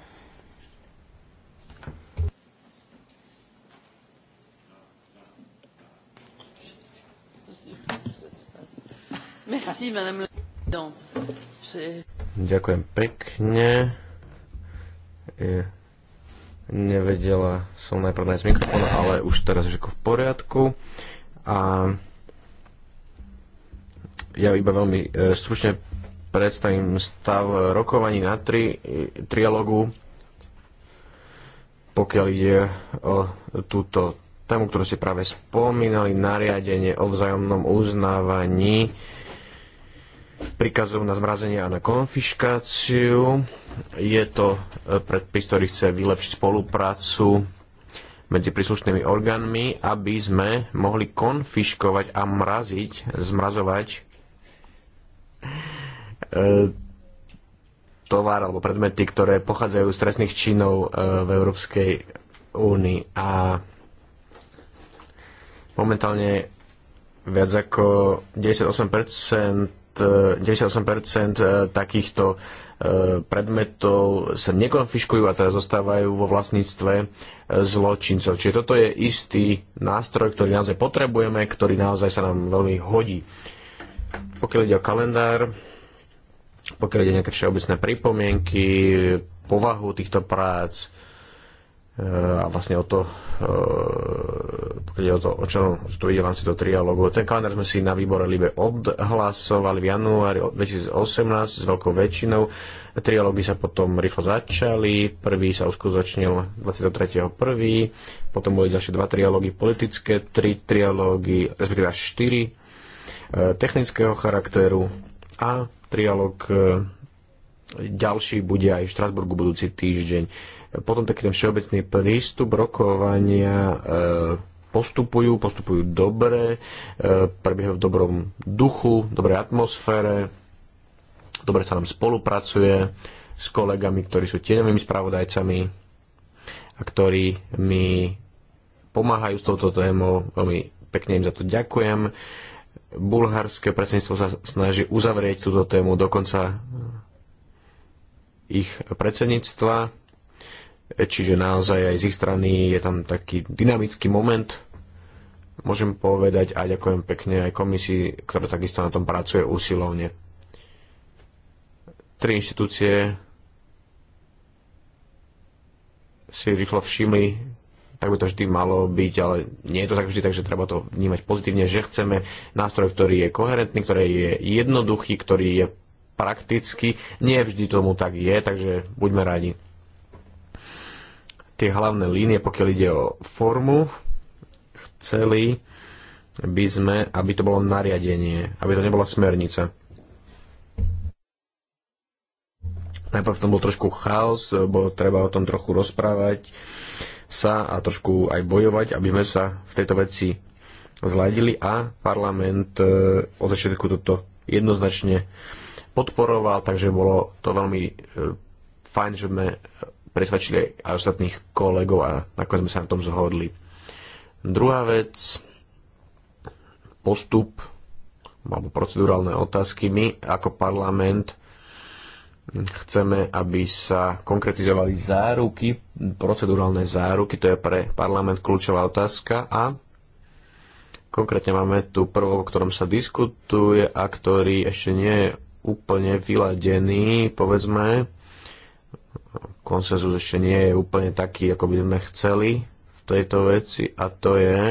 Merci, madame la Ďakujem pekne. Je, nevedela som najprv nájsť mikrofón, ale už teraz je v poriadku. A ja iba veľmi e, stručne predstavím stav rokovaní na tri, e, trialogu, pokiaľ ide o túto tému, ktorú ste práve spomínali, nariadenie o vzájomnom uznávaní e, príkazov na zmrazenie a na konfiškáciu. Je to e, predpis, ktorý chce vylepšiť spoluprácu medzi príslušnými orgánmi, aby sme mohli konfiškovať a mraziť, zmrazovať e, tovar alebo predmety, ktoré pochádzajú z trestných činov e, v Európskej únii. A momentálne viac ako 98 98% eh, takýchto eh, predmetov sa nekonfiškujú a teraz zostávajú vo vlastníctve eh, zločincov. Čiže toto je istý nástroj, ktorý naozaj potrebujeme, ktorý naozaj sa nám veľmi hodí. Pokiaľ ide o kalendár, pokiaľ ide o nejaké všeobecné pripomienky, povahu týchto prác, Eh, a vlastne o to, eh, pokiaľ o to, o čo tu ide v rámci toho trialógu. Ten kalendár sme si na výbore Libe odhlasovali v januári 2018 s veľkou väčšinou. Trialógy sa potom rýchlo začali, prvý sa uskutočnil 23.1., potom boli ďalšie dva trialógy politické, tri trialógy, respektíve až štyri eh, technického charakteru a trialóg ďalší bude aj v Štrasburgu budúci týždeň. Potom taký ten všeobecný prístup rokovania e, postupujú, postupujú dobre, e, prebiehajú v dobrom duchu, dobrej atmosfére, dobre sa nám spolupracuje s kolegami, ktorí sú tieňovými spravodajcami a ktorí mi pomáhajú s touto témou. Veľmi pekne im za to ďakujem. Bulharské predsedníctvo sa snaží uzavrieť túto tému dokonca ich predsedníctva čiže naozaj aj z ich strany je tam taký dynamický moment. Môžem povedať a ďakujem pekne aj komisii, ktorá takisto na tom pracuje úsilovne. Tri inštitúcie si rýchlo všimli, tak by to vždy malo byť, ale nie je to tak vždy, takže treba to vnímať pozitívne, že chceme nástroj, ktorý je koherentný, ktorý je jednoduchý, ktorý je prakticky. Nie vždy tomu tak je, takže buďme radi tie hlavné línie, pokiaľ ide o formu, chceli by sme, aby to bolo nariadenie, aby to nebola smernica. Najprv v tom bol trošku chaos, bolo treba o tom trochu rozprávať sa a trošku aj bojovať, aby sme sa v tejto veci zladili a parlament e, od začiatku toto jednoznačne podporoval, takže bolo to veľmi e, fajn, že sme presvedčili aj ostatných kolegov a nakoniec sme sa na tom zhodli. Druhá vec, postup alebo procedurálne otázky. My ako parlament chceme, aby sa konkretizovali záruky, procedurálne záruky, to je pre parlament kľúčová otázka a konkrétne máme tu prvok, o ktorom sa diskutuje a ktorý ešte nie je úplne vyladený, povedzme, konsenzus ešte nie je úplne taký, ako by sme chceli v tejto veci a to je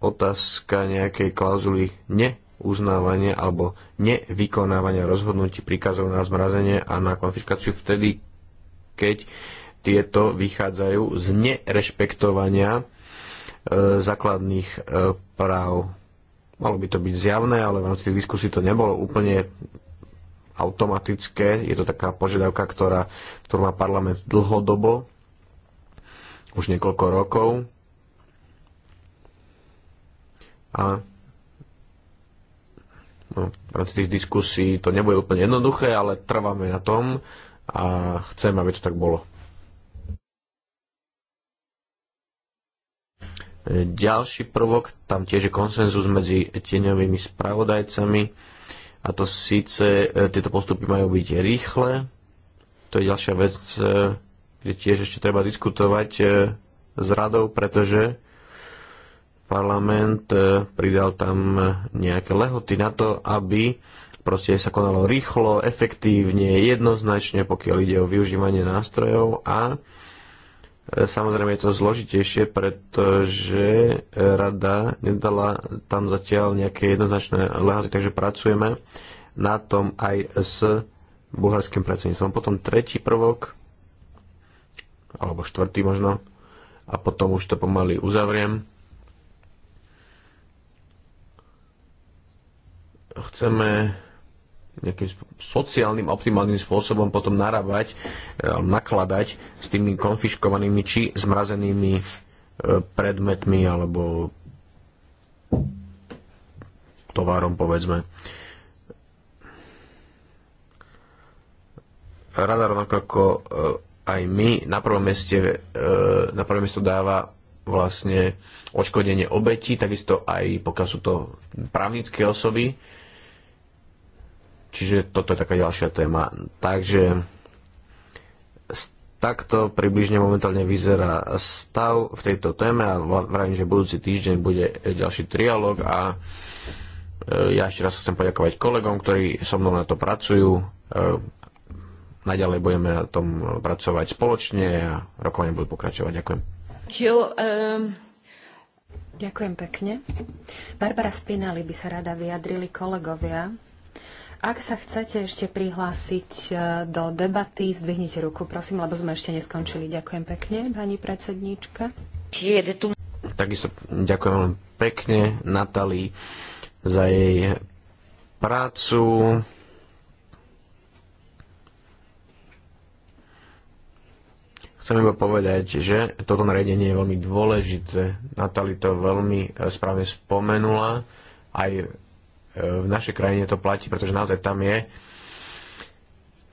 otázka nejakej klauzuly neuznávania alebo nevykonávania rozhodnutí príkazov na zmrazenie a na konfiškáciu vtedy, keď tieto vychádzajú z nerešpektovania e, základných e, práv. Malo by to byť zjavné, ale v rámci tých diskusí to nebolo úplne automatické. Je to taká požiadavka, ktorá, ktorú má parlament dlhodobo, už niekoľko rokov. A no, v rámci tých diskusí to nebude úplne jednoduché, ale trváme na tom a chcem, aby to tak bolo. Ďalší prvok, tam tiež je konsenzus medzi tieňovými spravodajcami a to síce e, tieto postupy majú byť rýchle, to je ďalšia vec, e, kde tiež ešte treba diskutovať e, s radou, pretože parlament pridal tam nejaké lehoty na to, aby proste sa konalo rýchlo, efektívne, jednoznačne, pokiaľ ide o využívanie nástrojov a Samozrejme je to zložitejšie, pretože rada nedala tam zatiaľ nejaké jednoznačné lehoty, takže pracujeme na tom aj s bulharským predsedníctvom. Potom tretí prvok, alebo štvrtý možno, a potom už to pomaly uzavriem. Chceme nejakým sociálnym optimálnym spôsobom potom narábať, e, nakladať s tými konfiškovanými či zmrazenými e, predmetmi alebo tovarom povedzme. Rada rovnako ako e, aj my na prvom meste, na prvom miesto dáva vlastne odškodenie obetí, takisto aj pokiaľ sú to právnické osoby, Čiže toto je taká ďalšia téma. Takže takto približne momentálne vyzerá stav v tejto téme a vravím, že budúci týždeň bude ďalší trialog a e, ja ešte raz chcem poďakovať kolegom, ktorí so mnou na to pracujú. E, naďalej budeme na tom pracovať spoločne a rokovanie budú pokračovať. Ďakujem. Um, Ďakujem pekne. Barbara Spinali by sa rada vyjadrili kolegovia. Ak sa chcete ešte prihlásiť e, do debaty, zdvihnite ruku, prosím, lebo sme ešte neskončili. Ďakujem pekne, pani predsedníčka. Takisto ďakujem vám pekne Natali za jej prácu. Chcem iba povedať, že toto nariadenie je veľmi dôležité. Natali to veľmi e, správne spomenula. Aj v našej krajine to platí, pretože naozaj tam je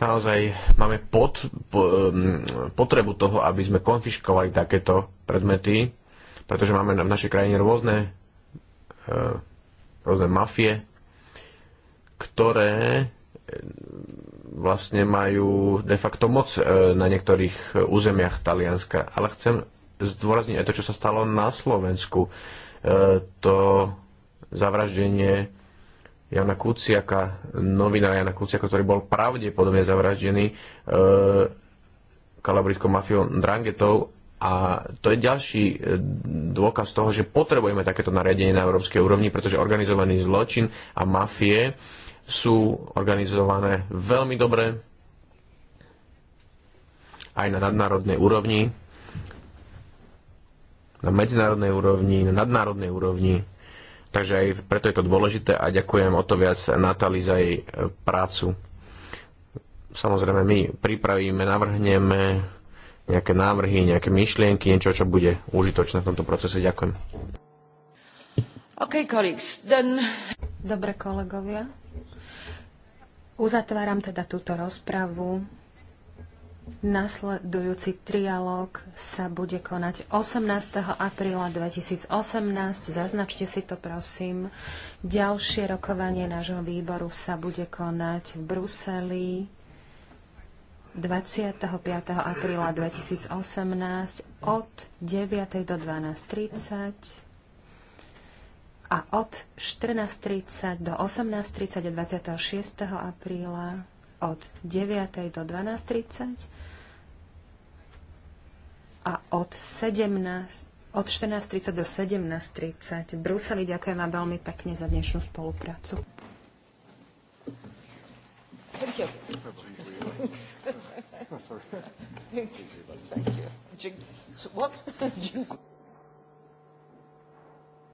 naozaj máme pod, po, um, potrebu toho, aby sme konfiškovali takéto predmety, pretože máme v našej krajine rôzne, eh, rôzne mafie, ktoré eh, vlastne majú de facto moc eh, na niektorých územiach Talianska. Ale chcem zdôrazniť aj to, čo sa stalo na Slovensku. To zavraždenie Jana Kuciaka, novinára Jana Kuciaka, ktorý bol pravdepodobne zavraždený e, kalabrickou mafiou Drangetov a to je ďalší e, dôkaz toho, že potrebujeme takéto nariadenie na európskej úrovni, pretože organizovaný zločin a mafie sú organizované veľmi dobre aj na nadnárodnej úrovni, na medzinárodnej úrovni, na nadnárodnej úrovni Takže aj preto je to dôležité a ďakujem o to viac Natali za jej e, prácu. Samozrejme, my pripravíme, navrhneme nejaké návrhy, nejaké myšlienky, niečo, čo bude užitočné v tomto procese. Ďakujem. Okay, colleagues, then... Dobre, kolegovia. Uzatváram teda túto rozpravu. Nasledujúci trialóg sa bude konať 18. apríla 2018. Zaznačte si to, prosím. Ďalšie rokovanie nášho výboru sa bude konať v Bruseli 25. apríla 2018 od 9. do 12.30 a od 14.30 do 18.30 a 26. apríla od 9. do 12.30 a od, 17, od 14.30 do 17.30 v Bruseli. Ďakujem vám veľmi pekne za dnešnú spoluprácu. Thank you. Thanks. Thanks. Thank you. So what?